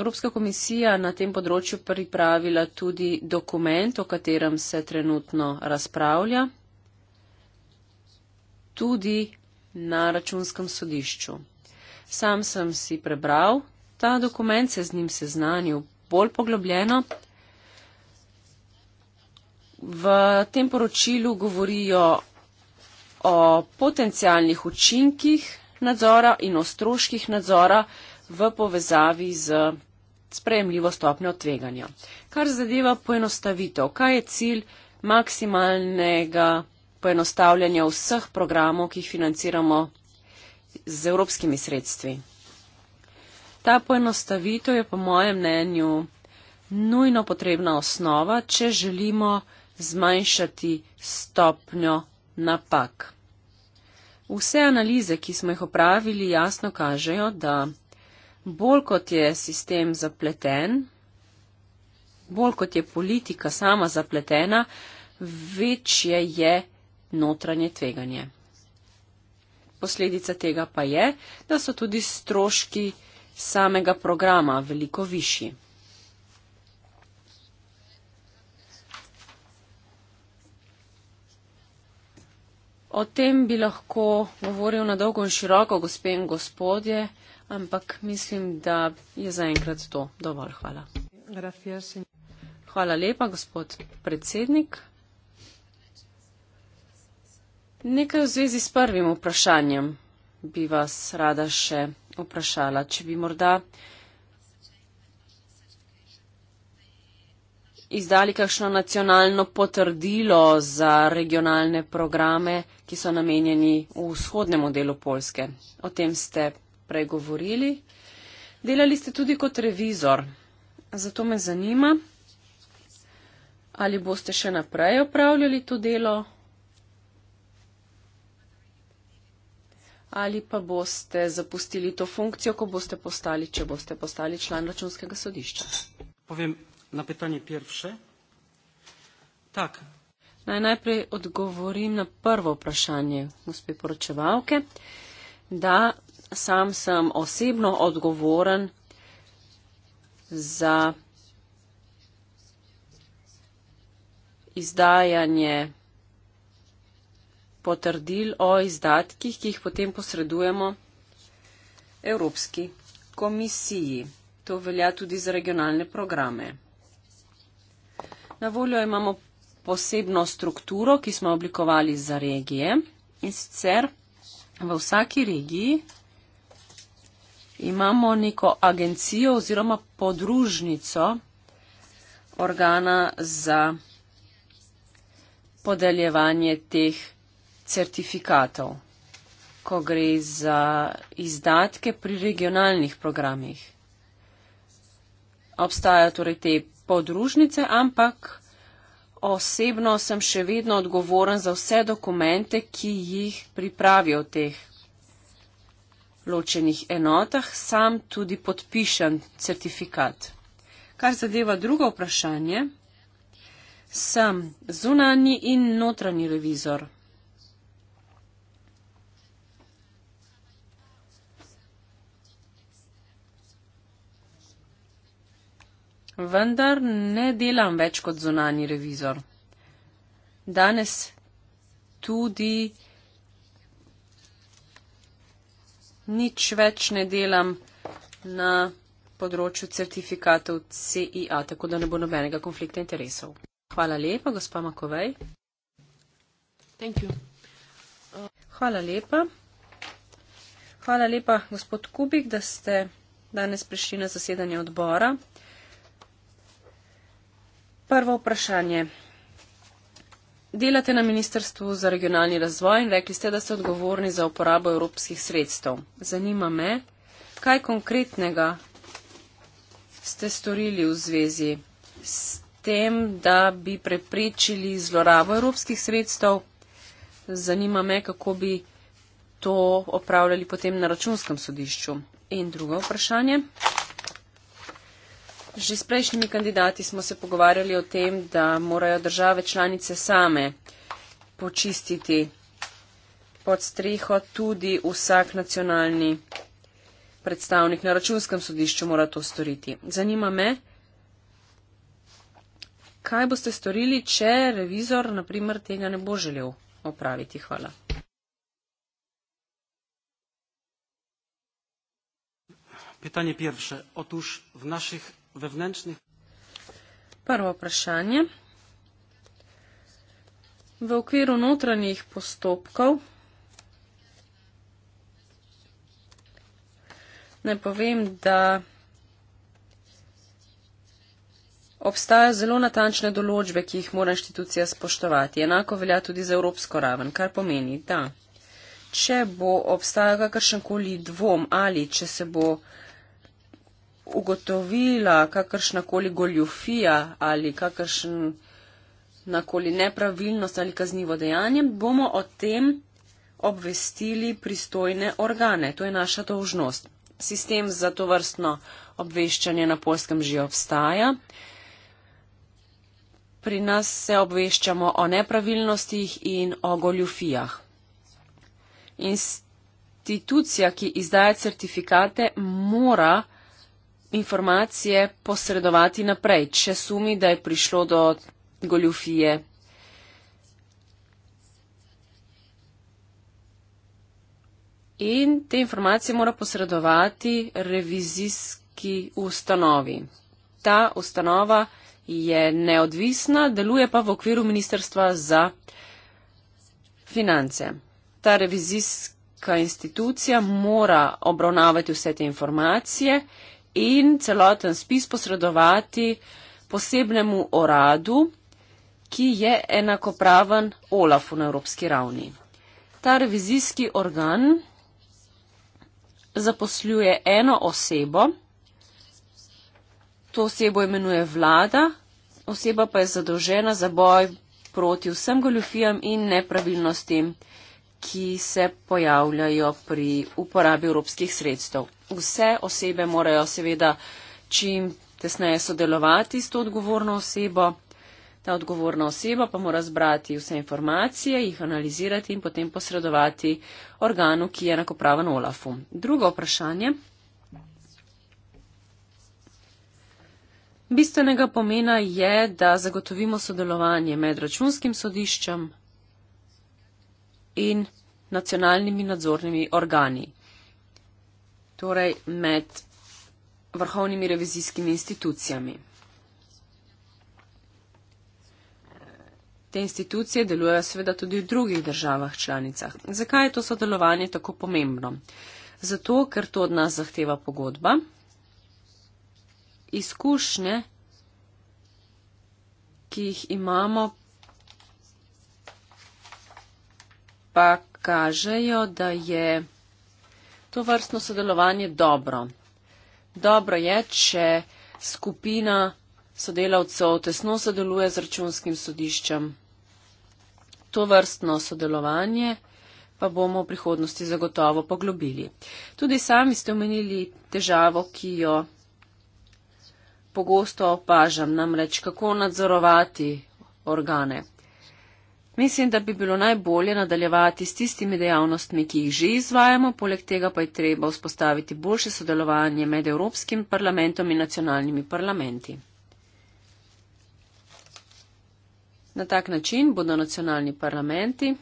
Evropska komisija na tem področju pripravila tudi dokument, o katerem se trenutno razpravlja tudi na računskem sodišču. Sam sem si prebral ta dokument, se z njim seznanil bolj poglobljeno. V tem poročilu govorijo o potencijalnih učinkih nadzora in o stroških nadzora v povezavi z sprejemljivo stopnjo tveganja. Kar zadeva poenostavitev, kaj je cilj maksimalnega poenostavljanja vseh programov, ki jih financiramo z evropskimi sredstvi. Ta poenostavitev je po mojem mnenju nujno potrebna osnova, če želimo zmanjšati stopnjo napak. Vse analize, ki smo jih opravili, jasno kažejo, da bolj kot je sistem zapleten, bolj kot je politika sama zapletena, večje je notranje tveganje. Posledica tega pa je, da so tudi stroški samega programa veliko višji. O tem bi lahko govoril na dolgo in široko, gospe in gospodje, ampak mislim, da je zaenkrat to dovolj. Hvala. Hvala lepa, gospod predsednik. Nekaj v zvezi s prvim vprašanjem bi vas rada še vprašala, če bi morda izdali kakšno nacionalno potrdilo za regionalne programe, ki so namenjeni v vzhodnemu delu Polske. O tem ste pregovorili. Delali ste tudi kot revizor. Zato me zanima, ali boste še naprej opravljali to delo ali pa boste zapustili to funkcijo, ko boste postali, če boste postali član računskega sodišča? Povem na pitanje prvše. Tak. Naj najprej odgovorim na prvo vprašanje gospe poročevalke, da sam sem osebno odgovoren za izdajanje potrdil o izdatkih, ki jih potem posredujemo Evropski komisiji. To velja tudi za regionalne programe. Na voljo imamo posebno strukturo, ki smo oblikovali za regije in sicer v vsaki regiji imamo neko agencijo oziroma podružnico organa za podeljevanje teh certifikatov, ko gre za izdatke pri regionalnih programih. Obstajajo torej te podružnice, ampak osebno sem še vedno odgovoren za vse dokumente, ki jih pripravijo v teh ločenih enotah, sam tudi podpišen certifikat. Kar zadeva drugo vprašanje, sem zunanji in notranji revizor. Vendar ne delam več kot zunani revizor. Danes tudi nič več ne delam na področju certifikatov CIA, tako da ne bo nobenega konflikta interesov. Hvala lepa, gospa Makovej. Hvala lepa. Hvala lepa, gospod Kubik, da ste danes prišli na zasedanje odbora. Prvo vprašanje. Delate na Ministrstvu za regionalni razvoj in rekli ste, da ste odgovorni za uporabo evropskih sredstev. Zanima me, kaj konkretnega ste storili v zvezi s tem, da bi preprečili zlorabo evropskih sredstev. Zanima me, kako bi to opravljali potem na računskem sodišču. In drugo vprašanje. Že s prejšnjimi kandidati smo se pogovarjali o tem, da morajo države članice same počistiti pod streho tudi vsak nacionalni predstavnik na računskem sodišču mora to storiti. Zanima me, kaj boste storili, če revizor, naprimer, tega ne bo želel opraviti. Hvala. Pitanje prvše. Otuž v naših wewnętrznych. Prvo vprašanje. V okviru notranjih postopkov ne povem, da obstajajo zelo natančne določbe, ki jih mora inštitucija spoštovati. Enako velja tudi za evropsko raven, kar pomeni, da če bo obstajal kakršenkoli dvom ali če se bo ugotovila kakršna koli goljufija ali kakršna koli nepravilnost ali kaznivo dejanje, bomo o tem obvestili pristojne organe. To je naša dožnost. Sistem za to vrstno obveščanje na polskem že obstaja. Pri nas se obveščamo o nepravilnostih in o goljufijah. Institucija, ki izdaja certifikate, mora informacije posredovati naprej, če sumi, da je prišlo do goljufije. In te informacije mora posredovati revizijski ustanovi. Ta ustanova je neodvisna, deluje pa v okviru Ministrstva za finance. Ta revizijska institucija mora obravnavati vse te informacije in celoten spis posredovati posebnemu oradu, ki je enakopraven OLAF-u na evropski ravni. Ta revizijski organ zaposluje eno osebo, to osebo imenuje vlada, oseba pa je zadolžena za boj proti vsem goljufijam in nepravilnostim ki se pojavljajo pri uporabi evropskih sredstev. Vse osebe morajo seveda čim tesneje sodelovati s to odgovorno osebo. Ta odgovorna oseba pa mora zbrati vse informacije, jih analizirati in potem posredovati organu, ki je enakopraven OLAF-u. Drugo vprašanje. Bistvenega pomena je, da zagotovimo sodelovanje med računskim sodiščem, in nacionalnimi nadzornimi organi, torej med vrhovnimi revizijskimi institucijami. Te institucije delujejo seveda tudi v drugih državah članicah. Zakaj je to sodelovanje tako pomembno? Zato, ker to od nas zahteva pogodba, izkušnje, ki jih imamo pa kažejo, da je to vrstno sodelovanje dobro. Dobro je, če skupina sodelavcev tesno sodeluje z računskim sodiščem. To vrstno sodelovanje pa bomo v prihodnosti zagotovo poglobili. Tudi sami ste omenili težavo, ki jo pogosto opažam, namreč kako nadzorovati organe. Mislim, da bi bilo najbolje nadaljevati s tistimi dejavnostmi, ki jih že izvajamo, poleg tega pa je treba vzpostaviti boljše sodelovanje med Evropskim parlamentom in nacionalnimi parlamenti. Na tak način bodo nacionalni parlamenti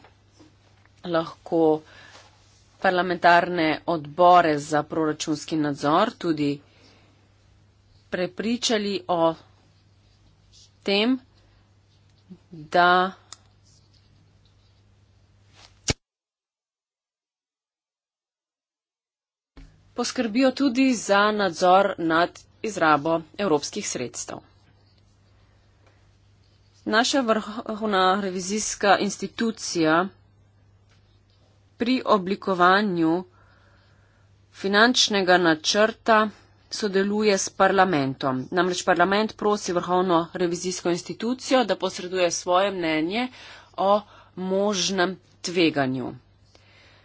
lahko parlamentarne odbore za proračunski nadzor tudi prepričali o tem, da poskrbijo tudi za nadzor nad izrabo evropskih sredstev. Naša vrhovna revizijska institucija pri oblikovanju finančnega načrta sodeluje s parlamentom. Namreč parlament prosi vrhovno revizijsko institucijo, da posreduje svoje mnenje o možnem tveganju.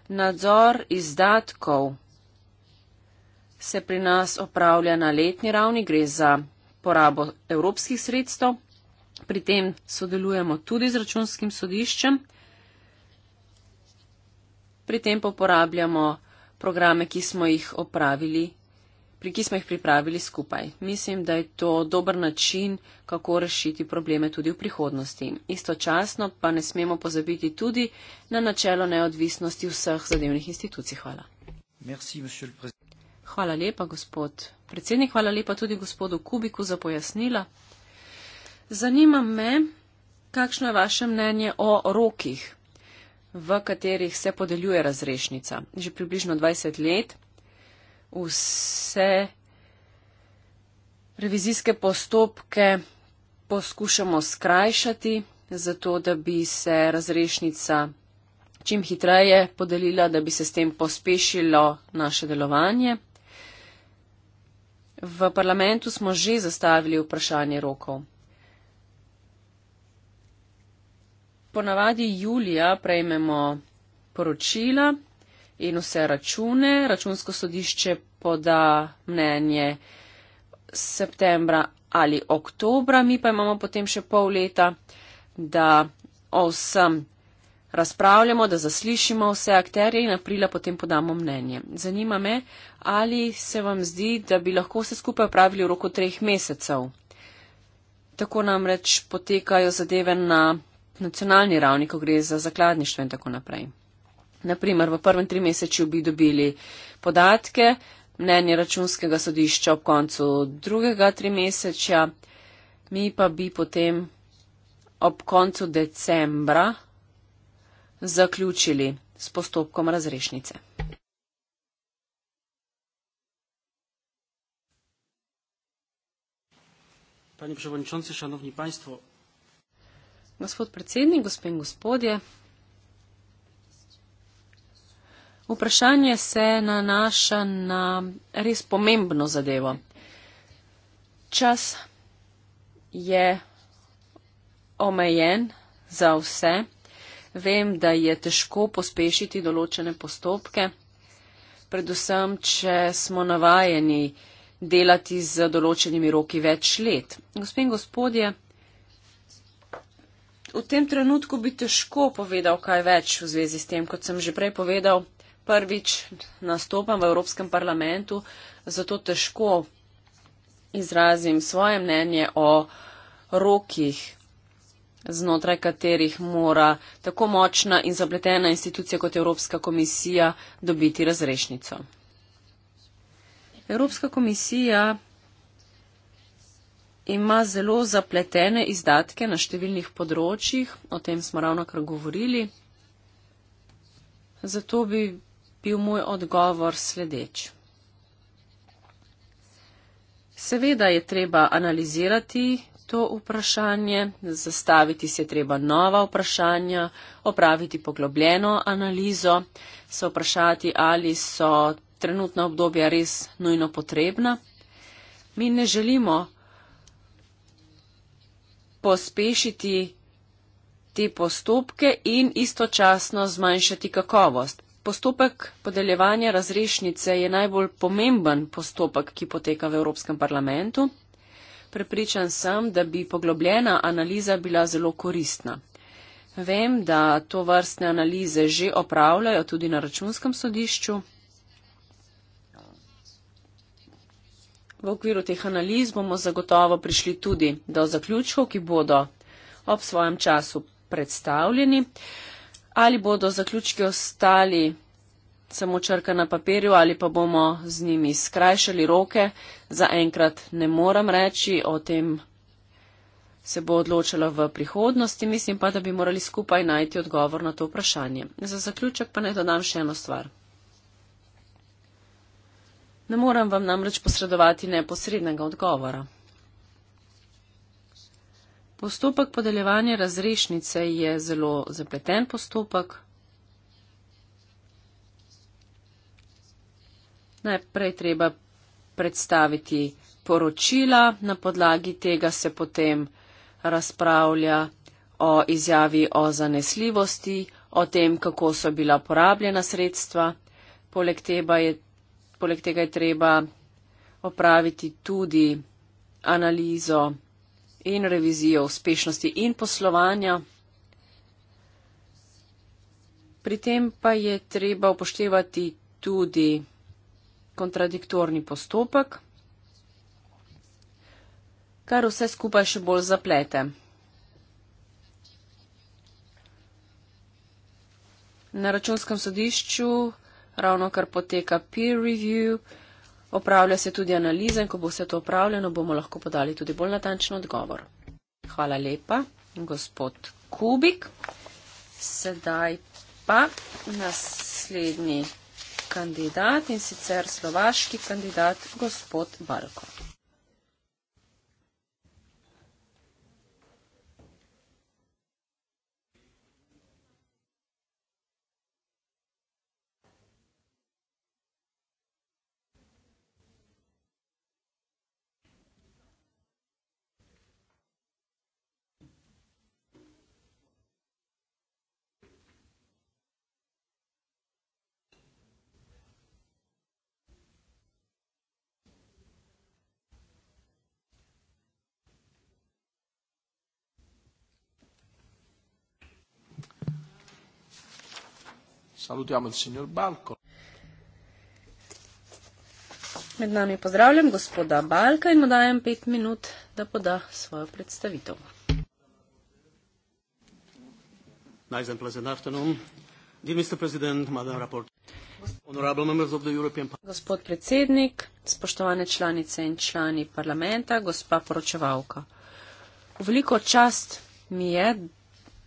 Nadzor izdatkov se pri nas opravlja na letni ravni, gre za porabo evropskih sredstev. Pri tem sodelujemo tudi z računskim sodiščem. Pri tem pa uporabljamo programe, ki smo jih opravili, pri ki smo jih pripravili skupaj. Mislim, da je to dober način, kako rešiti probleme tudi v prihodnosti. Istočasno pa ne smemo pozabiti tudi na načelo neodvisnosti vseh zadevnih institucij. Hvala. Merci, Hvala lepa, gospod predsednik. Hvala lepa tudi gospodu Kubiku za pojasnila. Zanima me, kakšno je vaše mnenje o rokih, v katerih se podeljuje razrešnica. Že približno 20 let vse revizijske postopke poskušamo skrajšati, zato da bi se razrešnica čim hitreje podelila, da bi se s tem pospešilo naše delovanje. V parlamentu smo že zastavili vprašanje rokov. Ponavadi julija prejmemo poročila in vse račune. Računsko sodišče poda mnenje septembra ali oktobra, mi pa imamo potem še pol leta, da o vsem razpravljamo, da zaslišimo vse akterje in aprila potem podamo mnenje. Zanima me, ali se vam zdi, da bi lahko vse skupaj upravili v roku treh mesecev. Tako namreč potekajo zadeve na nacionalni ravni, ko gre za zakladništvo in tako naprej. Naprimer, v prvem tri meseči bi dobili podatke, mnenje računskega sodišča ob koncu drugega tri meseča, mi pa bi potem ob koncu decembra zaključili s postopkom razrešnice. Pani predsednica, šanovni państvo. Gospod predsednik, gospe in gospodje. Vprašanje se nanaša na res pomembno zadevo. Čas je omejen za vse. Vem, da je težko pospešiti določene postopke, predvsem, če smo navajeni delati z določenimi roki več let. Gospod in gospodje, v tem trenutku bi težko povedal kaj več v zvezi s tem, kot sem že prej povedal, prvič nastopam v Evropskem parlamentu, zato težko izrazim svoje mnenje o rokih, znotraj katerih mora tako močna in zapletena institucija kot Evropska komisija dobiti razrešnico. Evropska komisija ima zelo zapletene izdatke na številnih področjih, o tem smo ravno kar govorili. Zato bi bil moj odgovor sledeč. Seveda je treba analizirati to vprašanje, zastaviti se treba nova vprašanja, opraviti poglobljeno analizo, se vprašati, ali so trenutna obdobja res nujno potrebna. Mi ne želimo pospešiti te postopke in istočasno zmanjšati kakovost. Postopek podeljevanja razrešnice je najbolj pomemben postopek, ki poteka v Evropskem parlamentu. Prepričan sem, da bi poglobljena analiza bila zelo koristna. Vem, da to vrstne analize že opravljajo tudi na računskem sodišču. V okviru teh analiz bomo zagotovo prišli tudi do zaključkov, ki bodo ob svojem času predstavljeni. Ali bodo zaključki ostali samo črka na papirju ali pa bomo z njimi skrajšali roke. Za enkrat ne moram reči, o tem se bo odločalo v prihodnosti, mislim pa, da bi morali skupaj najti odgovor na to vprašanje. Za zaključek pa naj dodam še eno stvar. Ne moram vam namreč posredovati neposrednega odgovora. Postopek podeljevanja razrešnice je zelo zapleten postopek. najprej treba predstaviti poročila, na podlagi tega se potem razpravlja o izjavi o zanesljivosti, o tem, kako so bila porabljena sredstva. Poleg tega je, poleg tega je treba opraviti tudi analizo in revizijo uspešnosti in poslovanja. Pri tem pa je treba upoštevati tudi kontradiktorni postopek, kar vse skupaj še bolj zaplete. Na računskem sodišču ravno kar poteka peer review, opravlja se tudi analiza in ko bo vse to opravljeno, bomo lahko podali tudi bolj natančen odgovor. Hvala lepa, gospod Kubik. Sedaj pa naslednji kandidat in sicer slovaški kandidat gospod Balko. Salutiamo il signor Balco. Med nami pozdravljam gospoda Balka in mu dajem pet minut, da poda svojo predstavitev. Gospod predsednik, spoštovane članice in člani parlamenta, gospa poročevalka. V veliko čast mi je,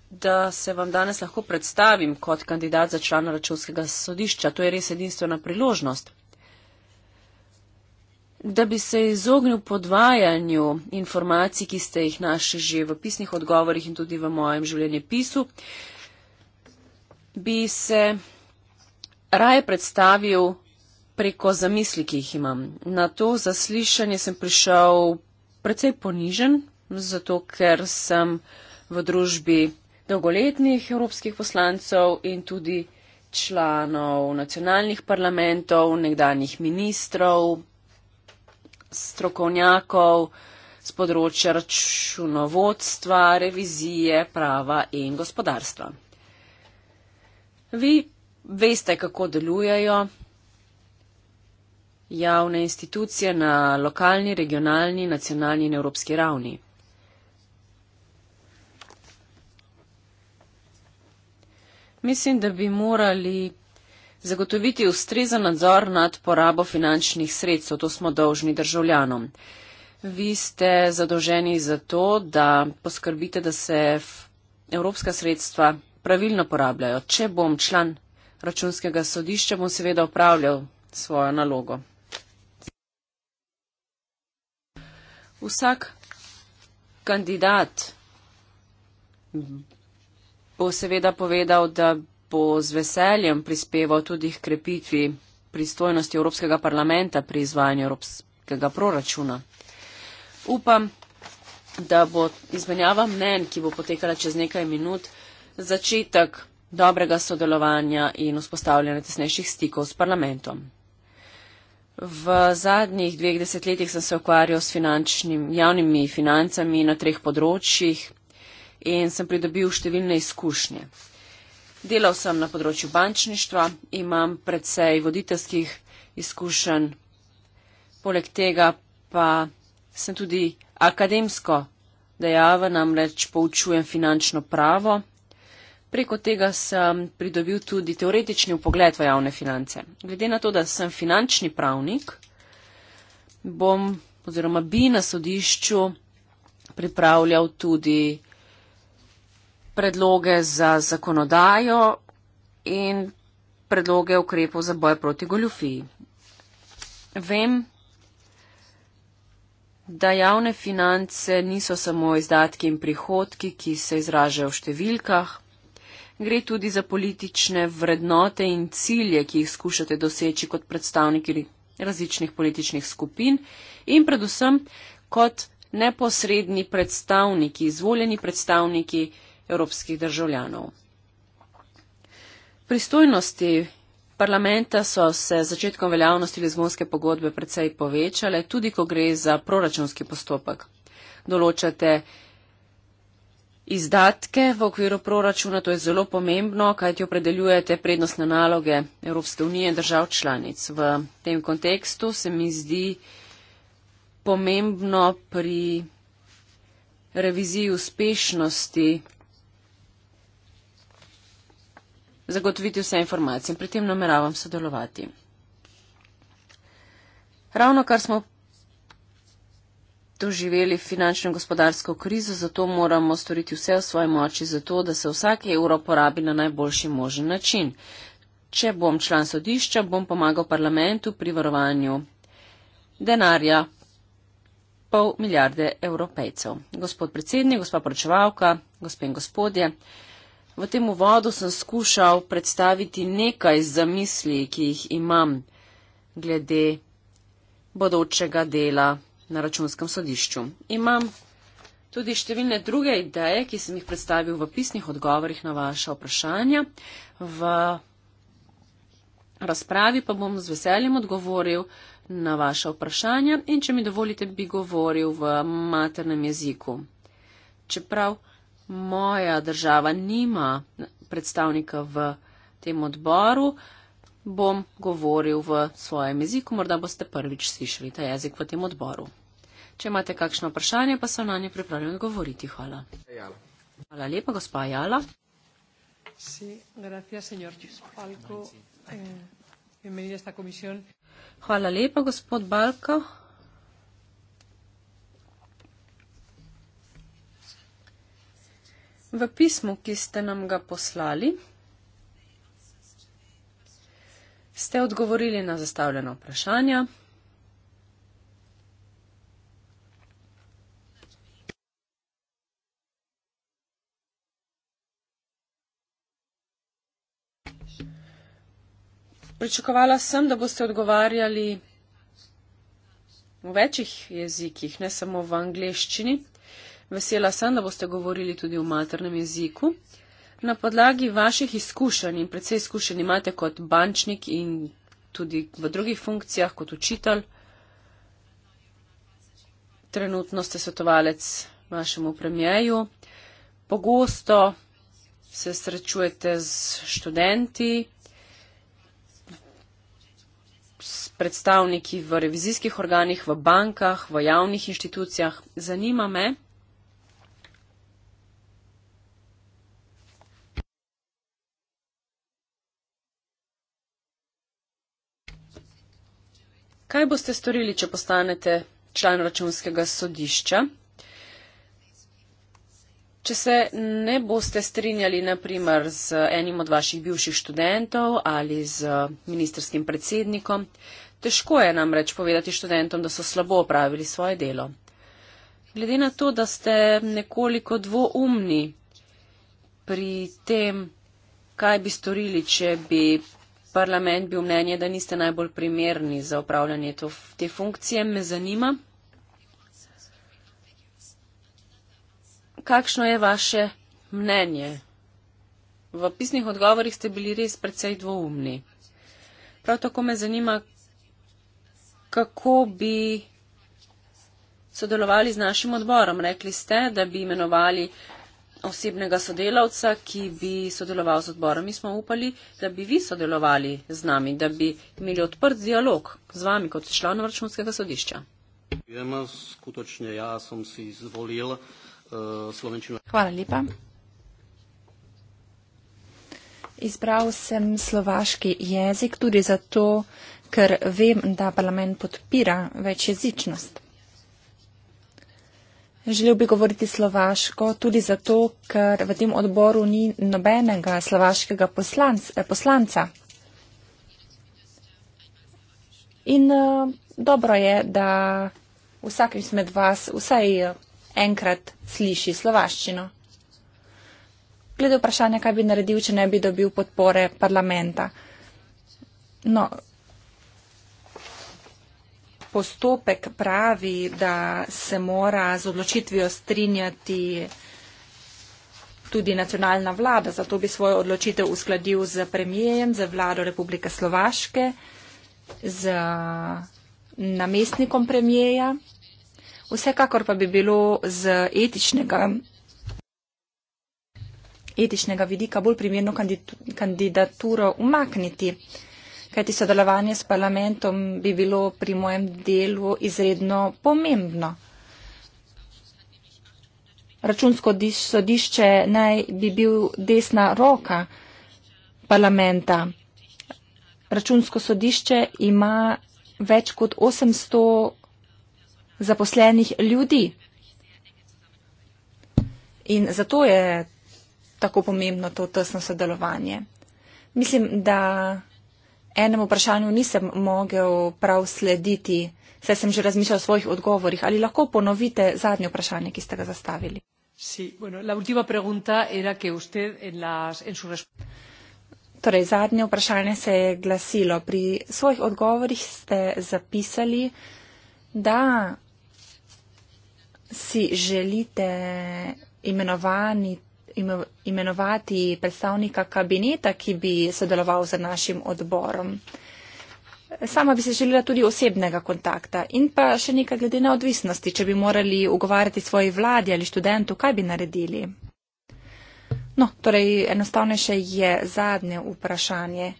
da se vam danes lahko predstavim kot kandidat za člana računskega sodišča. To je res edinstvena priložnost. Da bi se izognil podvajanju informacij, ki ste jih našli že v pisnih odgovorih in tudi v mojem življenjepisu, bi se raje predstavil preko zamisli, ki jih imam. Na to zaslišanje sem prišel precej ponižen, zato ker sem v družbi dolgoletnih evropskih poslancev in tudi članov nacionalnih parlamentov, nekdanjih ministrov, strokovnjakov z področja računovodstva, revizije, prava in gospodarstva. Vi veste, kako delujejo javne institucije na lokalni, regionalni, nacionalni in evropski ravni. Mislim, da bi morali zagotoviti ustrezen nadzor nad porabo finančnih sredstev, to smo dolžni državljanom. Vi ste zadolženi za to, da poskrbite, da se evropska sredstva pravilno porabljajo. Če bom član računskega sodišča, bom seveda upravljal svojo nalogo. Vsak kandidat bo seveda povedal, da bo z veseljem prispeval tudi k krepitvi pristojnosti Evropskega parlamenta pri izvajanju Evropskega proračuna. Upam, da bo izmenjava mnen, ki bo potekala čez nekaj minut, začetek dobrega sodelovanja in vzpostavljanja tesnejših stikov s parlamentom. V zadnjih dveh desetletjih sem se ukvarjal s finančnim, javnimi financami na treh področjih in sem pridobil številne izkušnje. Delal sem na področju bančništva, imam predvsej voditeljskih izkušenj, poleg tega pa sem tudi akademsko dejaven, namreč poučujem finančno pravo. Preko tega sem pridobil tudi teoretični upogled v javne finance. Glede na to, da sem finančni pravnik, bom oziroma bi na sodišču pripravljal tudi predloge za zakonodajo in predloge ukrepov za boj proti goljufiji. Vem, da javne finance niso samo izdatki in prihodki, ki se izražajo v številkah, gre tudi za politične vrednote in cilje, ki jih skušate doseči kot predstavniki različnih političnih skupin in predvsem kot neposredni predstavniki, izvoljeni predstavniki evropskih državljanov. Pristojnosti parlamenta so se z začetkom veljavnosti Lizbonske pogodbe precej povečale, tudi ko gre za proračunski postopek. Določate izdatke v okviru proračuna, to je zelo pomembno, kajti opredeljujete prednostne naloge Evropske unije in držav članic. V tem kontekstu se mi zdi pomembno pri reviziji uspešnosti zagotoviti vse informacije in pri tem nameravam sodelovati. Ravno kar smo doživeli finančno gospodarsko krizo, zato moramo storiti vse v svoji moči, zato da se vsak evro porabi na najboljši možen način. Če bom član sodišča, bom pomagal parlamentu pri varovanju denarja pol milijarde evropejcev. Gospod predsednik, gospa poročevalka, gospe in gospodje, V tem uvodu sem skušal predstaviti nekaj zamisli, ki jih imam glede bodočega dela na računskem sodišču. Imam tudi številne druge ideje, ki sem jih predstavil v pisnih odgovorih na vaše vprašanja. V razpravi pa bom z veseljem odgovoril na vaše vprašanja in če mi dovolite, bi govoril v maternem jeziku. Čeprav moja država nima predstavnika v tem odboru, bom govoril v svojem jeziku, morda boste prvič slišali ta jezik v tem odboru. Če imate kakšno vprašanje, pa sem na nje pripravljen odgovoriti. Hvala. Hvala lepa, gospa Jala. Eh, Hvala lepa, gospod Balko. V pismu, ki ste nam ga poslali, ste odgovorili na zastavljena vprašanja. Pričakovala sem, da boste odgovarjali v večjih jezikih, ne samo v angleščini. Vesela sem, da boste govorili tudi v maternem jeziku. Na podlagi vaših izkušenj in predvsej izkušenj imate kot bančnik in tudi v drugih funkcijah kot učitelj, trenutno ste svetovalec vašemu premijeju, pogosto se srečujete z študenti, s predstavniki v revizijskih organih, v bankah, v javnih inštitucijah. Zanima me, Kaj boste storili, če postanete član računskega sodišča? Če se ne boste strinjali, naprimer, z enim od vaših bivših študentov ali z ministerskim predsednikom, težko je namreč povedati študentom, da so slabo opravili svoje delo. Glede na to, da ste nekoliko dvoumni pri tem, kaj bi storili, če bi parlament bil mnenje, da niste najbolj primerni za upravljanje to, te funkcije, me zanima. Kakšno je vaše mnenje? V pisnih odgovorih ste bili res precej dvoumni. Prav tako me zanima, kako bi sodelovali z našim odborom. Rekli ste, da bi imenovali osebnega sodelavca, ki bi sodeloval z odborom. Mi smo upali, da bi vi sodelovali z nami, da bi imeli odprt dialog z vami kot članom računskega sodišča. Ja, eh, Hvala lepa. Izbral sem slovaški jezik tudi zato, ker vem, da parlament podpira večjezičnost. Želel bi govoriti slovaško tudi zato, ker v tem odboru ni nobenega slovaškega poslanc, eh, poslanca. In eh, dobro je, da vsak izmed vas vsaj eh, enkrat sliši slovaščino. Glede vprašanja, kaj bi naredil, če ne bi dobil podpore parlamenta. No, postopek pravi, da se mora z odločitvijo strinjati tudi nacionalna vlada, zato bi svojo odločitev uskladil z premijejem, z vlado Republike Slovaške, z namestnikom premijeja. Vsekakor pa bi bilo z etičnega, etičnega vidika bolj primerno kandidaturo umakniti kajti sodelovanje s parlamentom bi bilo pri mojem delu izredno pomembno. Računsko sodišče naj bi bil desna roka parlamenta. Računsko sodišče ima več kot 800 zaposlenih ljudi. In zato je tako pomembno to tesno sodelovanje. Mislim, da enemu vprašanju nisem mogel prav slediti, saj sem že razmišljal o svojih odgovorih. Ali lahko ponovite zadnje vprašanje, ki ste ga zastavili? Sí, bueno, la última pregunta era que usted en, las, en su Torej, zadnje vprašanje se je glasilo. Pri svojih odgovorih ste zapisali, da si želite imenovani imenovati predstavnika kabineta, ki bi sodeloval z našim odborom. Sama bi se želela tudi osebnega kontakta in pa še nekaj glede na odvisnosti, če bi morali ugovarjati svoji vladi ali študentu, kaj bi naredili. No, torej enostavnejše je zadnje vprašanje.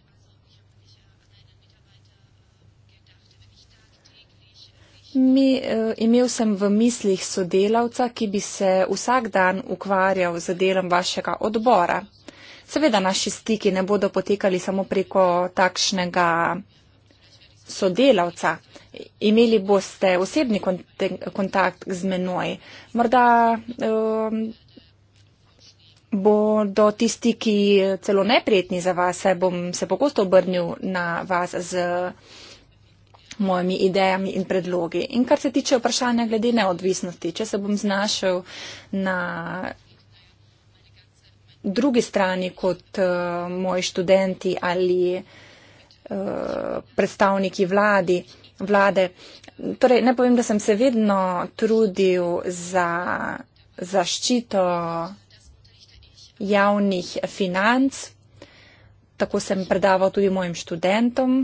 Mi, eh, imel sem v mislih sodelavca, ki bi se vsak dan ukvarjal z delom vašega odbora. Seveda naši stiki ne bodo potekali samo preko takšnega sodelavca. Imeli boste osebni kontakt z menoj. Morda um, bodo tisti, ki celo neprijetni za vas, se bom se pogosto obrnil na vas z mojimi idejami in predlogi. In kar se tiče vprašanja glede neodvisnosti, če se bom znašel na drugi strani kot uh, moji študenti ali uh, predstavniki vladi, vlade. Torej, ne povem, da sem se vedno trudil za zaščito javnih financ, tako sem predaval tudi mojim študentom.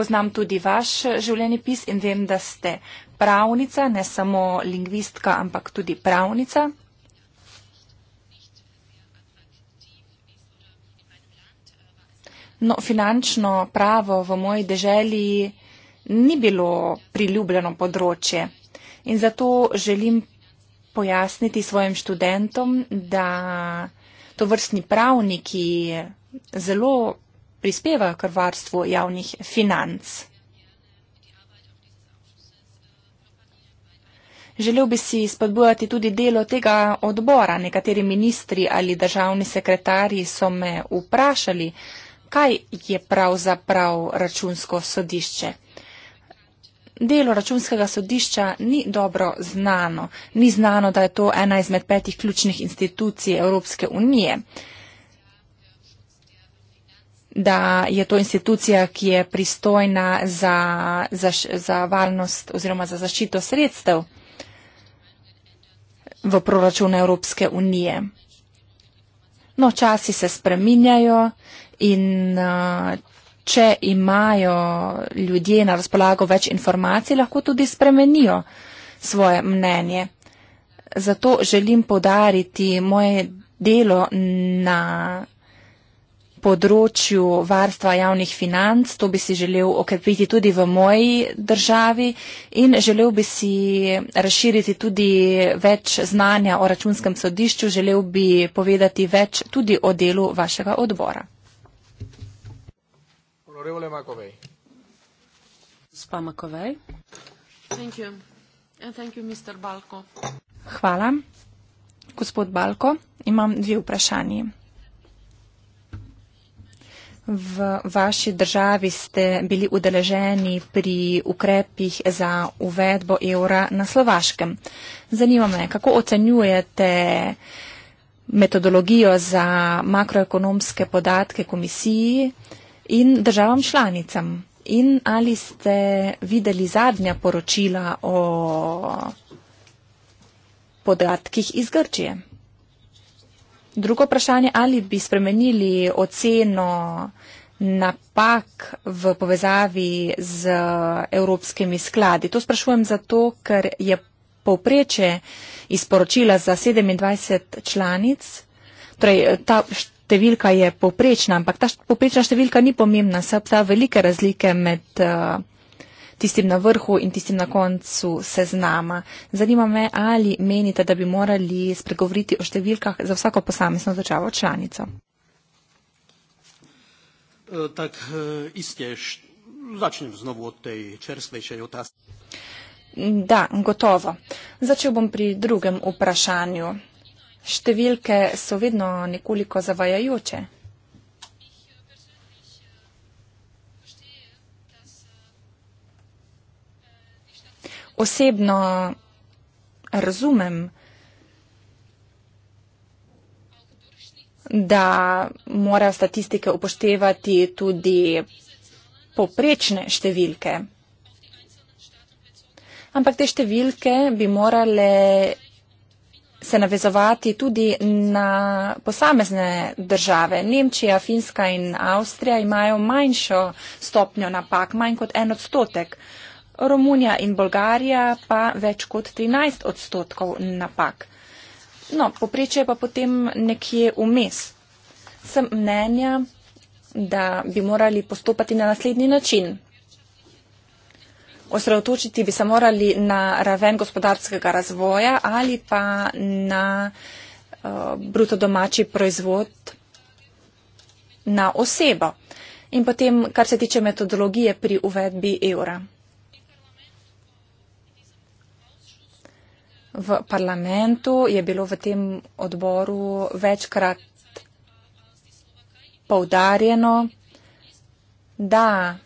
poznam tudi vaš življenjepis in vem, da ste pravnica, ne samo lingvistka, ampak tudi pravnica. No, finančno pravo v moji deželi ni bilo priljubljeno področje in zato želim pojasniti svojim študentom, da to vrstni pravniki zelo prispevajo k varstvu javnih financ. Želel bi si spodbujati tudi delo tega odbora. Nekateri ministri ali državni sekretarji so me vprašali, kaj je pravzaprav računsko sodišče. Delo računskega sodišča ni dobro znano. Ni znano, da je to ena izmed petih ključnih institucij Evropske unije da je to institucija, ki je pristojna za, za, za varnost oziroma za zaščito sredstev v proračunu Evropske unije. No, časi se spreminjajo in uh, če imajo ljudje na razpolago več informacij, lahko tudi spremenijo svoje mnenje. Zato želim podariti moje delo na področju varstva javnih financ, to bi si želel okrepiti tudi v moji državi in želel bi si razširiti tudi več znanja o računskem sodišču, želel bi povedati več tudi o delu vašega odbora. Hvala. Gospod Balko, imam dve vprašanje. V vaši državi ste bili udeleženi pri ukrepih za uvedbo evra na Slovaškem. Zanima me, kako ocenjujete metodologijo za makroekonomske podatke komisiji in državam članicam? In ali ste videli zadnja poročila o podatkih iz Grčije? Drugo vprašanje, ali bi spremenili oceno napak v povezavi z evropskimi skladi. To sprašujem zato, ker je povpreče izporočila za 27 članic. Torej, ta številka je povprečna, ampak ta povprečna številka ni pomembna, saj obstajajo velike razlike med eh, tistim na vrhu in tistim na koncu seznama. Zanima me, ali menite, da bi morali spregovoriti o številkah za vsako posamezno državo članico. E, tak, e, iste, začnem znovu od tej črstvejšej otasti. Da, gotovo. Začel bom pri drugem vprašanju. Številke so vedno nekoliko zavajajoče. osebno razumem, da morajo statistike upoštevati tudi poprečne številke. Ampak te številke bi morale se navezovati tudi na posamezne države. Nemčija, Finska in Avstrija imajo manjšo stopnjo napak, manj kot en odstotek. Romunija in Bolgarija pa več kot 13 odstotkov napak. No, poprečje pa potem nekje vmes. Sem mnenja, da bi morali postopati na naslednji način. Osredotočiti bi se morali na raven gospodarskega razvoja ali pa na uh, bruto domači proizvod na osebo. In potem, kar se tiče metodologije pri uvedbi evra. v parlamentu, je bilo v tem odboru večkrat povdarjeno, da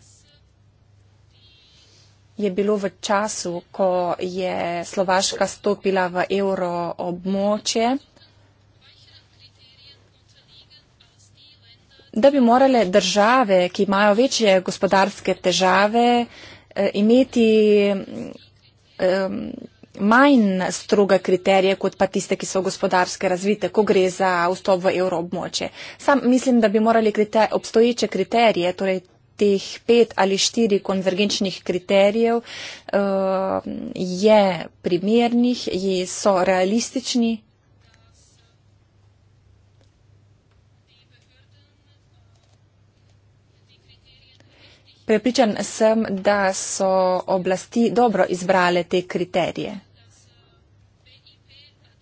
je bilo v času, ko je Slovaška stopila v euroobmočje, da bi morale države, ki imajo večje gospodarske težave, eh, imeti manj stroga kriterije kot pa tiste, ki so gospodarske razvite, ko gre za vstop v evroobmoče. Sam mislim, da bi morali kriter obstoječe kriterije, torej teh pet ali štiri konvergenčnih kriterijev, uh, je primernih, so realistični, uh, Prepričan sem, da so oblasti dobro izbrale te kriterije.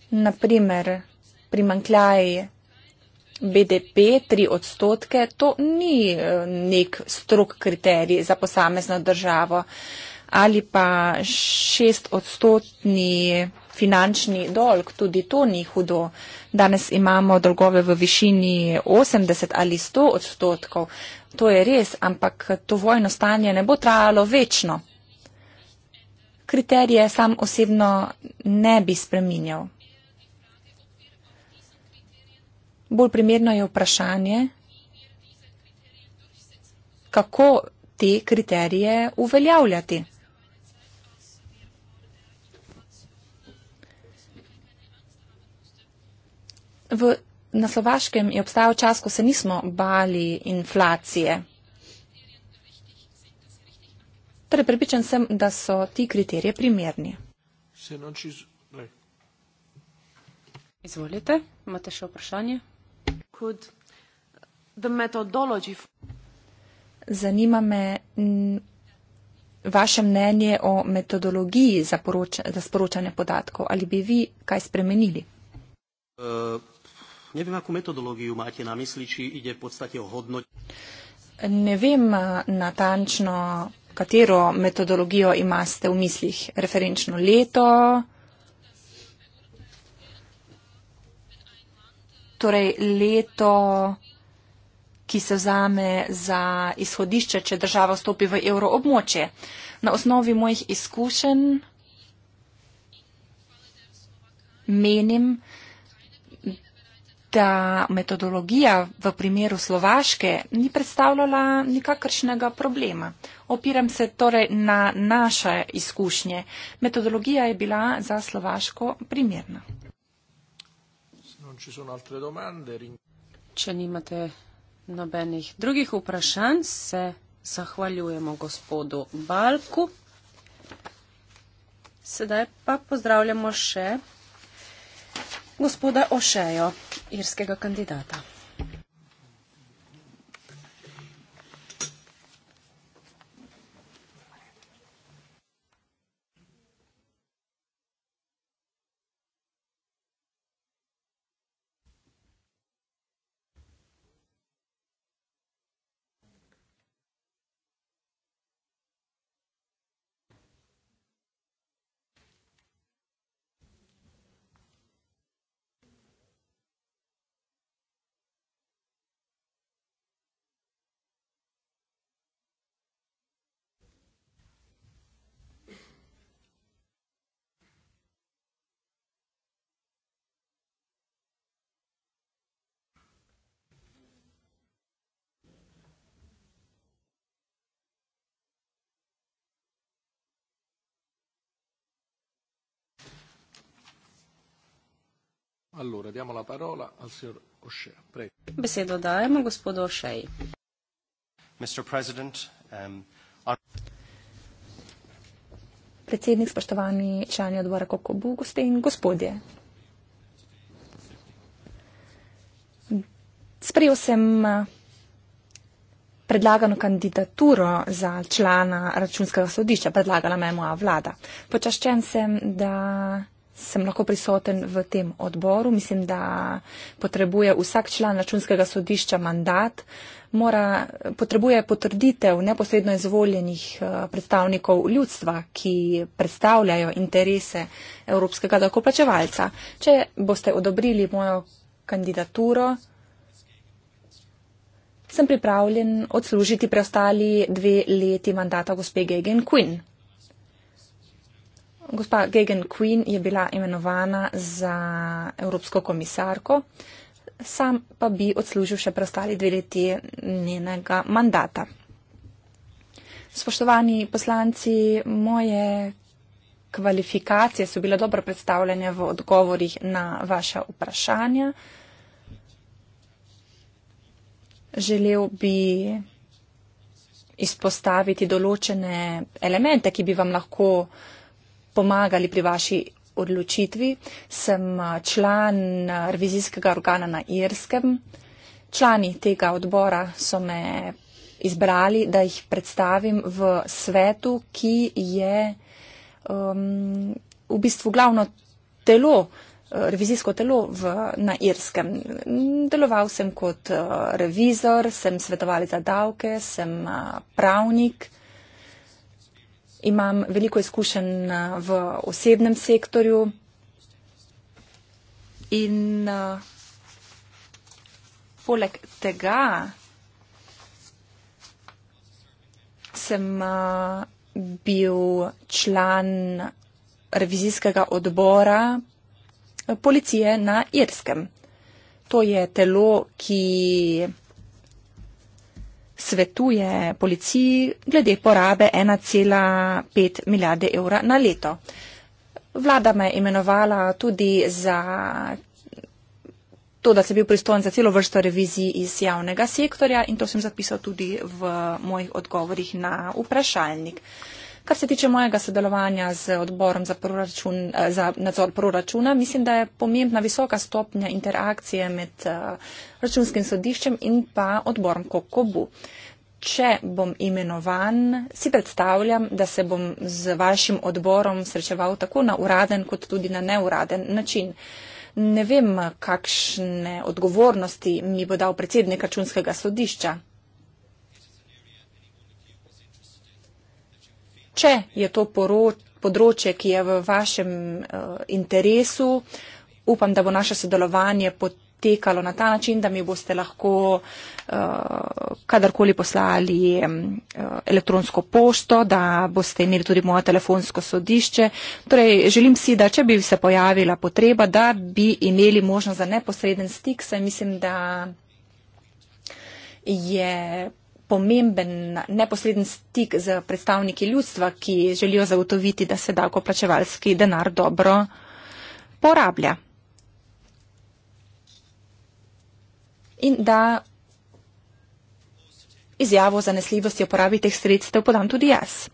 Naprimer, primankljaj BDP 3 odstotke, to ni eh, nek strok kriterij za posamezno državo ali pa 6 odstotni finančni dolg, tudi to ni hudo. Danes imamo dolgove v višini 80 ali 100 odstotkov. To je res, ampak to vojno stanje ne bo trajalo večno. Kriterije sam osebno ne bi spreminjal. Bolj primerno je vprašanje, kako te kriterije uveljavljati. V na Slovaškem je obstajal čas, ko se nismo bali inflacije. Torej, prepričan sem, da so ti kriterije primerni. Izvolite, imate še vprašanje? Zanima me vaše mnenje o metodologiji za, poroča, za sporočanje podatkov. Ali bi vi kaj spremenili? Uh. Neviem, akú metodológiu máte na mysli, či ide v podstate o hodnoť. Ne vem eh, natančno, katero metodologijo imate v mislih. Referenčno leto. Torej leto, ki se vzame za izhodišče, če država vstopi v euroobmočje. Na osnovi mojih izkušenj menim, ta metodologija v primeru Slovaške ni predstavljala nikakršnega problema. Opiram se torej na naše izkušnje. Metodologija je bila za Slovaško primerna. Če nimate nobenih drugih vprašanj, se zahvaljujemo gospodu Balku. Sedaj pa pozdravljamo še gospoda Ošejo irskega kandidata. Allora, diamo la parola al signor O'Shea. Prego. Besedo dajemo gospodu O'Shea. Mr. President, um, Predsednik, spoštovani člani odbora Kokobu, gospe in gospodje. Sprejel sem uh, predlagano kandidaturo za člana računskega sodišča, predlagala me je moja vlada. Počaščen sem, da sem lahko prisoten v tem odboru. Mislim, da potrebuje vsak član računskega sodišča mandat, mora, potrebuje potrditev neposredno izvoljenih eh, predstavnikov ljudstva, ki predstavljajo interese evropskega dokoplačevalca. Če boste odobrili mojo kandidaturo, sem pripravljen odslužiti preostali dve leti mandata gospe Gegen Quinn. Gospa Gegen Queen je bila imenovana za Evropsko komisarko, sam pa bi odslužil še preostali dve leti njenega mandata. Spoštovani poslanci, moje kvalifikacije so bile dobro predstavljene v odgovorih na vaše vprašanja. Želel bi izpostaviti določene elemente, ki bi vam lahko uh, pomagali pri vaši odločitvi. Sem član revizijskega organa na Irskem. Člani tega odbora so me izbrali, da jih predstavim v svetu, ki je um, v bistvu glavno telo, revizijsko telo v, na Irskem. Deloval sem kot revizor, sem svetoval za davke, sem pravnik imam veliko izkušenj eh, v osebnem sektorju in eh, poleg tega sem eh, bil član revizijskega odbora policije na Irskem. To je telo, ki svetuje policiji glede porabe 1,5 milijarde evra na leto. Vlada me je imenovala tudi za to, da sem bil pristojen za celo vrsto revizij iz javnega sektorja in to sem zapisal tudi v mojih odgovorih na vprašalnik. Kar se tiče mojega sodelovanja z odborom za, proračun, eh, za nadzor proračuna, mislim, da je pomembna visoka stopnja interakcije med eh, računskim sodiščem in pa odborom KOKOBU. Če bom imenovan, si predstavljam, da se bom z vašim odborom srečeval tako na uraden kot tudi na neuraden način. Ne vem, kakšne odgovornosti mi bo dal predsednik računskega sodišča, Če je to področje, ki je v vašem eh, interesu, upam, da bo naše sodelovanje potekalo na ta način, da mi boste lahko eh, kadarkoli poslali mm, eh, elektronsko pošto, da boste imeli tudi moje telefonsko sodišče. Torej, želim si, da če bi se pojavila potreba, da bi imeli možnost za neposreden stik, saj mislim, da je pomemben neposreden stik z predstavniki ljudstva, ki želijo zagotoviti, da se davkoplačevalski denar dobro porablja. In da izjavo o zanesljivosti uporabi teh sredstev podam tudi jaz.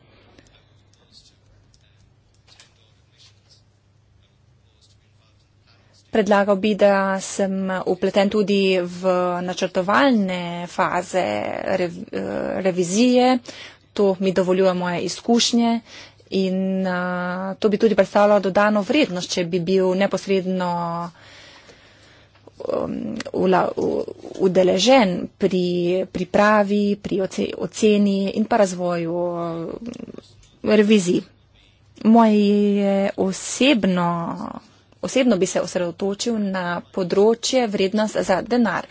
Predlagal bi, da sem upleten tudi v načrtovalne faze rev, eh, revizije. To mi dovoljuje moje izkušnje in uh, to bi tudi predstavljalo dodano vrednost, če bi bil neposredno um, udeležen pri pripravi, pri oceni in pa razvoju um, revizij. Moje osebno osebno bi se osredotočil na področje vrednost za denar.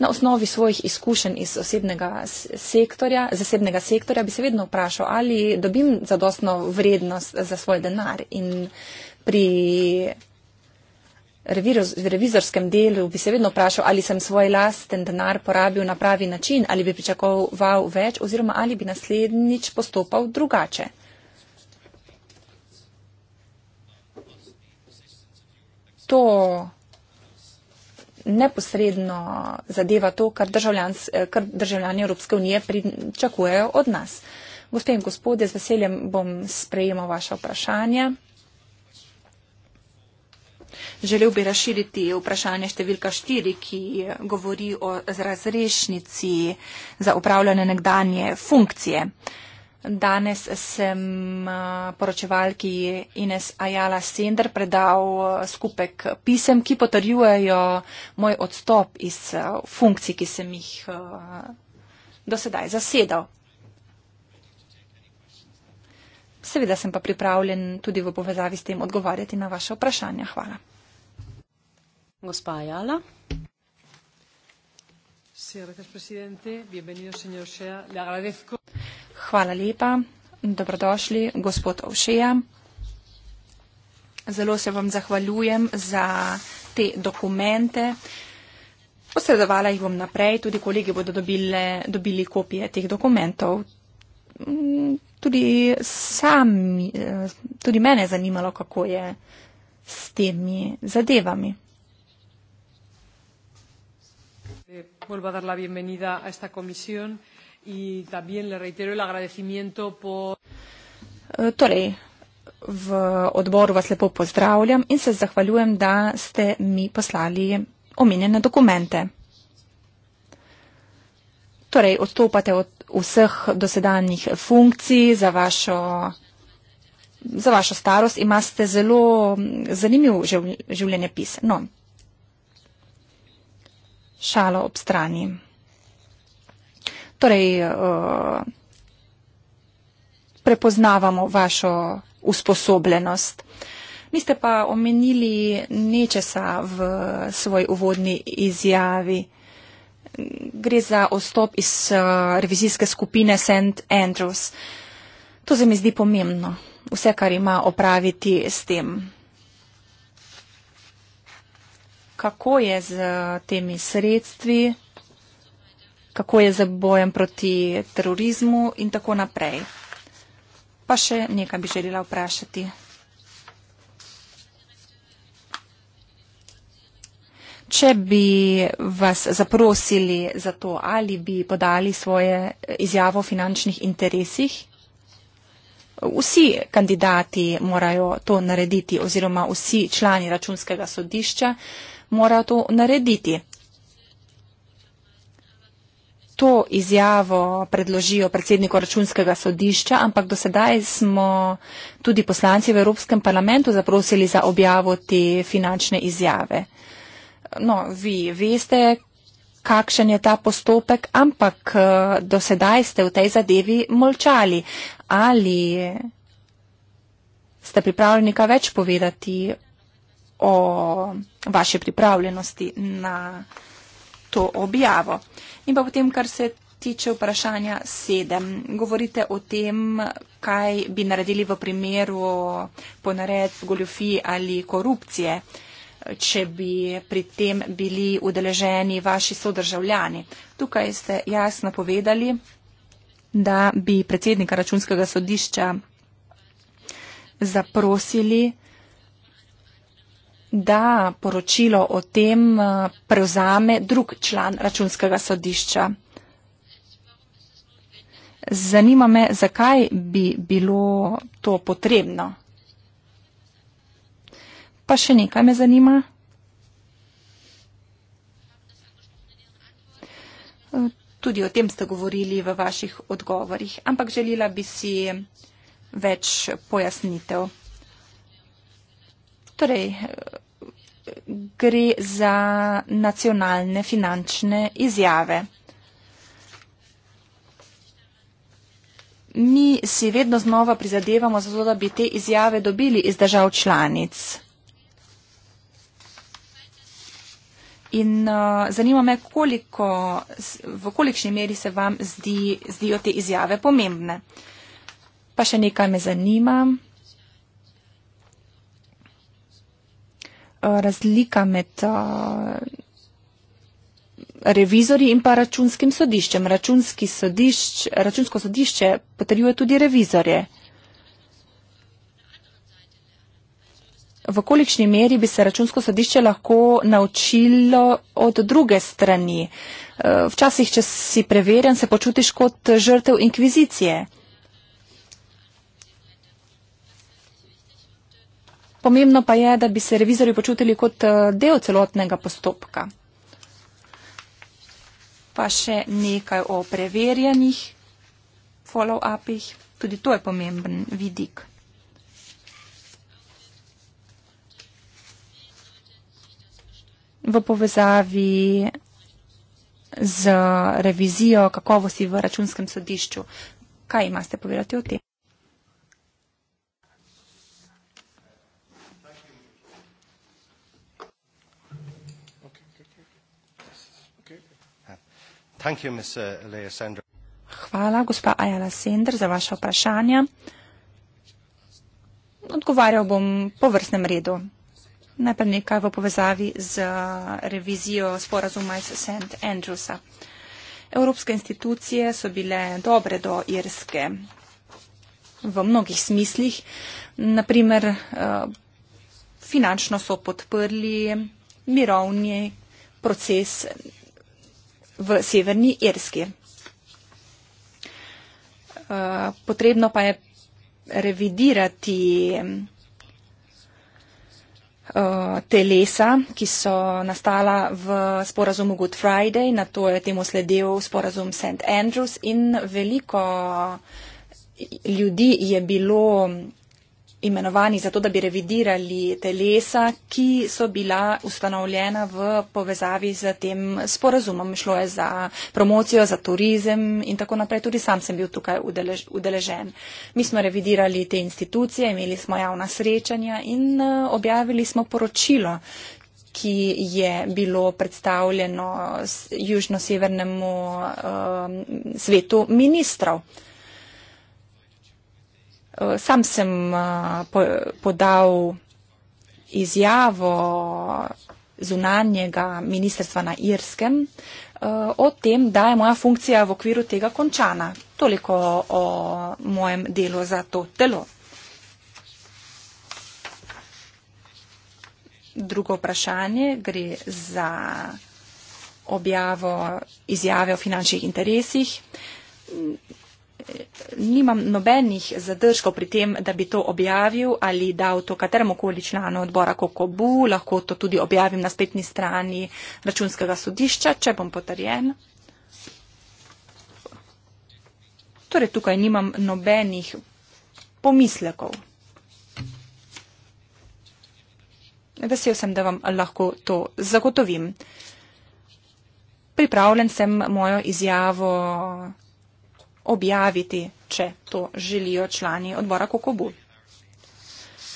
Na osnovi svojih izkušenj iz osebnega sektorja, zasebnega sektorja bi se vedno vprašal, ali dobim zadostno vrednost za svoj denar. In pri revizorskem delu bi se vedno vprašal, ali sem svoj lasten denar porabil na pravi način, ali bi pričakoval več oziroma ali bi naslednjič postopal drugače. to neposredno zadeva to, kar, eh, kar državljani Evropske unije pričakujejo od nas. Gospe in gospode, z veseljem bom sprejemal vaše vprašanje. Želel bi razširiti vprašanje številka 4, ki govori o razrešnici za upravljanje nekdanje funkcije. Uh, Danes sem poročevalki Ines Ajala Sender predal skupek pisem, ki potrjujejo moj odstop iz funkcij, ki sem jih dosedaj zasedal. Seveda sem pa pripravljen tudi v povezavi s tem odgovarjati na vaše vprašanja. Hvala. Gospa Ajala. Señor presidente, bienvenido, señor Shea. Le agradezco. Hvala lepa. Dobrodošli, gospod Ovšeja. Zelo se vam zahvaljujem za te dokumente. Posredovala jih bom naprej, tudi kolegi bodo dobile, dobili kopije teh dokumentov. Mm, tudi, sami, eh, tudi mene je zanimalo, kako je s temi zadevami. Vuelvo a dar la bienvenida a esta comisión y también le reitero el agradecimiento por. Eh, torej, v odboru vas lepo pozdravljam in se zahvaljujem, da ste mi poslali omenjene dokumente. Torej, odstopate od vseh dosedanjih funkcij za vašo, za vašo starost, imate zelo mm, zanimiv življenjepis. No, šalo ob strani torej eh, prepoznavamo vašo usposobljenost. Niste pa omenili nečesa v svoj uvodni izjavi. Gre za ostop iz eh, revizijske skupine St. Andrews. To se mi zdi pomembno. Vse, kar ima opraviti s tem. Kako je z eh, temi sredstvi? kako je za bojem proti terorizmu in tako naprej. Pa še nekaj bi želela vprašati. Če bi vas zaprosili za to, ali bi podali svoje izjavo o finančnih interesih, vsi kandidati morajo to narediti oziroma vsi člani računskega sodišča morajo to narediti to izjavo predložijo predsedniku računskega sodišča, ampak do sedaj smo tudi poslanci v Evropskem parlamentu zaprosili za objavo te finančne izjave. No, vi veste, kakšen je ta postopek, ampak eh, do sedaj ste v tej zadevi molčali. Ali ste pripravljeni kaj več povedati o vaši pripravljenosti na to objavo. In pa potem, kar se tiče vprašanja sedem, govorite o tem, kaj bi naredili v primeru ponared goljofij ali korupcije, če bi pri tem bili udeleženi vaši sodržavljani. Tukaj ste jasno povedali, da bi predsednika računskega sodišča zaprosili, da poročilo o tem eh, prevzame drug član računskega sodišča. Zanima me, zakaj bi bilo to potrebno. Pa še nekaj me zanima. Tudi o tem ste govorili v vaših odgovorih, ampak želila bi si več pojasnitev. Torej, gre za nacionalne finančne izjave. Mi si vedno znova prizadevamo za to, da bi te izjave dobili iz držav članic. In uh, zanima me, koliko, v kolikšni meri se vam zdi, zdijo te izjave pomembne. Pa še nekaj me zanima. razlika med revizori in pa računskim sodiščem. Računski sodišč, računsko sodišče potrjuje tudi revizorje. V kolikšni meri bi se računsko sodišče lahko naučilo od druge strani? E, včasih, če si preverjen, se počutiš kot žrtev inkvizicije. Pomembno pa je, da bi se revizori počutili kot eh, del celotnega postopka. Pa še nekaj o preverjanjih, follow-upih, tudi to je pomemben vidik. V povezavi z revizijo kakovosti v računskem sodišču. Kaj imate povedati o tem? Thank you, Ms. Uh, Hvala, gospa Ajala Sender, za vaše vprašanja. Odgovarjal bom po vrstnem redu. Najprej nekaj v povezavi z uh, revizijo sporazuma iz St. Andrewsa. Evropske institucije so bile dobre do Irske v mnogih smislih. Naprimer, uh, finančno so podprli mirovni proces v Severni Irski. Eh, potrebno pa je revidirati eh, telesa, ki so nastala v sporazumu Good Friday, na to je temu sledil sporazum St. Andrews in veliko ljudi je bilo imenovani za to, da bi revidirali telesa, ki so bila ustanovljena v povezavi z tem sporazumom. Šlo je za promocijo, za turizem in tako naprej. Tudi sam sem bil tukaj udelež, udeležen. Mi smo revidirali te institucije, imeli smo javna srečanja in eh, objavili smo poročilo ki je bilo predstavljeno južno-severnemu um, svetu ministrov. Uh, Eh, sam sem eh, podal izjavo zunanjega ministrstva na Irskem eh, o tem, da je moja funkcija v okviru tega končana. Toliko o mojem delu za to telo. Drugo vprašanje gre za objavo izjave o finančnih interesih nimam nobenih zadržkov pri tem, da bi to objavil ali dal to kateremu koli članu odbora Kokobu, lahko to tudi objavim na spletni strani računskega sodišča, če bom potrjen. Torej tukaj nimam nobenih pomislekov. Vesel sem, da vam lahko to zagotovim. Pripravljen sem mojo izjavo objaviti, če to želijo člani odbora Kokobu.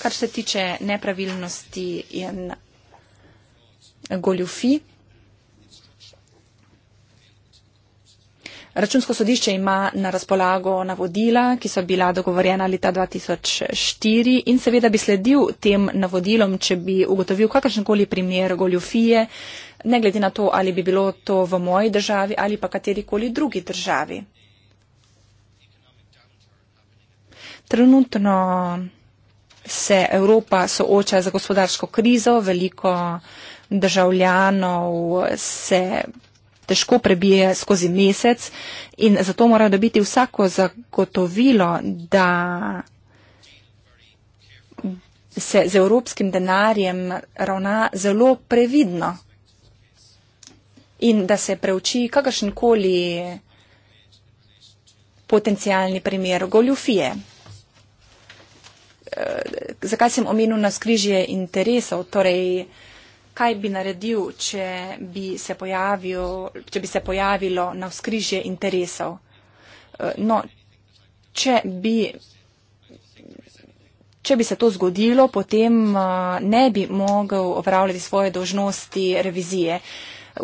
Kar se tiče nepravilnosti in goljufi, Računsko sodišče ima na razpolago navodila, ki so bila dogovorjena leta 2004 in seveda bi sledil tem navodilom, če bi ugotovil kakršenkoli primer goljufije, ne glede na to, ali bi bilo to v moji državi ali pa katerikoli drugi državi. Trenutno se Evropa sooča z gospodarsko krizo, veliko državljanov se težko prebije skozi mesec in zato mora dobiti vsako zagotovilo, da se z evropskim denarjem ravna zelo previdno in da se preuči kakršenkoli potencijalni primer goljufije. Eh, zakaj sem omenil na skrižje interesov, torej kaj bi naredil, če bi se, pojavil, če bi se pojavilo na skrižje interesov. Eh, no, če bi, če bi se to zgodilo, potem eh, ne bi mogel opravljati svoje dožnosti revizije.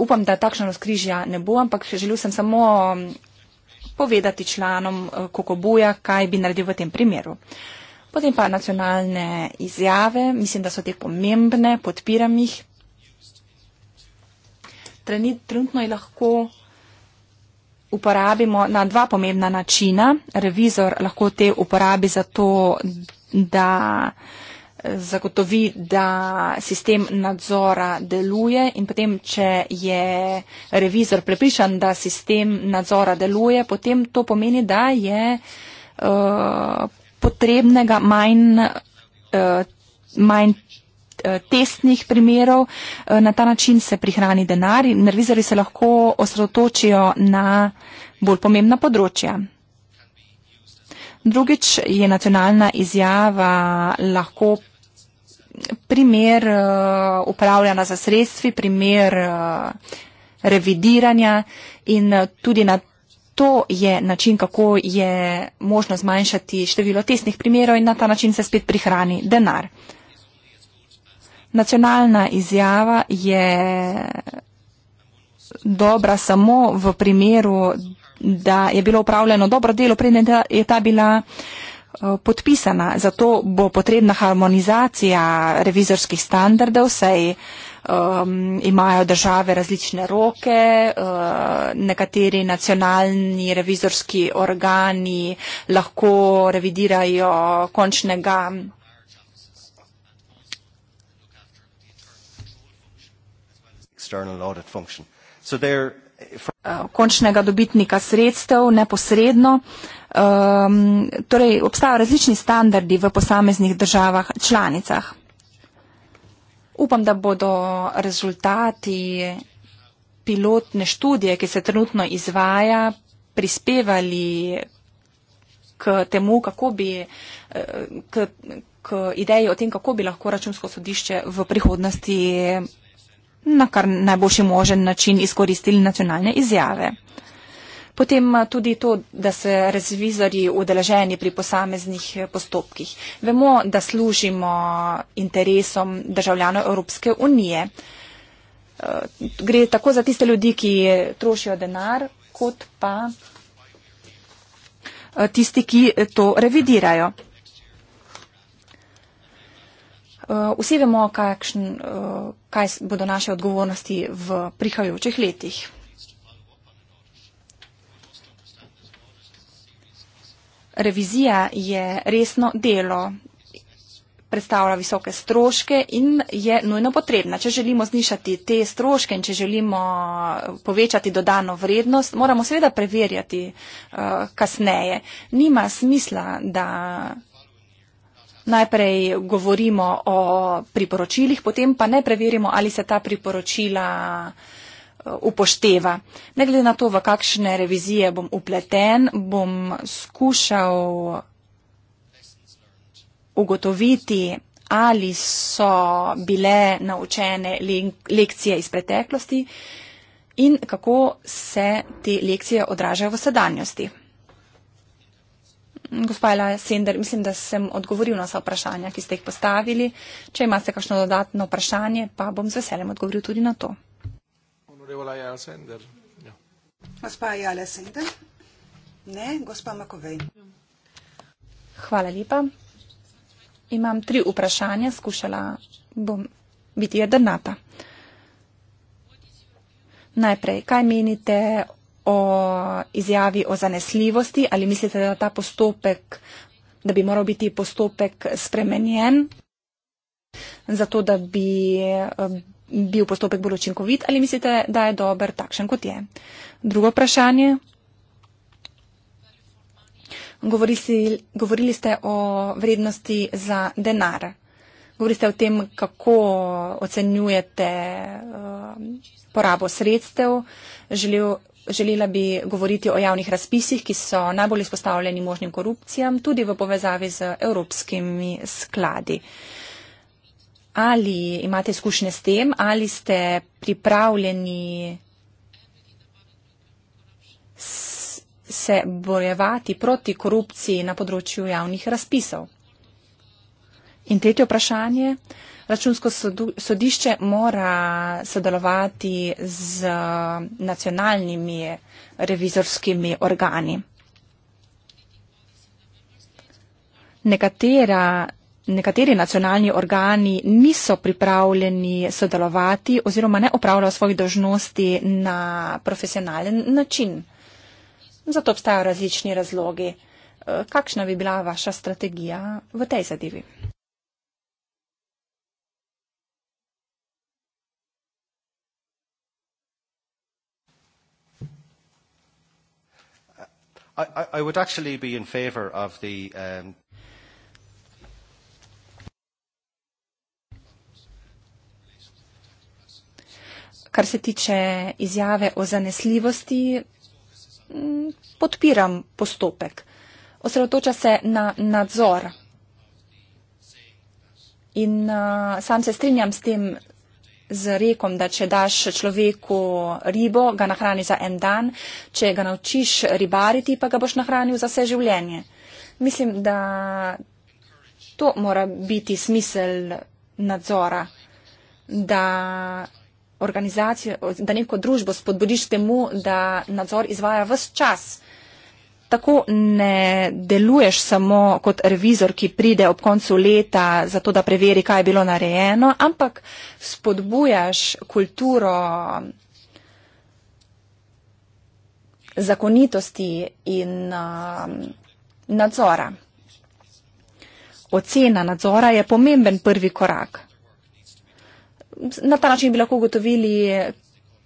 Upam, da takšno skrižja ne bo, ampak želel sem samo mm, povedati članom Kokobuja, kaj bi naredil v tem primeru. Uh, Potem pa nacionalne izjave, mislim, da so te pomembne, podpiram jih. Trenutno jih lahko uporabimo na dva pomembna načina. Revizor lahko te uporabi za to, da zagotovi, da sistem nadzora deluje in potem, če je revizor prepričan, da sistem nadzora deluje, potem to pomeni, da je. Uh, potrebnega, manj, uh, manj uh, testnih primerov. Uh, na ta način se prihrani denar in revizori se lahko osredotočijo na bolj pomembna področja. Drugič je nacionalna izjava lahko primer uh, upravljanja za sredstvi, primer uh, revidiranja in uh, tudi na. To je način, kako je možno zmanjšati število testnih primerov in na ta način se spet prihrani denar. Nacionalna izjava je dobra samo v primeru, da je bilo upravljeno dobro delo, preden je ta bila eh, podpisana. Zato bo potrebna harmonizacija revizorskih standardov, saj um, imajo države različne roke, uh, nekateri nacionalni revizorski organi lahko revidirajo končnega. Uh, končnega dobitnika sredstev neposredno. Um, torej, obstajajo različni standardi v posameznih državah članicah. Upam, da bodo rezultati pilotne študije, ki se trenutno izvaja, prispevali k temu, kako bi, eh, k, k ideji o tem, kako bi lahko računsko sodišče v prihodnosti na kar najboljši možen način izkoristili nacionalne izjave. Potem eh, tudi to, da se razvizori udeleženi pri posameznih eh, postopkih. Vemo, da služimo eh, interesom državljanov Evropske unije. Gre tako za tiste ljudi, ki trošijo denar, kot pa tisti, ki to revidirajo. Vsi vemo, kakšen, kaj bodo naše odgovornosti v prihajajočih letih. revizija je resno delo predstavlja visoke stroške in je nujno potrebna. Če želimo znišati te stroške in če želimo povečati dodano vrednost, moramo seveda preverjati uh, kasneje. Nima smisla, da najprej govorimo o priporočilih, potem pa ne preverimo, ali se ta priporočila uh, upošteva. Ne glede na to, v kakšne revizije bom upleten, bom skušal ugotoviti, ali so bile naučene lekcije iz preteklosti in kako se te lekcije odražajo v sedanjosti. Gospajla Sender, mislim, da sem odgovoril na vsa vprašanja, ki ste jih postavili. Če imate kakšno dodatno vprašanje, pa bom z veseljem odgovoril tudi na to. Gospa torej, Jala Sender. Ja. Gospa Jala Sender. Ne, gospa Makovej. Hvala lepa. Imam tri vprašanja, skušala bom biti jedrnata. Najprej, kaj menite o izjavi o zanesljivosti? Ali mislite, da ta postopek, da bi moral biti postopek spremenjen, zato da bi eh, bil postopek bolj učinkovit ali mislite, da je dober takšen, kot je. Drugo vprašanje. Govorili, govorili ste o vrednosti za denar. Govorili ste o tem, kako ocenjujete uh, porabo sredstev. Želel, želela bi govoriti o javnih razpisih, ki so najbolj izpostavljeni možnim korupcijam, tudi v povezavi z evropskimi skladi. Uh, ali imate izkušnje s tem, ali ste pripravljeni se bojevati proti korupciji na področju javnih razpisov. In tretje vprašanje. Računsko sodišče mora sodelovati z nacionalnimi revizorskimi organi. Nekatera nekateri nacionalni organi niso pripravljeni sodelovati oziroma ne opravljajo svojih dožnosti na profesionalen način. Zato obstajajo različni razlogi. Eh, kakšna bi bila vaša strategija v tej zadevi? I, I would actually be in favour of the um, Kar se tiče izjave o zanesljivosti, podpiram postopek. Osredotoča se na nadzor. In uh, sam se strinjam s tem z rekom, da če daš človeku ribo, ga nahrani za en dan, če ga naučiš ribariti, pa ga boš nahranil za vse življenje. Mislim, da to mora biti smisel nadzora, da organizacijo, da neko družbo spodbudiš temu, da nadzor izvaja vse čas. Tako ne deluješ samo kot revizor, ki pride ob koncu leta za to, da preveri, kaj je bilo narejeno, ampak spodbujaš kulturo zakonitosti in um, nadzora. Ocena nadzora je pomemben prvi korak na ta način bi lahko ugotovili,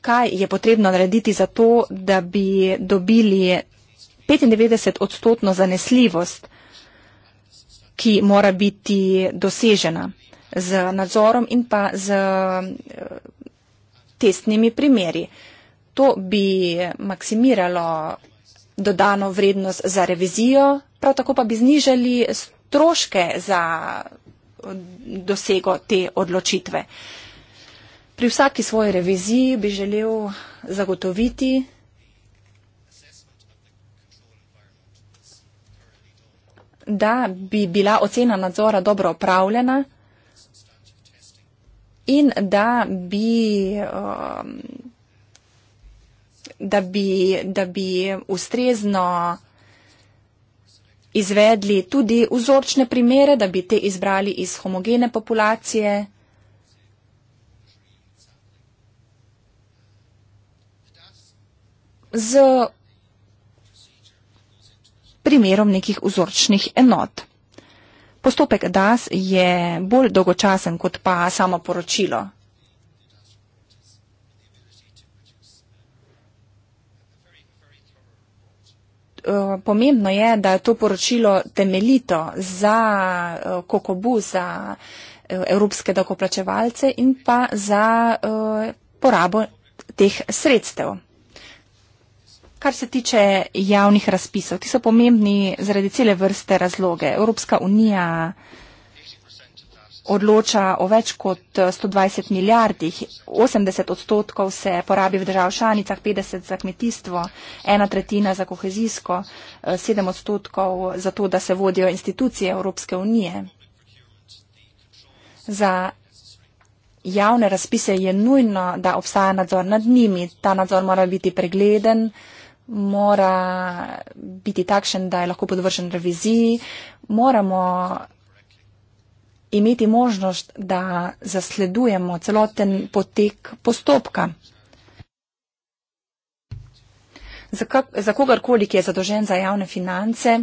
kaj je potrebno narediti za to, da bi dobili 95 odstotno zanesljivost, ki mora biti dosežena z nadzorom in pa z eh, testnimi primeri. To bi maksimiralo dodano vrednost za revizijo, prav tako pa bi znižali stroške za dosego te odločitve pri vsaki svoji reviziji bi želel zagotoviti, da bi bila ocena nadzora dobro opravljena in da bi, um, da bi, da bi ustrezno izvedli tudi vzorčne primere, da bi te izbrali iz homogene populacije. z primerom nekih vzorčnih enot. Postopek DAS je bolj dolgočasen kot pa samo poročilo. Eh, pomembno je, da je to poročilo temeljito za eh, kokobu, za eh, evropske dokoplačevalce in pa za porabo teh sredstev kar se tiče javnih razpisov. Ti so pomembni zaradi cele vrste razloge. Evropska unija odloča o več kot 120 eh, milijardih, 80 odstotkov se porabi v držav članicah, 50 za kmetijstvo, ena tretjina za kohezijsko, 7 eh, odstotkov za to, da se vodijo institucije Evropske unije. Za javne razpise je nujno, da obstaja nadzor nad njimi. Ta nadzor mora biti pregleden mora biti takšen, da je lahko podvržen reviziji. Moramo imeti možnost, da zasledujemo celoten potek postopka. Za, kak, za kogarkoli, ki je zadožen za javne finance,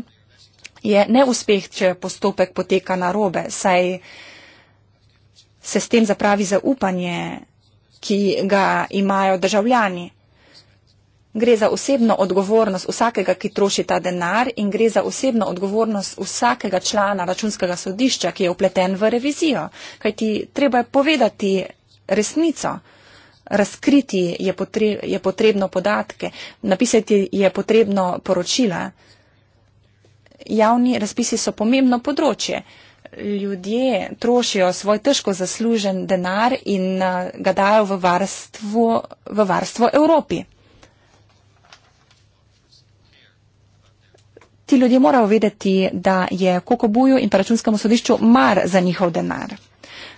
je neuspeh, če postopek poteka na robe, saj se s tem zapravi zaupanje, ki ga imajo državljani. Gre za osebno odgovornost vsakega, ki troši ta denar in gre za osebno odgovornost vsakega člana računskega sodišča, ki je upleten v revizijo. Kajti treba je povedati resnico, razkriti je, potre, je potrebno podatke, napisati je potrebno poročila. Javni razpisi so pomembno področje. Ljudje trošijo svoj težko zaslužen denar in eh, ga dajo v varstvo, v varstvo Evropi. ti ljudje morajo vedeti, da je Kokobuju in računskemu sodišču mar za njihov denar.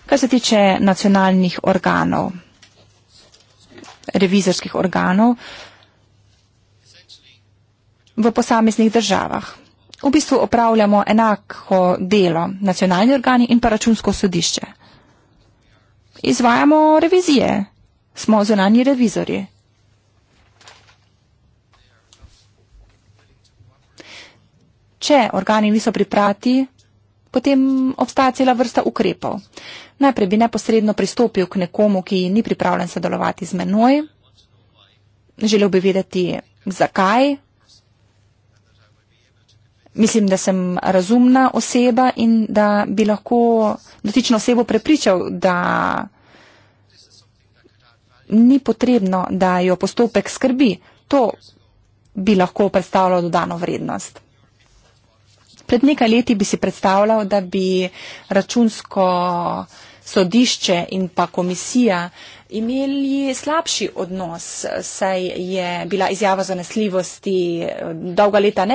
Kar se tiče nacionalnih organov, revizorskih organov v posameznih državah. V bistvu opravljamo enako delo, nacionalni organi in pa računsko sodišče. Izvajamo revizije, smo zunani revizori. če organi niso priprati, potem obstaja cela vrsta ukrepov. Najprej bi neposredno pristopil k nekomu, ki ni pripravljen sodelovati z menoj. Želel bi vedeti, zakaj. Mislim, da sem razumna oseba in da bi lahko dotično osebo prepričal, da ni potrebno, da jo postopek skrbi. To bi lahko predstavljalo dodano vrednost. Pred nekaj leti bi si predstavljal, da bi računsko sodišče in pa komisija imeli slabši odnos, saj je bila izjava zanesljivosti eh, dolga leta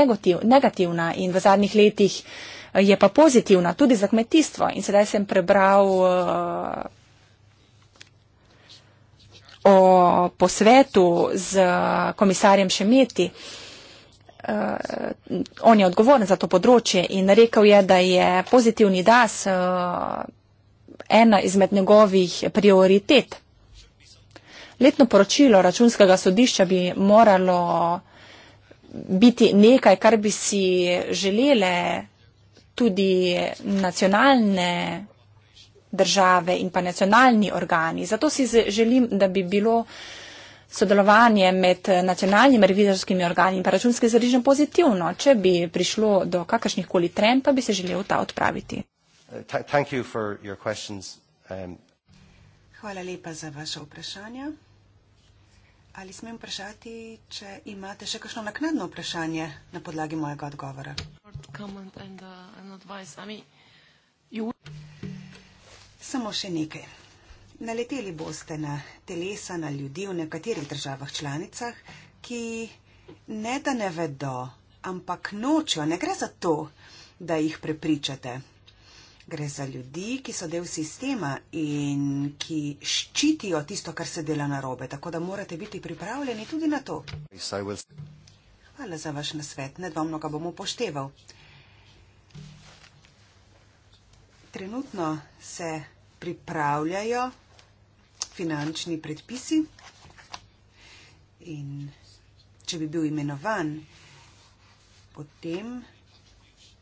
negativna in v zadnjih letih eh, je pa pozitivna tudi za kmetijstvo. In sedaj sem prebral eh, o posvetu z komisarjem Šemeti uh, on je odgovoren za to področje in rekel je, da je pozitivni das uh, ena izmed njegovih prioritet. Letno poročilo računskega sodišča bi moralo biti nekaj, kar bi si želele tudi nacionalne države in pa nacionalni organi. Zato si želim, da bi bilo uh, sodelovanje med nacionalnimi revizorskimi organi in paračunskim zarižem pozitivno. Če bi prišlo do kakršnih koli trem, pa bi se želel ta odpraviti. Uh, um, Hvala lepa za vaše vprašanje. Ali smem vprašati, če imate še kakšno naknadno vprašanje na podlagi mojega odgovora? Uh, Samo še nekaj. Naleteli boste na telesa, na ljudi v nekaterih državah članicah, ki ne da ne vedo, ampak nočijo. Ne gre za to, da jih prepričate. Gre za ljudi, ki so del sistema in ki ščitijo tisto, kar se dela na robe. Tako da morate biti pripravljeni tudi na to. Hvala za vaš nasvet. Nedvomno ga bomo pošteval. Trenutno se pripravljajo finančni predpisi. In če bi bil imenovan, potem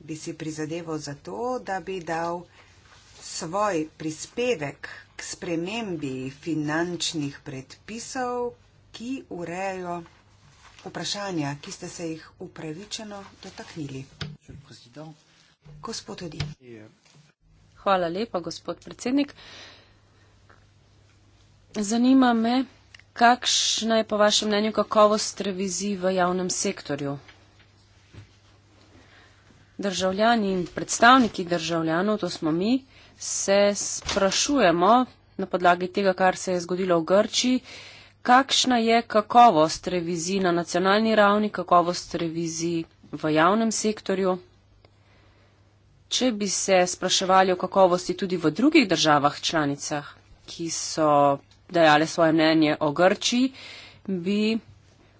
bi si prizadeval za to, da bi dal svoj prispevek k spremembi finančnih predpisov, ki urejajo vprašanja, ki ste se jih upravičeno dotaknili. Gospod Odi. Hvala lepa, gospod predsednik. Zanima me, kakšna je po vašem mnenju kakovost revizij v javnem sektorju? Državljani in predstavniki državljanov, to smo mi, se sprašujemo na podlagi tega, kar se je zgodilo v Grči, kakšna je kakovost revizij na nacionalni ravni, kakovost revizij v javnem sektorju. Če bi se spraševali o kakovosti tudi v drugih državah članicah, ki so dajale svoje mnenje o Grči, bi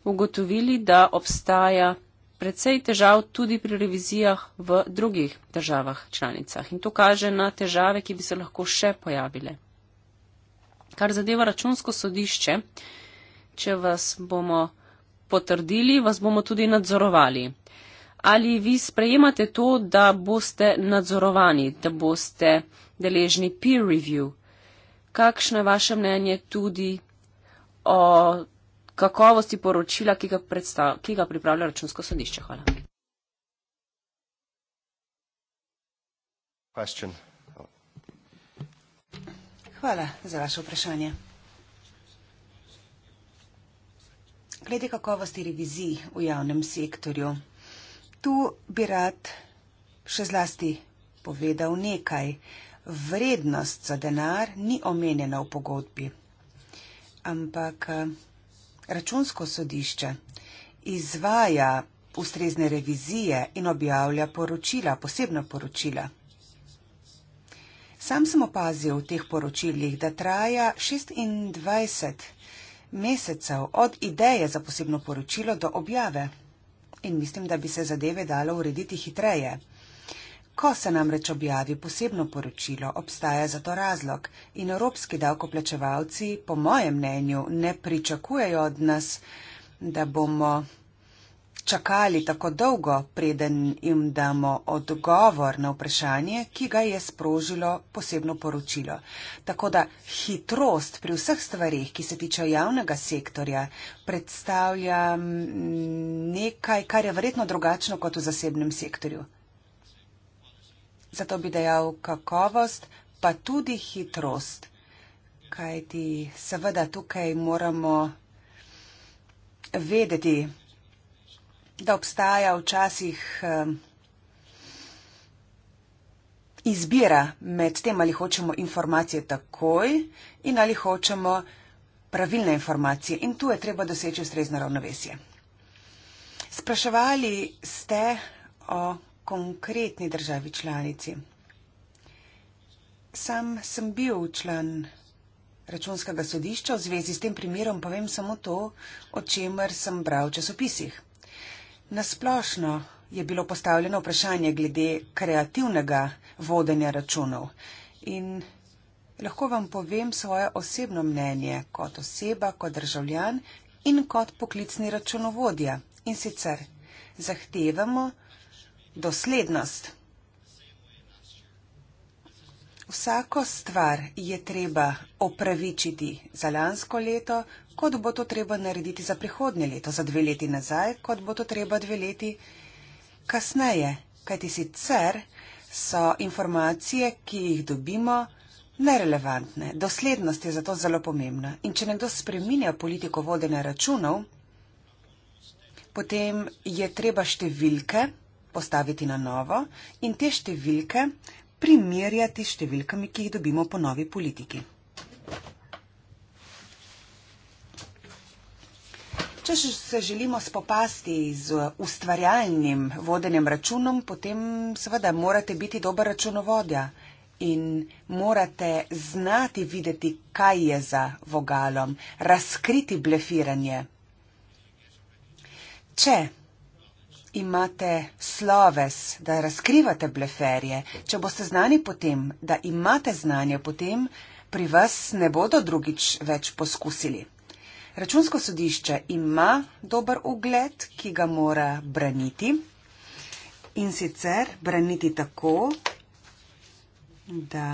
ugotovili, da obstaja predvsej težav tudi pri revizijah v drugih državah članicah. In to kaže na težave, ki bi se lahko še pojavile. Kar zadeva računsko sodišče, če vas bomo potrdili, vas bomo tudi nadzorovali. Ali vi sprejemate to, da boste nadzorovani, da boste deležni peer review, kakšno je vaše mnenje tudi o kakovosti poročila, ki ga, predstav, ki ga pripravlja računsko sodišče. Hvala. Question. Hvala za vaše vprašanje. Glede kakovosti revizij v javnem sektorju, tu bi rad še zlasti povedal nekaj. Uh, vrednost za denar ni omenjena v pogodbi. Ampak eh, računsko sodišče izvaja ustrezne revizije in objavlja poročila, posebna poročila. Sam sem opazil v teh poročilih, da traja 26 mesecev od ideje za posebno poročilo do objave. In mislim, da bi se zadeve dalo urediti hitreje. Ko se namreč objavi posebno poročilo, obstaja za to razlog in evropski davkoplačevalci, po mojem mnenju, ne pričakujejo od nas, da bomo čakali tako dolgo, preden jim damo odgovor na vprašanje, ki ga je sprožilo posebno poročilo. Tako da hitrost pri vseh stvarih, ki se tiče javnega sektorja, predstavlja mm, nekaj, kar je verjetno drugačno kot v zasebnem sektorju. Zato bi dejal kakovost, pa tudi hitrost. Kaj ti seveda tukaj moramo vedeti, da obstaja včasih eh, izbira med tem, ali hočemo informacije takoj in ali hočemo pravilne informacije. In tu je treba doseči ustrezno ravnovesje. Spraševali ste o konkretni državi članici. Sam sem bil član računskega sodišča v zvezi s tem primerom, povem samo to, o čemer sem bral v časopisih. Nasplošno je bilo postavljeno vprašanje glede kreativnega vodenja računov in lahko vam povem svoje osebno mnenje kot oseba, kot državljan in kot poklicni računovodja. In sicer zahtevamo, doslednost. Vsako stvar je treba opravičiti za lansko leto, kot bo to treba narediti za prihodnje leto, za dve leti nazaj, kot bo to treba dve leti kasneje. Kajti sicer so informacije, ki jih dobimo, nerelevantne. Doslednost je zato zelo pomembna. In če nekdo spreminja politiko vodene računov, potem je treba številke postaviti na novo in te številke primerjati s številkami, ki jih dobimo po novi politiki. Če se želimo spopasti z ustvarjalnim vodenjem računom, potem seveda morate biti dober računovodja in morate znati videti, kaj je za vogalom, razkriti blefiranje. Če imate sloves, da razkrivate bleferje, če boste znani potem, da imate znanje potem, pri vas ne bodo drugič več poskusili. Računsko sodišče ima dober ugled, ki ga mora braniti in sicer braniti tako, da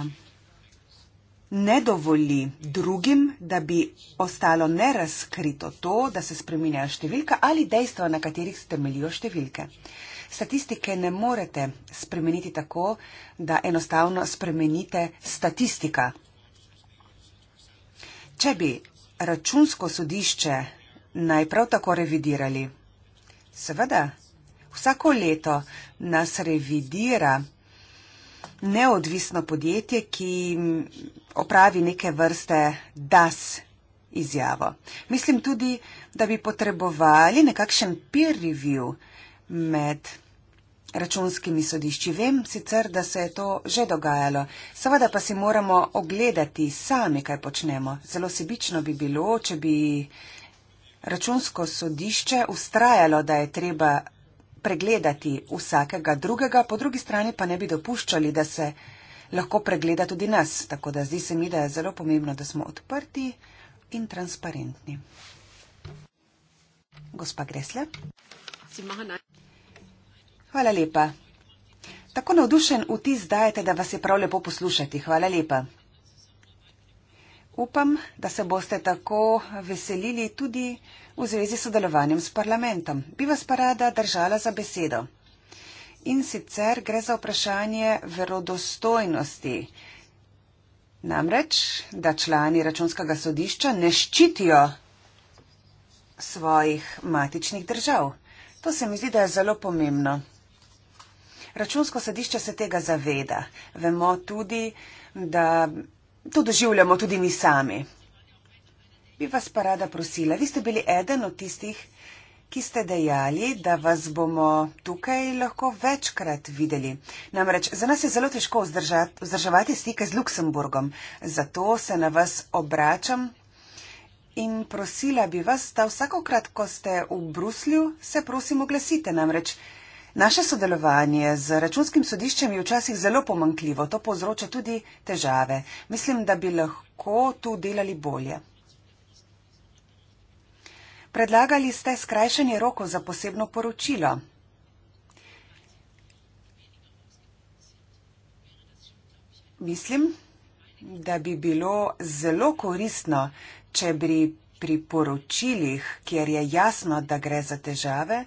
ne dovoli drugim, da bi ostalo nerazkrito to, da se spreminjajo številke ali dejstva, na katerih se temeljijo številke. Statistike ne morete spremeniti tako, da enostavno spremenite statistika. Če bi računsko sodišče najprav tako revidirali, seveda, vsako leto nas revidira neodvisno podjetje, ki opravi neke vrste das izjavo. Mislim tudi, da bi potrebovali nekakšen peer review med računskimi sodišči. Vem sicer, da se je to že dogajalo. Seveda pa si moramo ogledati sami, kaj počnemo. Zelo sebično bi bilo, če bi računsko sodišče ustrajalo, da je treba pregledati vsakega drugega, po drugi strani pa ne bi dopuščali, da se lahko pregleda tudi nas. Tako da zdi se mi, da je zelo pomembno, da smo odprti in transparentni. Gospa Gresle. Hvala lepa. Tako navdušen vtis dajete, da vas je prav lepo poslušati. Hvala lepa. Upam, da se boste tako veselili tudi v zvezi s sodelovanjem s parlamentom. Bi vas pa rada držala za besedo. In sicer gre za vprašanje verodostojnosti. Namreč, da člani računskega sodišča ne ščitijo svojih matičnih držav. To se mi zdi, da je zelo pomembno. Računsko sodišče se tega zaveda. Vemo tudi, da to doživljamo tudi mi sami bi vas pa rada prosila, vi ste bili eden od tistih, ki ste dejali, da vas bomo tukaj lahko večkrat videli. Namreč za nas je zelo težko vzdrževati stike z Luksemburgom, zato se na vas obračam in prosila bi vas, da vsakokrat, ko ste v Bruslju, se prosim oglasite. Namreč naše sodelovanje z računskim sodiščem je včasih zelo pomankljivo, to povzroča tudi težave. Mislim, da bi lahko tu delali bolje. Predlagali ste skrajšanje rokov za posebno poročilo. Mislim, da bi bilo zelo koristno, če bi pri poročilih, kjer je jasno, da gre za težave,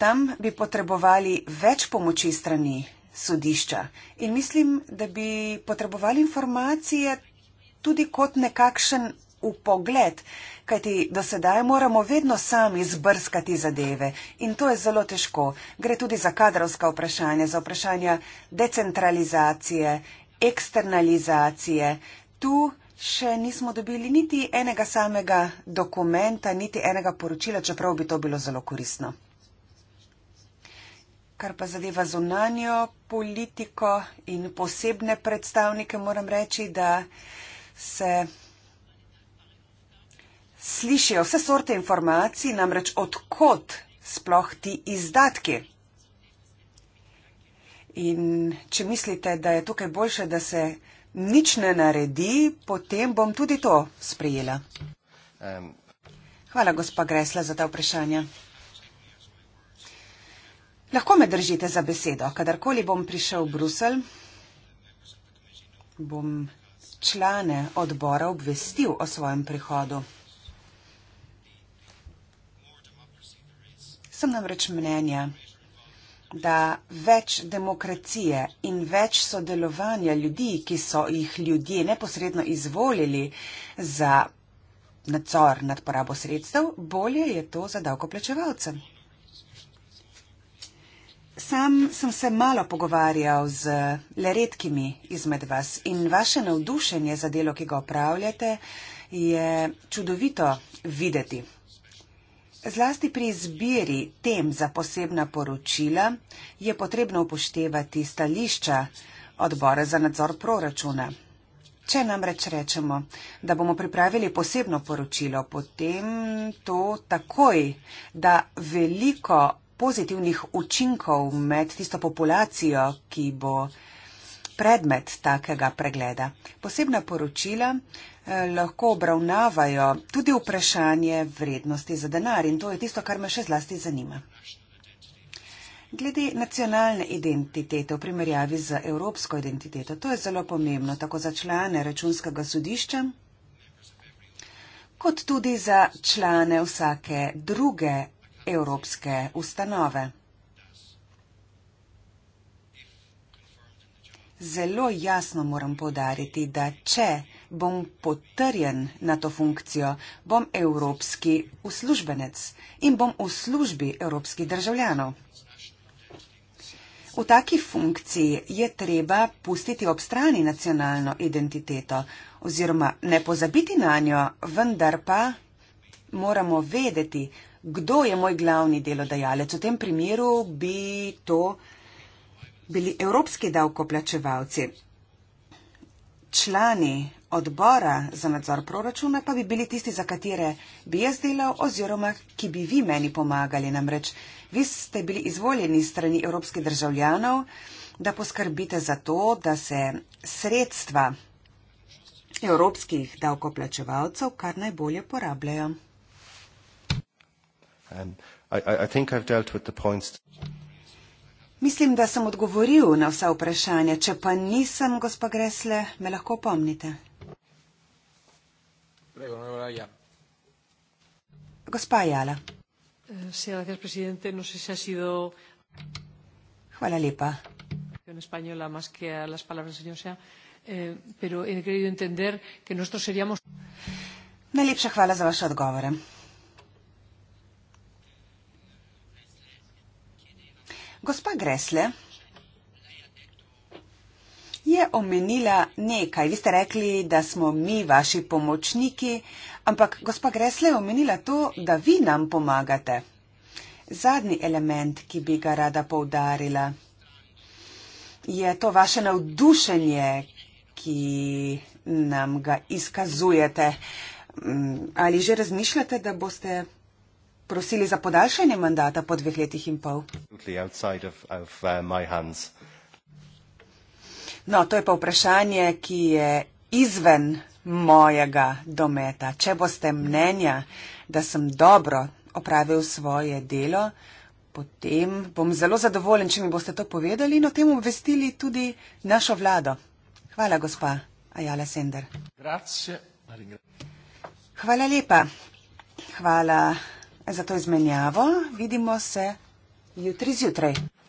tam bi potrebovali več pomoči strani sodišča. In mislim, da bi potrebovali informacije tudi kot nekakšen v pogled, kajti do sedaj moramo vedno sami zbrskati zadeve in to je zelo težko. Gre tudi za kadrovska vprašanja, za vprašanja decentralizacije, eksternalizacije. Tu še nismo dobili niti enega samega dokumenta, niti enega poročila, čeprav bi to bilo zelo koristno. Kar pa zadeva zunanjo politiko in posebne predstavnike, moram reči, da se slišijo vse sorte informacij, namreč odkot sploh ti izdatki. In če mislite, da je tukaj boljše, da se nič ne naredi, potem bom tudi to sprejela. Hvala, gospa Gresla, za ta vprašanja. Lahko me držite za besedo. Kadarkoli bom prišel v Bruselj, bom člane odbora obvestil o svojem prihodu. Sem namreč mnenja, da več demokracije in več sodelovanja ljudi, ki so jih ljudje neposredno izvolili za nadzor nad porabo sredstev, bolje je to za davkoplačevalce. Sam sem se malo pogovarjal z le redkimi izmed vas in vaše navdušenje za delo, ki ga opravljate, je čudovito videti. Zlasti pri izbiri tem za posebna poročila je potrebno upoštevati stališča odbora za nadzor proračuna. Če nam reč rečemo, da bomo pripravili posebno poročilo, potem to takoj, da veliko pozitivnih učinkov med tisto populacijo, ki bo predmet takega pregleda. Posebna poročila lahko obravnavajo tudi vprašanje vrednosti za denar in to je tisto, kar me še zlasti zanima. Glede nacionalne identitete v primerjavi z evropsko identiteto, to je zelo pomembno tako za člane računskega sodišča, kot tudi za člane vsake druge evropske ustanove. Zelo jasno moram povdariti, da če bom potrjen na to funkcijo, bom evropski uslužbenec in bom v službi evropskih državljanov. V taki funkciji je treba pustiti ob strani nacionalno identiteto oziroma ne pozabiti na njo, vendar pa moramo vedeti, kdo je moj glavni delodajalec. V tem primeru bi to bili evropski davkoplačevalci. Člani odbora za nadzor proračuna pa bi bili tisti, za katere bi jaz delal oziroma ki bi vi meni pomagali. Namreč vi ste bili izvoljeni strani evropskih državljanov, da poskrbite za to, da se sredstva evropskih davkoplačevalcev kar najbolje porabljajo. Mislim, da sem odgovoril na vsa vprašanja. Če pa nisem, gospa Gresle, me lahko pomnite. Prego, honorable Aya. Gospa Ayala. Eh, sí, gracias, presidente. No sé si ha sido. Hola, Lepa. En española, más que a las palabras del señor Sea. Eh, pero he querido entender que nosotros seríamos. Najlepša hvala za vaše odgovore. Gospa Gresle je omenila nekaj. Vi ste rekli, da smo mi vaši pomočniki, ampak gospa Gresle je omenila to, da vi nam pomagate. Zadnji element, ki bi ga rada poudarila, je to vaše navdušenje, ki nam ga izkazujete. Mm, ali že razmišljate, da boste prosili za podaljšanje mandata po dveh letih in pol? No, to je pa vprašanje, ki je izven mojega dometa. Če boste mnenja, da sem dobro opravil svoje delo, potem bom zelo zadovoljen, če mi boste to povedali in o tem obvestili tudi našo vlado. Hvala, gospa Ajala Sender. Hvala lepa. Hvala za to izmenjavo. Vidimo se jutri zjutraj.